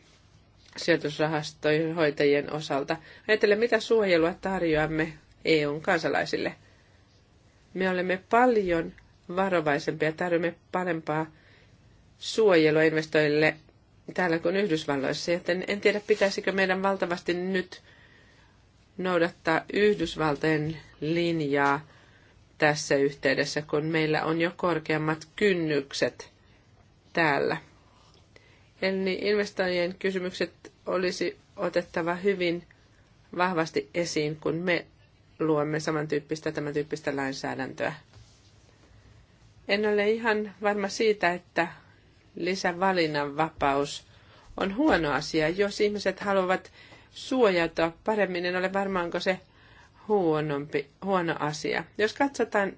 sijoitusrahastojen hoitajien osalta. Ajattele, mitä suojelua tarjoamme EUn kansalaisille. Me olemme paljon varovaisempia, tarjoamme parempaa suojelua investoijille täällä kuin Yhdysvalloissa, joten en tiedä, pitäisikö meidän valtavasti nyt noudattaa Yhdysvaltojen linjaa tässä yhteydessä, kun meillä on jo korkeammat kynnykset täällä. Eli investoijien kysymykset olisi otettava hyvin vahvasti esiin, kun me luomme samantyyppistä tämän tyyppistä lainsäädäntöä. En ole ihan varma siitä, että lisävalinnanvapaus on huono asia. Jos ihmiset haluavat suojautua paremmin, en ole varmaanko se huonompi, huono asia. Jos katsotaan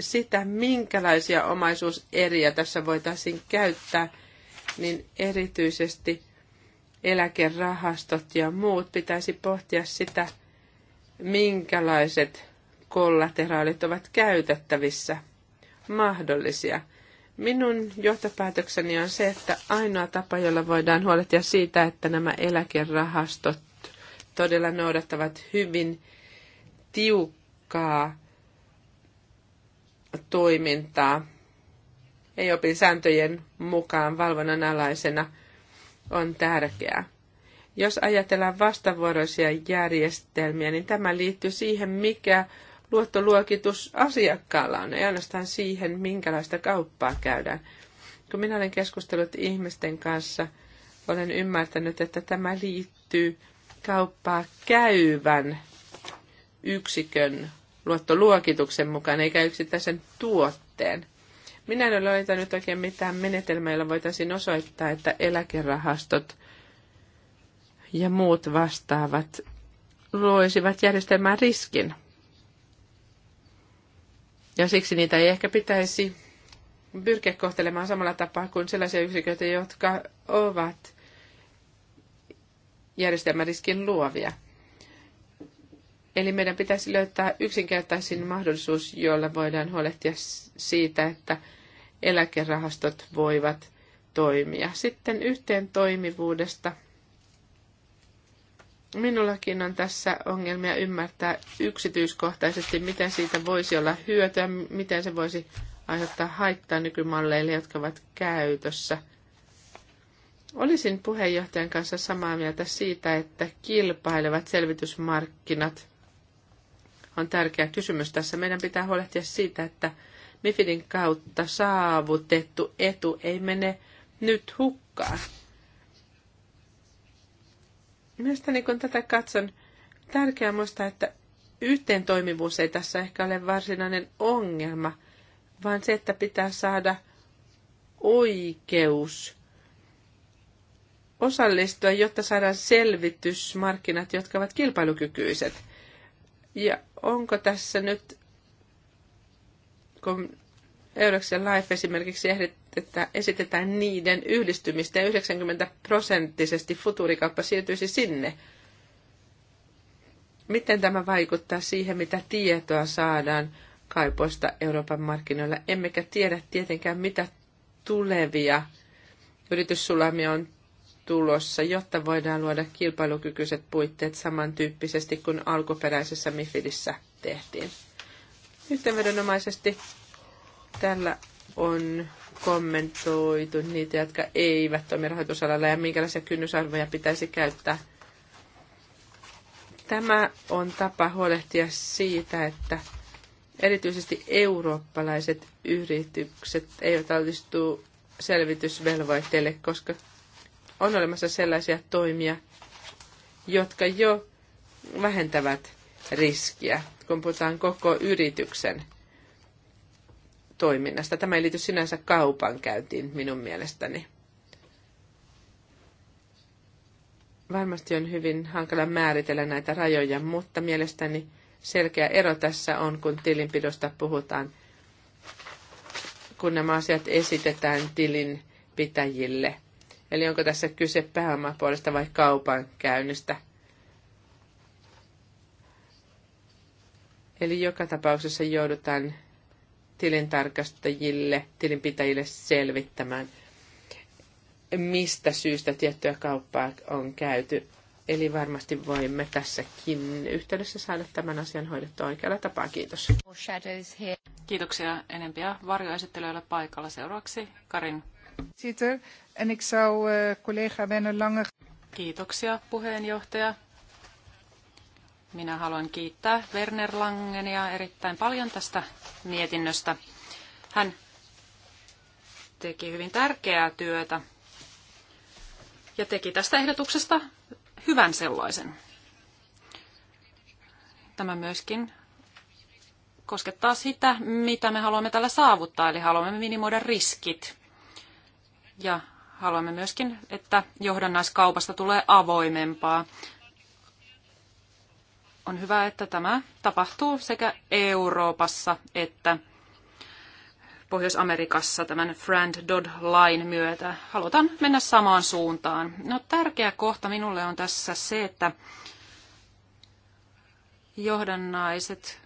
sitä, minkälaisia omaisuuseriä tässä voitaisiin käyttää, niin erityisesti eläkerahastot ja muut pitäisi pohtia sitä, minkälaiset kollateraalit ovat käytettävissä mahdollisia. Minun johtopäätökseni on se, että ainoa tapa, jolla voidaan huolehtia siitä, että nämä eläkerahastot todella noudattavat hyvin tiukkaa toimintaa opin sääntöjen mukaan valvonnan alaisena on tärkeää. Jos ajatellaan vastavuoroisia järjestelmiä, niin tämä liittyy siihen, mikä luottoluokitus asiakkaalla on, ei ainoastaan siihen, minkälaista kauppaa käydään. Kun minä olen keskustellut ihmisten kanssa, olen ymmärtänyt, että tämä liittyy kauppaa käyvän yksikön luottoluokituksen mukaan, eikä yksittäisen tuotteen. Minä en ole löytänyt oikein mitään menetelmää, jolla voitaisiin osoittaa, että eläkerahastot ja muut vastaavat luoisivat järjestelmään riskin. Ja siksi niitä ei ehkä pitäisi pyrkiä kohtelemaan samalla tapaa kuin sellaisia yksiköitä, jotka ovat järjestelmäriskin luovia. Eli meidän pitäisi löytää yksinkertaisin mahdollisuus, jolla voidaan huolehtia siitä, että eläkerahastot voivat toimia. Sitten yhteen toimivuudesta. Minullakin on tässä ongelmia ymmärtää yksityiskohtaisesti, miten siitä voisi olla hyötyä, miten se voisi aiheuttaa haittaa nykymalleille, jotka ovat käytössä. Olisin puheenjohtajan kanssa samaa mieltä siitä, että kilpailevat selvitysmarkkinat on tärkeä kysymys tässä. Meidän pitää huolehtia siitä, että MIFIDin kautta saavutettu etu ei mene nyt hukkaan. Mielestäni kun tätä katson, tärkeää muistaa, että yhteen toimivuus ei tässä ehkä ole varsinainen ongelma, vaan se, että pitää saada oikeus osallistua, jotta saadaan selvitysmarkkinat, jotka ovat kilpailukykyiset – ja onko tässä nyt, kun Euroksen Life esimerkiksi esitetään niiden yhdistymistä ja 90 prosenttisesti futuurikauppa siirtyisi sinne, miten tämä vaikuttaa siihen, mitä tietoa saadaan kaipoista Euroopan markkinoilla, emmekä tiedä tietenkään, mitä tulevia yrityssulamia on tulossa, jotta voidaan luoda kilpailukykyiset puitteet samantyyppisesti kuin alkuperäisessä MIFIDissä tehtiin. Yhteenvedonomaisesti tällä on kommentoitu niitä, jotka eivät toimi rahoitusalalla ja minkälaisia kynnysarvoja pitäisi käyttää. Tämä on tapa huolehtia siitä, että erityisesti eurooppalaiset yritykset eivät altistu selvitysvelvoitteille, koska on olemassa sellaisia toimia, jotka jo vähentävät riskiä, kun puhutaan koko yrityksen toiminnasta. Tämä ei liity sinänsä kaupankäyntiin minun mielestäni. Varmasti on hyvin hankala määritellä näitä rajoja, mutta mielestäni selkeä ero tässä on, kun tilinpidosta puhutaan, kun nämä asiat esitetään tilinpitäjille – Eli onko tässä kyse pääomapuolesta vai kaupankäynnistä? Eli joka tapauksessa joudutaan tilintarkastajille, tilinpitäjille selvittämään, mistä syystä tiettyä kauppaa on käyty. Eli varmasti voimme tässäkin yhteydessä saada tämän asian hoidettua oikealla tapaa. Kiitos. Kiitoksia enempiä varjoesittelyillä paikalla. Seuraavaksi Karin. Kiitos. En ik zou eh, collega Werner Lange... Kiitoksia puheenjohtaja. Minä haluan kiittää Werner Langenia erittäin paljon tästä mietinnöstä. Hän teki hyvin tärkeää työtä ja teki tästä ehdotuksesta hyvän sellaisen. Tämä myöskin koskettaa sitä, mitä me haluamme tällä saavuttaa, eli haluamme minimoida riskit ja Haluamme myöskin, että johdannaiskaupasta tulee avoimempaa. On hyvä, että tämä tapahtuu sekä Euroopassa että Pohjois-Amerikassa tämän Friend Dodd Line myötä. Halutaan mennä samaan suuntaan. No, tärkeä kohta minulle on tässä se, että johdannaiset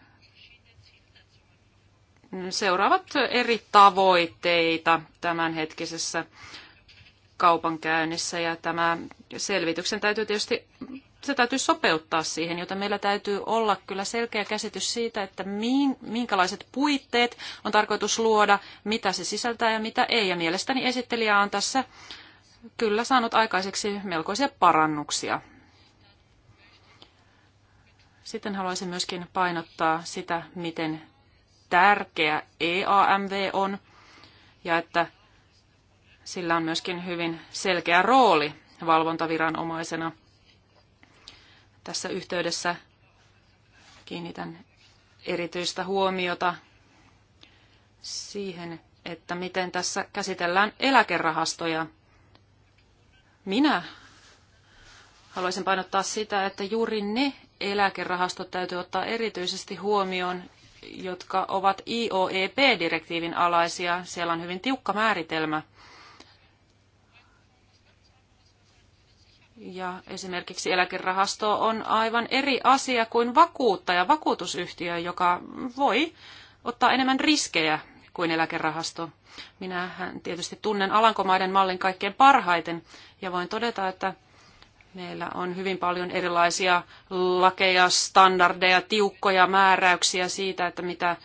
seuraavat eri tavoitteita tämänhetkisessä kaupankäynnissä ja tämä selvityksen täytyy tietysti se täytyy sopeuttaa siihen, joten meillä täytyy olla kyllä selkeä käsitys siitä, että minkälaiset puitteet on tarkoitus luoda, mitä se sisältää ja mitä ei. Ja mielestäni esittelijä on tässä kyllä saanut aikaiseksi melkoisia parannuksia. Sitten haluaisin myöskin painottaa sitä, miten tärkeä EAMV on ja että sillä on myöskin hyvin selkeä rooli valvontaviranomaisena. Tässä yhteydessä kiinnitän erityistä huomiota siihen, että miten tässä käsitellään eläkerahastoja. Minä haluaisin painottaa sitä, että juuri ne eläkerahastot täytyy ottaa erityisesti huomioon, jotka ovat IOEP-direktiivin alaisia. Siellä on hyvin tiukka määritelmä – Ja esimerkiksi eläkerahasto on aivan eri asia kuin vakuuttaja, vakuutusyhtiö, joka voi ottaa enemmän riskejä kuin eläkerahasto. Minähän tietysti tunnen Alankomaiden mallin kaikkein parhaiten ja voin todeta, että meillä on hyvin paljon erilaisia lakeja, standardeja, tiukkoja määräyksiä siitä, että mitä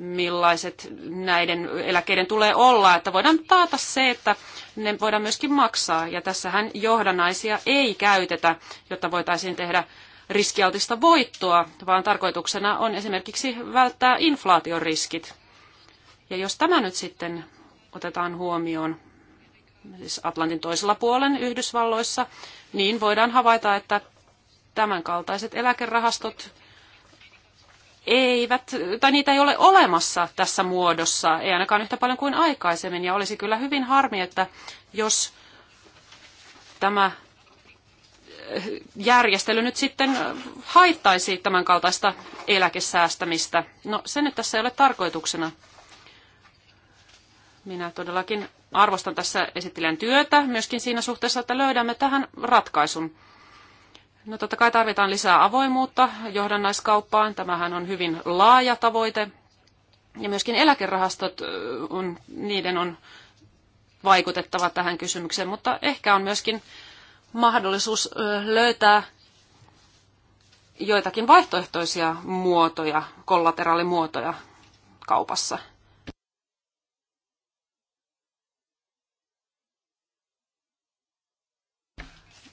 millaiset näiden eläkkeiden tulee olla, että voidaan taata se, että ne voidaan myöskin maksaa. Ja tässähän johdanaisia ei käytetä, jotta voitaisiin tehdä riskialtista voittoa, vaan tarkoituksena on esimerkiksi välttää inflaation riskit. Ja jos tämä nyt sitten otetaan huomioon, siis Atlantin toisella puolen Yhdysvalloissa, niin voidaan havaita, että tämänkaltaiset eläkerahastot eivät, tai niitä ei ole olemassa tässä muodossa, ei ainakaan yhtä paljon kuin aikaisemmin. Ja olisi kyllä hyvin harmi, että jos tämä eh, järjestely nyt sitten eh, haittaisi tämän kaltaista eläkesäästämistä. No se nyt tässä ei ole tarkoituksena. Minä todellakin arvostan tässä esittelijän työtä myöskin siinä suhteessa, että löydämme tähän ratkaisun. No totta kai tarvitaan lisää avoimuutta johdannaiskauppaan. Tämähän on hyvin laaja tavoite. Ja myöskin eläkerahastot, on, niiden on vaikutettava tähän kysymykseen, mutta ehkä on myöskin mahdollisuus löytää joitakin vaihtoehtoisia muotoja, kollateraalimuotoja kaupassa –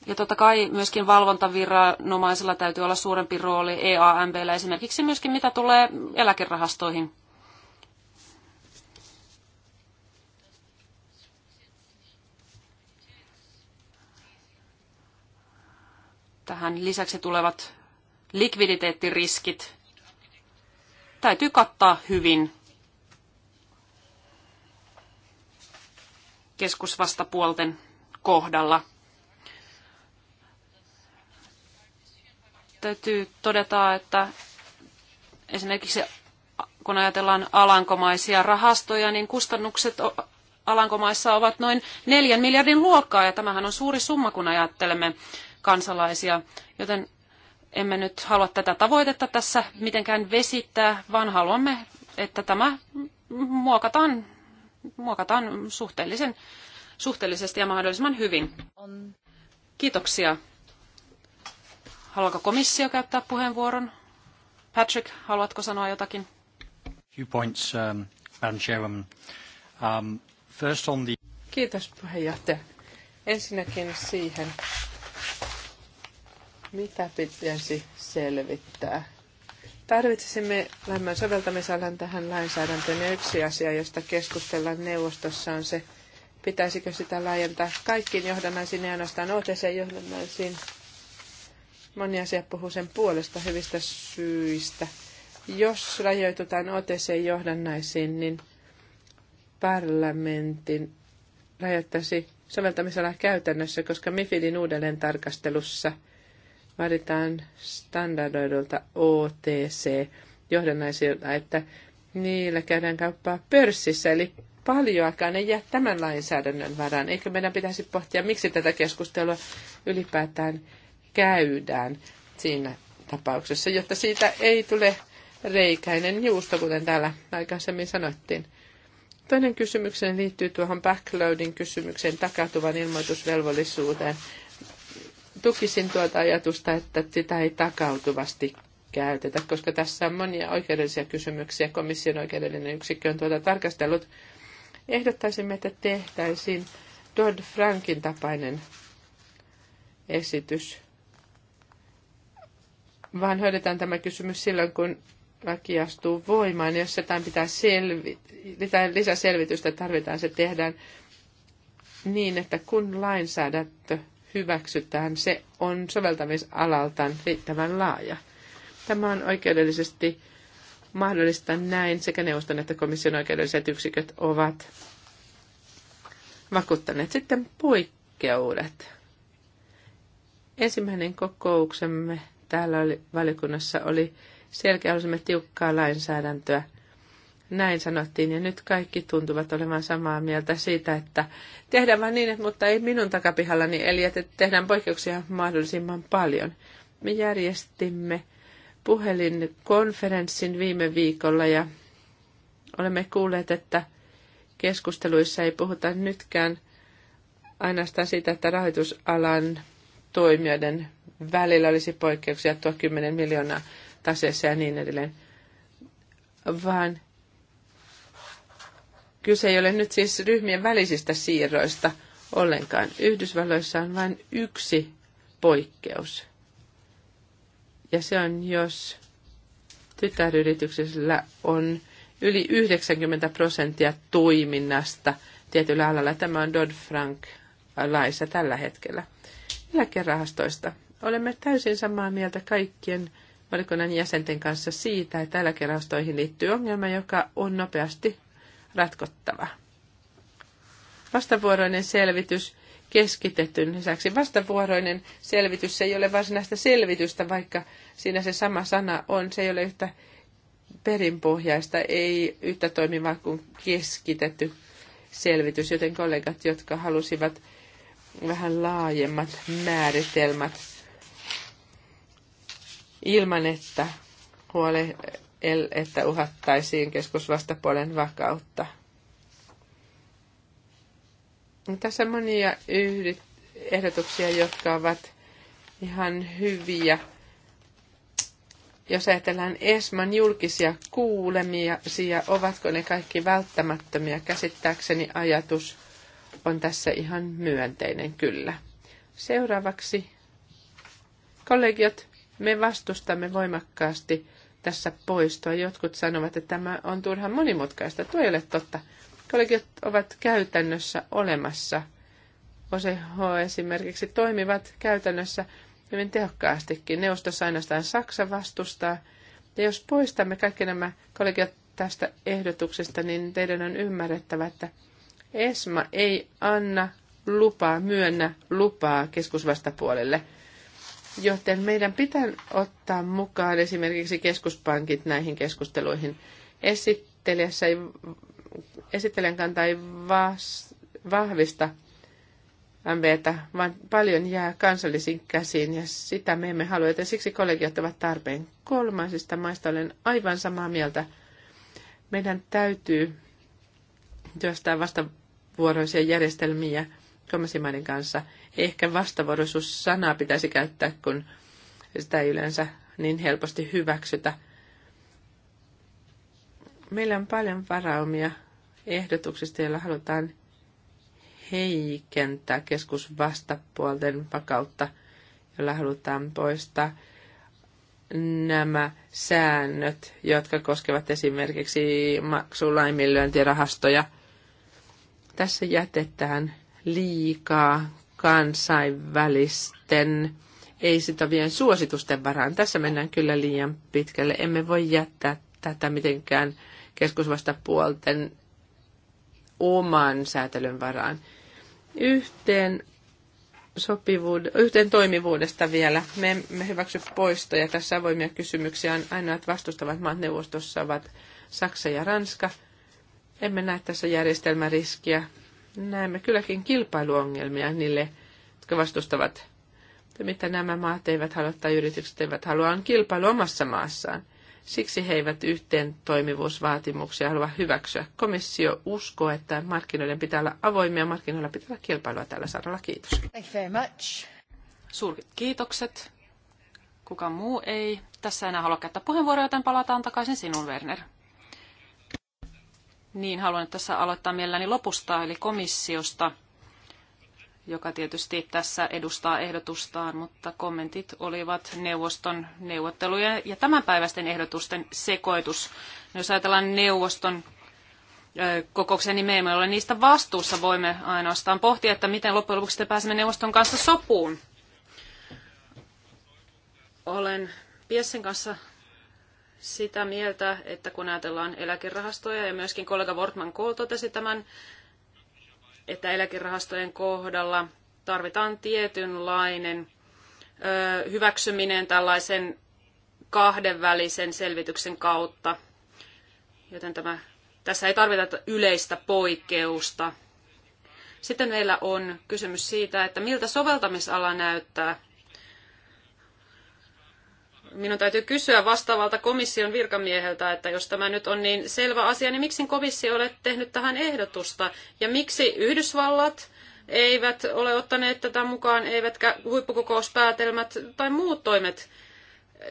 Ja totta kai myöskin valvontaviranomaisilla täytyy olla suurempi rooli EAMBllä esimerkiksi myöskin mitä tulee eläkerahastoihin. Tähän lisäksi tulevat likviditeettiriskit täytyy kattaa hyvin keskusvastapuolten kohdalla – täytyy todeta, että esimerkiksi kun ajatellaan alankomaisia rahastoja, niin kustannukset alankomaissa ovat noin neljän miljardin luokkaa, ja tämähän on suuri summa, kun ajattelemme kansalaisia, joten emme nyt halua tätä tavoitetta tässä mitenkään vesittää, vaan haluamme, että tämä muokataan, muokataan suhteellisen, suhteellisesti ja mahdollisimman hyvin. Kiitoksia. Haluaako komissio käyttää puheenvuoron? Patrick, haluatko sanoa jotakin? Few points, um, Madam Um, first on the... Kiitos puheenjohtaja. Ensinnäkin siihen, mitä pitäisi selvittää. Tarvitsisimme lähemmän soveltamisalan tähän lainsäädäntöön ja yksi asia, josta keskustellaan neuvostossa on se, pitäisikö sitä laajentaa kaikkiin johdannaisiin ja ainoastaan OTC-johdannaisiin Moni asia puhuu sen puolesta hyvistä syistä. Jos rajoitutaan OTC-johdannaisiin, niin parlamentin rajoittaisi soveltamisella käytännössä, koska MIFIDin uudelleen tarkastelussa vaaditaan standardoidulta OTC-johdannaisilta, että niillä käydään kauppaa pörssissä, eli paljoakaan ei jää tämän lainsäädännön varaan. Eikö meidän pitäisi pohtia, miksi tätä keskustelua ylipäätään käydään siinä tapauksessa, jotta siitä ei tule reikäinen juusto, kuten täällä aikaisemmin sanottiin. Toinen kysymykseni liittyy tuohon backloadin kysymykseen takautuvan ilmoitusvelvollisuuteen. Tukisin tuota ajatusta, että sitä ei takautuvasti käytetä, koska tässä on monia oikeudellisia kysymyksiä. Komission oikeudellinen yksikkö on tuota tarkastellut. Ehdottaisimme, että tehtäisiin Dodd-Frankin tapainen esitys vaan hoidetaan tämä kysymys silloin, kun laki astuu voimaan. Jos jotain pitää selvit- lisäselvitystä tarvitaan, se tehdään niin, että kun lainsäädäntö hyväksytään, se on soveltamisalaltaan riittävän laaja. Tämä on oikeudellisesti mahdollista näin. Sekä neuvoston että komission oikeudelliset yksiköt ovat vakuuttaneet sitten poikkeudet. Ensimmäinen kokouksemme täällä oli, valiokunnassa oli selkeä, olisimme tiukkaa lainsäädäntöä. Näin sanottiin ja nyt kaikki tuntuvat olevan samaa mieltä siitä, että tehdään vain niin, että, mutta ei minun takapihallani, eli että tehdään poikkeuksia mahdollisimman paljon. Me järjestimme puhelinkonferenssin viime viikolla ja olemme kuulleet, että keskusteluissa ei puhuta nytkään ainoastaan siitä, että rahoitusalan toimijoiden välillä olisi poikkeuksia tuo 10 miljoonaa taseessa ja niin edelleen, vaan kyse ei ole nyt siis ryhmien välisistä siirroista ollenkaan. Yhdysvalloissa on vain yksi poikkeus. Ja se on, jos tytäryrityksellä on yli 90 prosenttia toiminnasta tietyllä alalla. Tämä on Dodd-Frank laissa tällä hetkellä. Eläkerahastoista Olemme täysin samaa mieltä kaikkien valikunnan jäsenten kanssa siitä, että eläkerahastoihin liittyy ongelma, joka on nopeasti ratkottava. Vastavuoroinen selvitys keskitetyn lisäksi. Vastavuoroinen selvitys se ei ole varsinaista selvitystä, vaikka siinä se sama sana on. Se ei ole yhtä perinpohjaista, ei yhtä toimivaa kuin keskitetty selvitys, joten kollegat, jotka halusivat vähän laajemmat määritelmät ilman, että, huole, että uhattaisiin keskusvastapuolen vakautta. Tässä on monia yhdyt, ehdotuksia, jotka ovat ihan hyviä. Jos ajatellaan ESMAn julkisia kuulemisia, ovatko ne kaikki välttämättömiä, käsittääkseni ajatus on tässä ihan myönteinen kyllä. Seuraavaksi kollegiot me vastustamme voimakkaasti tässä poistoa. Jotkut sanovat, että tämä on turhan monimutkaista. Tuo ei ole totta. Kollegiot ovat käytännössä olemassa. OCH esimerkiksi toimivat käytännössä hyvin tehokkaastikin. Neuvostossa ainoastaan Saksa vastustaa. Ja jos poistamme kaikki nämä kollegiot tästä ehdotuksesta, niin teidän on ymmärrettävä, että ESMA ei anna lupaa, myönnä lupaa keskusvastapuolelle. Joten meidän pitää ottaa mukaan esimerkiksi keskuspankit näihin keskusteluihin. Esittelijässä ei, esittelijän kanta ei vas, vahvista MVtä, vaan paljon jää kansallisiin käsiin ja sitä me emme halua, joten siksi kollegiot ovat tarpeen. Kolmansista maista olen aivan samaa mieltä. Meidän täytyy työstää vastavuoroisia järjestelmiä – kolmansimaiden kanssa. Ehkä vastavuoroisuussanaa sanaa pitäisi käyttää, kun sitä ei yleensä niin helposti hyväksytä. Meillä on paljon varaumia ehdotuksista, joilla halutaan heikentää keskusvastapuolten vakautta, jolla halutaan poistaa nämä säännöt, jotka koskevat esimerkiksi maksulaiminlyöntirahastoja. Tässä jätetään liikaa kansainvälisten ei-sitovien suositusten varaan. Tässä mennään kyllä liian pitkälle. Emme voi jättää tätä mitenkään keskusvastapuolten oman säätelyn varaan. Yhteen, sopivuud- yhteen toimivuudesta vielä. Me emme hyväksy poistoja. Tässä avoimia kysymyksiä on ainoat vastustavat maat neuvostossa ovat Saksa ja Ranska. Emme näe tässä järjestelmäriskiä näemme kylläkin kilpailuongelmia niille, jotka vastustavat, että mitä nämä maat eivät halua tai yritykset eivät halua, on kilpailu omassa maassaan. Siksi he eivät yhteen toimivuusvaatimuksia halua hyväksyä. Komissio uskoo, että markkinoiden pitää olla avoimia, markkinoilla pitää olla kilpailua tällä saralla. Kiitos. Thank you very much. Suuret kiitokset. Kuka muu ei tässä enää halua käyttää puheenvuoroa, joten palataan takaisin sinun, Werner. Niin, haluan tässä aloittaa mielelläni lopusta, eli komissiosta, joka tietysti tässä edustaa ehdotustaan, mutta kommentit olivat neuvoston neuvottelujen ja tämänpäiväisten ehdotusten sekoitus. No, jos ajatellaan neuvoston kokouksia, niin me emme ole niistä vastuussa. Voimme ainoastaan pohtia, että miten loppujen lopuksi pääsemme neuvoston kanssa sopuun. Olen Piessen kanssa sitä mieltä, että kun ajatellaan eläkerahastoja, ja myöskin kollega Wortman Kohl totesi tämän, että eläkerahastojen kohdalla tarvitaan tietynlainen ö, hyväksyminen tällaisen kahdenvälisen selvityksen kautta. Joten tämä, tässä ei tarvita yleistä poikkeusta. Sitten meillä on kysymys siitä, että miltä soveltamisala näyttää minun täytyy kysyä vastaavalta komission virkamieheltä, että jos tämä nyt on niin selvä asia, niin miksi komissio ole tehnyt tähän ehdotusta? Ja miksi Yhdysvallat eivät ole ottaneet tätä mukaan, eivätkä huippukokouspäätelmät tai muut toimet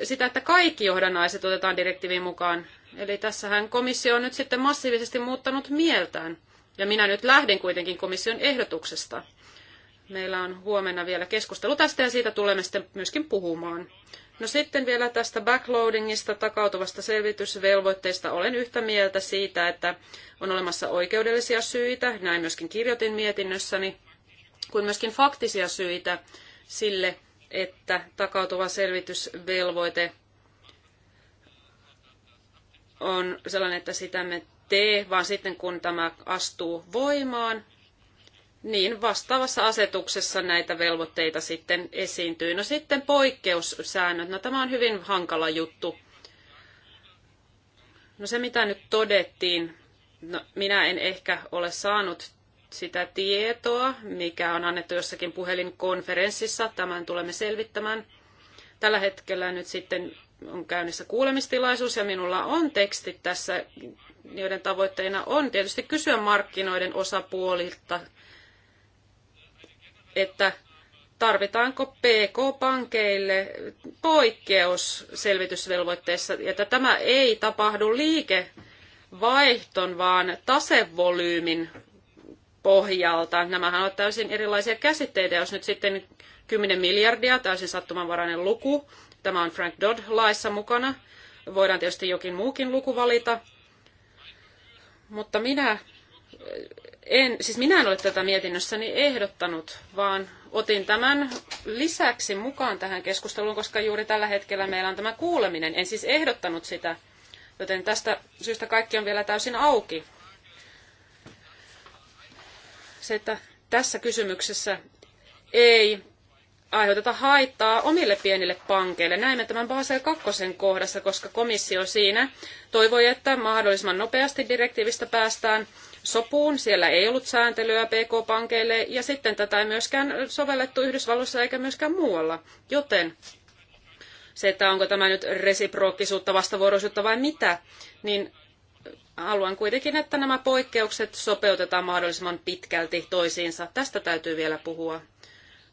sitä, että kaikki johdannaiset otetaan direktiiviin mukaan. Eli tässähän komissio on nyt sitten massiivisesti muuttanut mieltään. Ja minä nyt lähden kuitenkin komission ehdotuksesta. Meillä on huomenna vielä keskustelu tästä ja siitä tulemme sitten myöskin puhumaan. No sitten vielä tästä backloadingista takautuvasta selvitysvelvoitteesta olen yhtä mieltä siitä, että on olemassa oikeudellisia syitä, näin myöskin kirjoitin mietinnössäni, kuin myöskin faktisia syitä sille, että takautuva selvitysvelvoite on sellainen, että sitä me tee, vaan sitten kun tämä astuu voimaan, niin vastaavassa asetuksessa näitä velvoitteita sitten esiintyy. No sitten poikkeussäännöt. No tämä on hyvin hankala juttu. No se mitä nyt todettiin, no, minä en ehkä ole saanut sitä tietoa, mikä on annettu jossakin puhelinkonferenssissa. Tämän tulemme selvittämään. Tällä hetkellä nyt sitten on käynnissä kuulemistilaisuus ja minulla on teksti tässä, joiden tavoitteena on tietysti kysyä markkinoiden osapuolilta että tarvitaanko PK-pankeille poikkeus selvitysvelvoitteessa, että tämä ei tapahdu liikevaihton, vaan tasevolyymin pohjalta. Nämähän ovat täysin erilaisia käsitteitä, jos nyt sitten 10 miljardia, täysin sattumanvarainen luku, tämä on Frank Dodd-laissa mukana, voidaan tietysti jokin muukin luku valita, mutta minä en, siis minä en ole tätä mietinnössäni ehdottanut, vaan otin tämän lisäksi mukaan tähän keskusteluun, koska juuri tällä hetkellä meillä on tämä kuuleminen. En siis ehdottanut sitä, joten tästä syystä kaikki on vielä täysin auki. Se, että tässä kysymyksessä ei aiheuteta haittaa omille pienille pankeille. Näimme tämän Basel 2 kohdassa, koska komissio siinä toivoi, että mahdollisimman nopeasti direktiivistä päästään sopuun. Siellä ei ollut sääntelyä PK-pankeille ja sitten tätä ei myöskään sovellettu Yhdysvalloissa eikä myöskään muualla. Joten se, että onko tämä nyt resiprookkisuutta, vastavuoroisuutta vai mitä, niin haluan kuitenkin, että nämä poikkeukset sopeutetaan mahdollisimman pitkälti toisiinsa. Tästä täytyy vielä puhua.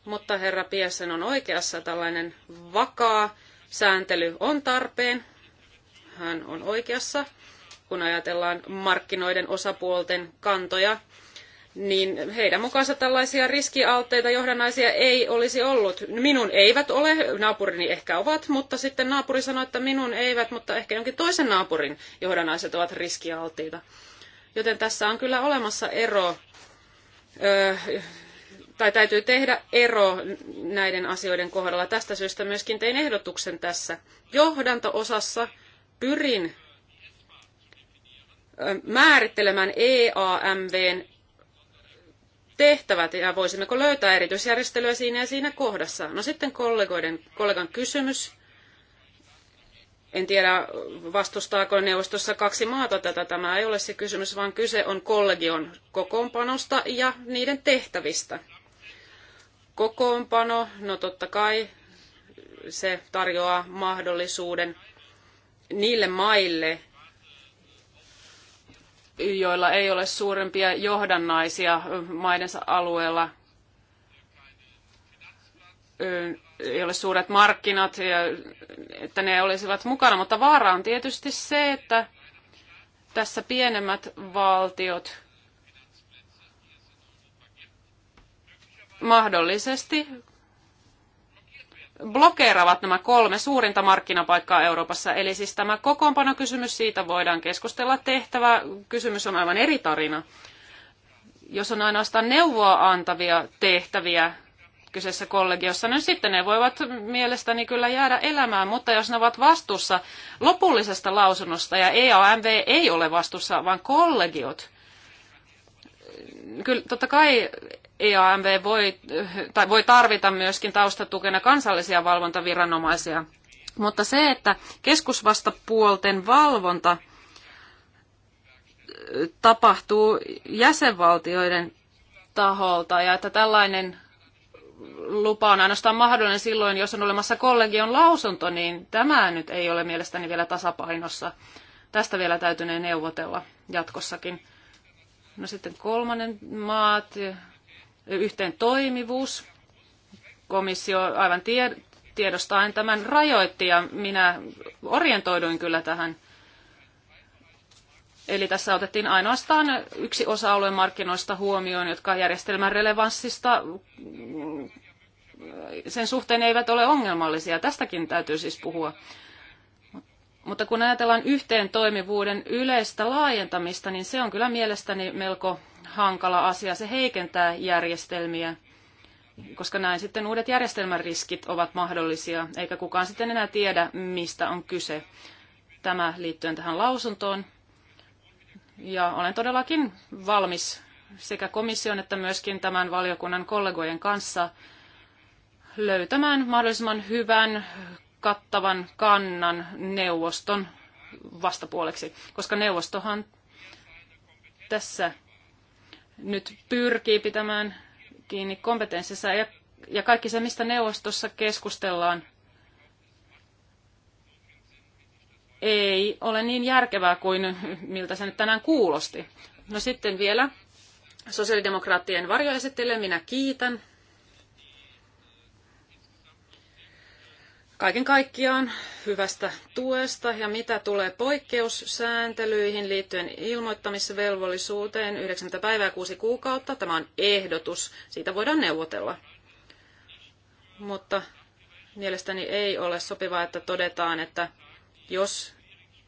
Mutta herra Piessen on oikeassa, tällainen vakaa sääntely on tarpeen. Hän on oikeassa kun ajatellaan markkinoiden osapuolten kantoja, niin heidän mukaansa tällaisia riskialteita johdannaisia ei olisi ollut. Minun eivät ole, naapurini ehkä ovat, mutta sitten naapuri sanoi, että minun eivät, mutta ehkä jonkin toisen naapurin johdannaiset ovat riskialteita. Joten tässä on kyllä olemassa ero, öö, tai täytyy tehdä ero näiden asioiden kohdalla. Tästä syystä myöskin tein ehdotuksen tässä johdanto-osassa. Pyrin määrittelemään EAMVn tehtävät ja voisimmeko löytää erityisjärjestelyä siinä ja siinä kohdassa. No sitten kollegoiden, kollegan kysymys. En tiedä, vastustaako neuvostossa kaksi maata tätä. Tämä ei ole se kysymys, vaan kyse on kollegion kokoonpanosta ja niiden tehtävistä. Kokoonpano, no totta kai se tarjoaa mahdollisuuden niille maille, joilla ei ole suurempia johdannaisia maidensa alueella, ei ole suuret markkinat, ja, että ne olisivat mukana. Mutta vaara on tietysti se, että tässä pienemmät valtiot mahdollisesti blokeeravat nämä kolme suurinta markkinapaikkaa Euroopassa. Eli siis tämä kokoonpanokysymys, siitä voidaan keskustella tehtävä. Kysymys on aivan eri tarina. Jos on ainoastaan neuvoa antavia tehtäviä kyseessä kollegiossa, niin sitten ne voivat mielestäni kyllä jäädä elämään, mutta jos ne ovat vastuussa lopullisesta lausunnosta, ja EAMV ei ole vastuussa, vaan kollegiot, kyllä totta kai EAMV voi, tai voi tarvita myöskin taustatukena kansallisia valvontaviranomaisia. Mutta se, että keskusvastapuolten valvonta tapahtuu jäsenvaltioiden taholta ja että tällainen lupa on ainoastaan mahdollinen silloin, jos on olemassa kollegion lausunto, niin tämä nyt ei ole mielestäni vielä tasapainossa. Tästä vielä täytyy neuvotella jatkossakin. No sitten kolmannen maat, yhteen toimivuus. Komissio aivan tiedostaen tämän rajoitti ja minä orientoiduin kyllä tähän. Eli tässä otettiin ainoastaan yksi osa-alue markkinoista huomioon, jotka järjestelmän relevanssista mm, sen suhteen eivät ole ongelmallisia. Tästäkin täytyy siis puhua. Mutta kun ajatellaan yhteen toimivuuden yleistä laajentamista, niin se on kyllä mielestäni melko hankala asia. Se heikentää järjestelmiä, koska näin sitten uudet järjestelmäriskit ovat mahdollisia, eikä kukaan sitten enää tiedä, mistä on kyse. Tämä liittyen tähän lausuntoon. Ja olen todellakin valmis sekä komission että myöskin tämän valiokunnan kollegojen kanssa löytämään mahdollisimman hyvän kattavan kannan neuvoston vastapuoleksi, koska neuvostohan tässä nyt pyrkii pitämään kiinni kompetenssissa ja, ja kaikki se, mistä neuvostossa keskustellaan, ei ole niin järkevää kuin miltä se nyt tänään kuulosti. No sitten vielä sosiaalidemokraattien varjoesittelijä minä kiitän kaiken kaikkiaan hyvästä tuesta ja mitä tulee poikkeussääntelyihin liittyen ilmoittamisvelvollisuuteen 9 päivää 6 kuukautta. Tämä on ehdotus, siitä voidaan neuvotella. Mutta mielestäni ei ole sopivaa, että todetaan, että jos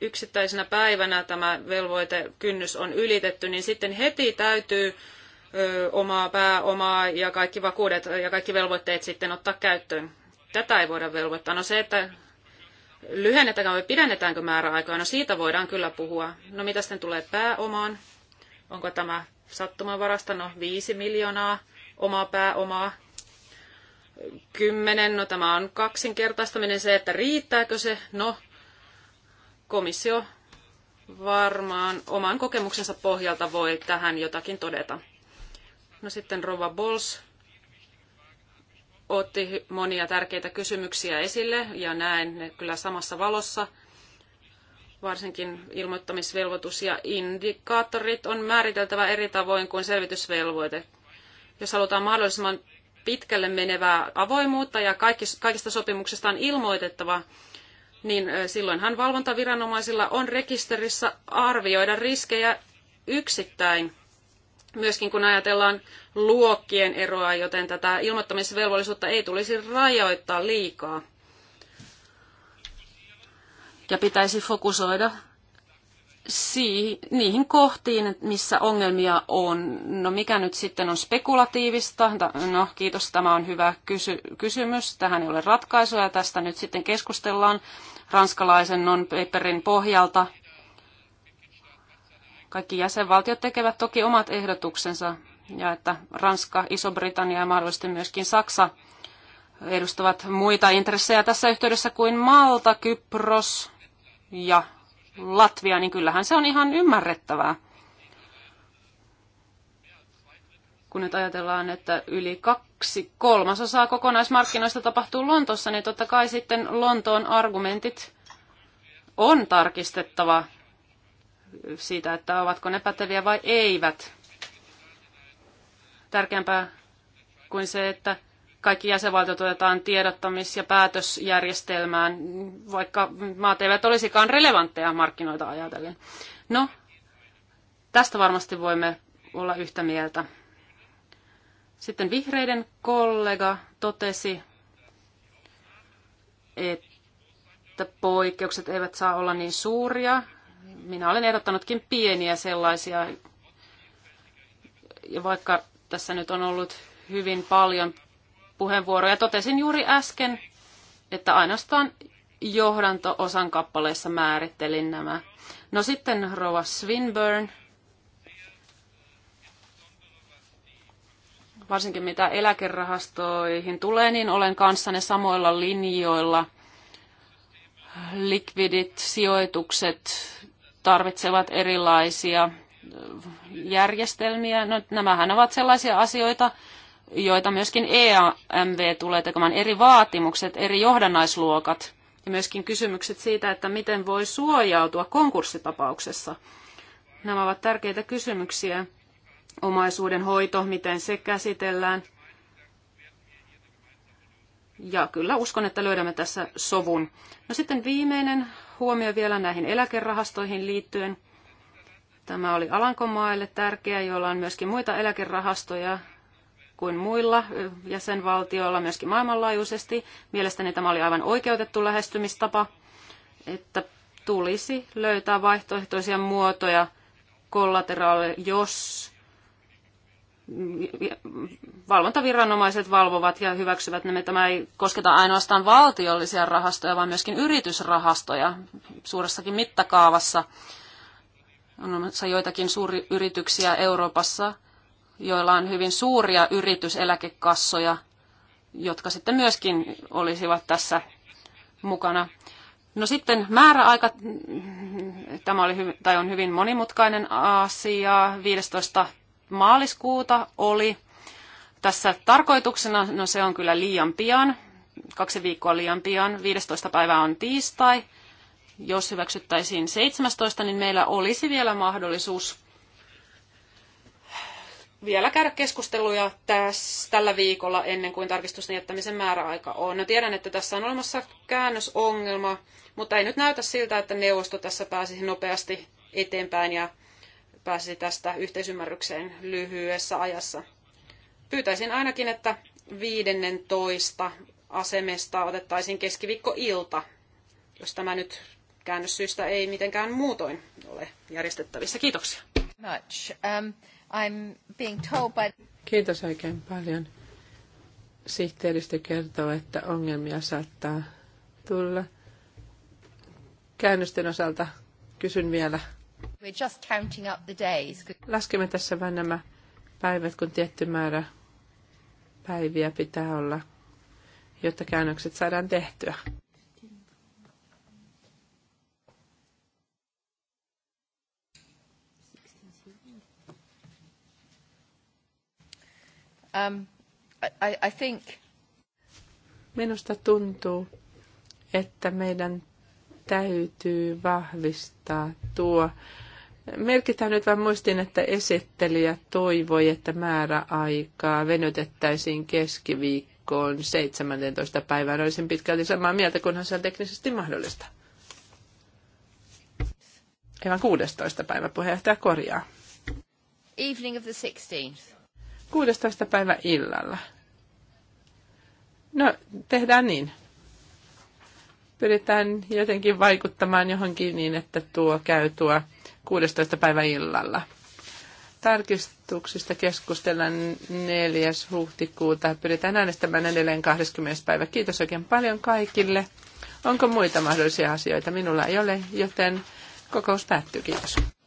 yksittäisenä päivänä tämä velvoitekynnys on ylitetty, niin sitten heti täytyy omaa pääomaa ja kaikki vakuudet ja kaikki velvoitteet sitten ottaa käyttöön tätä ei voida velvoittaa. No se, että lyhennetäänkö vai pidennetäänkö määräaikaa, no siitä voidaan kyllä puhua. No mitä sitten tulee pääomaan? Onko tämä sattumanvarasta? No 5 miljoonaa omaa pääomaa. Kymmenen, no tämä on kaksinkertaistaminen se, että riittääkö se? No, komissio varmaan oman kokemuksensa pohjalta voi tähän jotakin todeta. No sitten Rova Bols otti monia tärkeitä kysymyksiä esille ja näen ne kyllä samassa valossa. Varsinkin ilmoittamisvelvoitus ja indikaattorit on määriteltävä eri tavoin kuin selvitysvelvoite. Jos halutaan mahdollisimman pitkälle menevää avoimuutta ja kaikista sopimuksista on ilmoitettava, niin silloinhan valvontaviranomaisilla on rekisterissä arvioida riskejä yksittäin myöskin kun ajatellaan luokkien eroa, joten tätä ilmoittamisvelvollisuutta ei tulisi rajoittaa liikaa. Ja pitäisi fokusoida niihin kohtiin, missä ongelmia on. No mikä nyt sitten on spekulatiivista? No kiitos, tämä on hyvä kysy- kysymys. Tähän ei ole ratkaisuja. Tästä nyt sitten keskustellaan ranskalaisen non-paperin pohjalta kaikki jäsenvaltiot tekevät toki omat ehdotuksensa ja että Ranska, Iso-Britannia ja mahdollisesti myöskin Saksa edustavat muita intressejä tässä yhteydessä kuin Malta, Kypros ja Latvia, niin kyllähän se on ihan ymmärrettävää. Kun nyt ajatellaan, että yli kaksi kolmasosaa kokonaismarkkinoista tapahtuu Lontossa, niin totta kai sitten Lontoon argumentit on tarkistettava siitä, että ovatko ne päteviä vai eivät. Tärkeämpää kuin se, että kaikki jäsenvaltiot otetaan tiedottamis- ja päätösjärjestelmään, vaikka maat eivät olisikaan relevantteja markkinoita ajatellen. No, tästä varmasti voimme olla yhtä mieltä. Sitten vihreiden kollega totesi, että poikkeukset eivät saa olla niin suuria, minä olen ehdottanutkin pieniä sellaisia. Ja vaikka tässä nyt on ollut hyvin paljon puheenvuoroja, totesin juuri äsken, että ainoastaan johdanto-osan kappaleissa määrittelin nämä. No sitten Rova Swinburne, varsinkin mitä eläkerahastoihin tulee, niin olen kanssanne samoilla linjoilla. Likvidit, sijoitukset, tarvitsevat erilaisia äh, järjestelmiä. No, nämähän ovat sellaisia asioita, joita myöskin EAMV tulee tekemään, eri vaatimukset, eri johdannaisluokat ja myöskin kysymykset siitä, että miten voi suojautua konkurssitapauksessa. Nämä ovat tärkeitä kysymyksiä. Omaisuuden hoito, miten se käsitellään. Ja kyllä uskon, että löydämme tässä sovun. No sitten viimeinen huomio vielä näihin eläkerahastoihin liittyen. Tämä oli Alankomaille tärkeä, jolla on myöskin muita eläkerahastoja kuin muilla jäsenvaltioilla, myöskin maailmanlaajuisesti. Mielestäni tämä oli aivan oikeutettu lähestymistapa, että tulisi löytää vaihtoehtoisia muotoja kollateraali, jos valvontaviranomaiset valvovat ja hyväksyvät nämä. Tämä ei kosketa ainoastaan valtiollisia rahastoja, vaan myöskin yritysrahastoja suuressakin mittakaavassa. On olemassa joitakin suuryrityksiä Euroopassa, joilla on hyvin suuria yrityseläkekassoja, jotka sitten myöskin olisivat tässä mukana. No sitten määräaika, tämä oli, tai on hyvin monimutkainen asia, 15 maaliskuuta oli tässä tarkoituksena, no se on kyllä liian pian, kaksi viikkoa liian pian, 15. päivä on tiistai. Jos hyväksyttäisiin 17, niin meillä olisi vielä mahdollisuus vielä käydä keskusteluja tässä, tällä viikolla ennen kuin tarkistusten jättämisen määräaika on. No tiedän, että tässä on olemassa käännösongelma, mutta ei nyt näytä siltä, että neuvosto tässä pääsisi nopeasti eteenpäin ja pääsisi tästä yhteisymmärrykseen lyhyessä ajassa. Pyytäisin ainakin, että 15 asemesta otettaisiin keskiviikkoilta, jos tämä nyt käännössyistä ei mitenkään muutoin ole järjestettävissä. Kiitoksia. Much. Um, I'm being told by... Kiitos oikein paljon. Sihteeristö kertoo, että ongelmia saattaa tulla. Käännösten osalta kysyn vielä We're just counting up the days. Laskemme tässä vain nämä päivät, kun tietty määrä päiviä pitää olla, jotta käännökset saadaan tehtyä. Um, I, I think... Minusta tuntuu, että meidän täytyy vahvistaa tuo. Merkitään nyt vain muistin, että esittelijä toivoi, että määräaikaa venytettäisiin keskiviikkoon 17. päivään. Olisin pitkälti samaa mieltä, kunhan se on teknisesti mahdollista. Ei 16. päivä puheenjohtaja korjaa. Evening of the 16th. 16. päivä illalla. No, tehdään niin pyritään jotenkin vaikuttamaan johonkin niin, että tuo käy tuo 16. päivä illalla. Tarkistuksista keskustellaan 4. huhtikuuta. Pyritään äänestämään edelleen 20. päivä. Kiitos oikein paljon kaikille. Onko muita mahdollisia asioita? Minulla ei ole, joten kokous päättyy. Kiitos.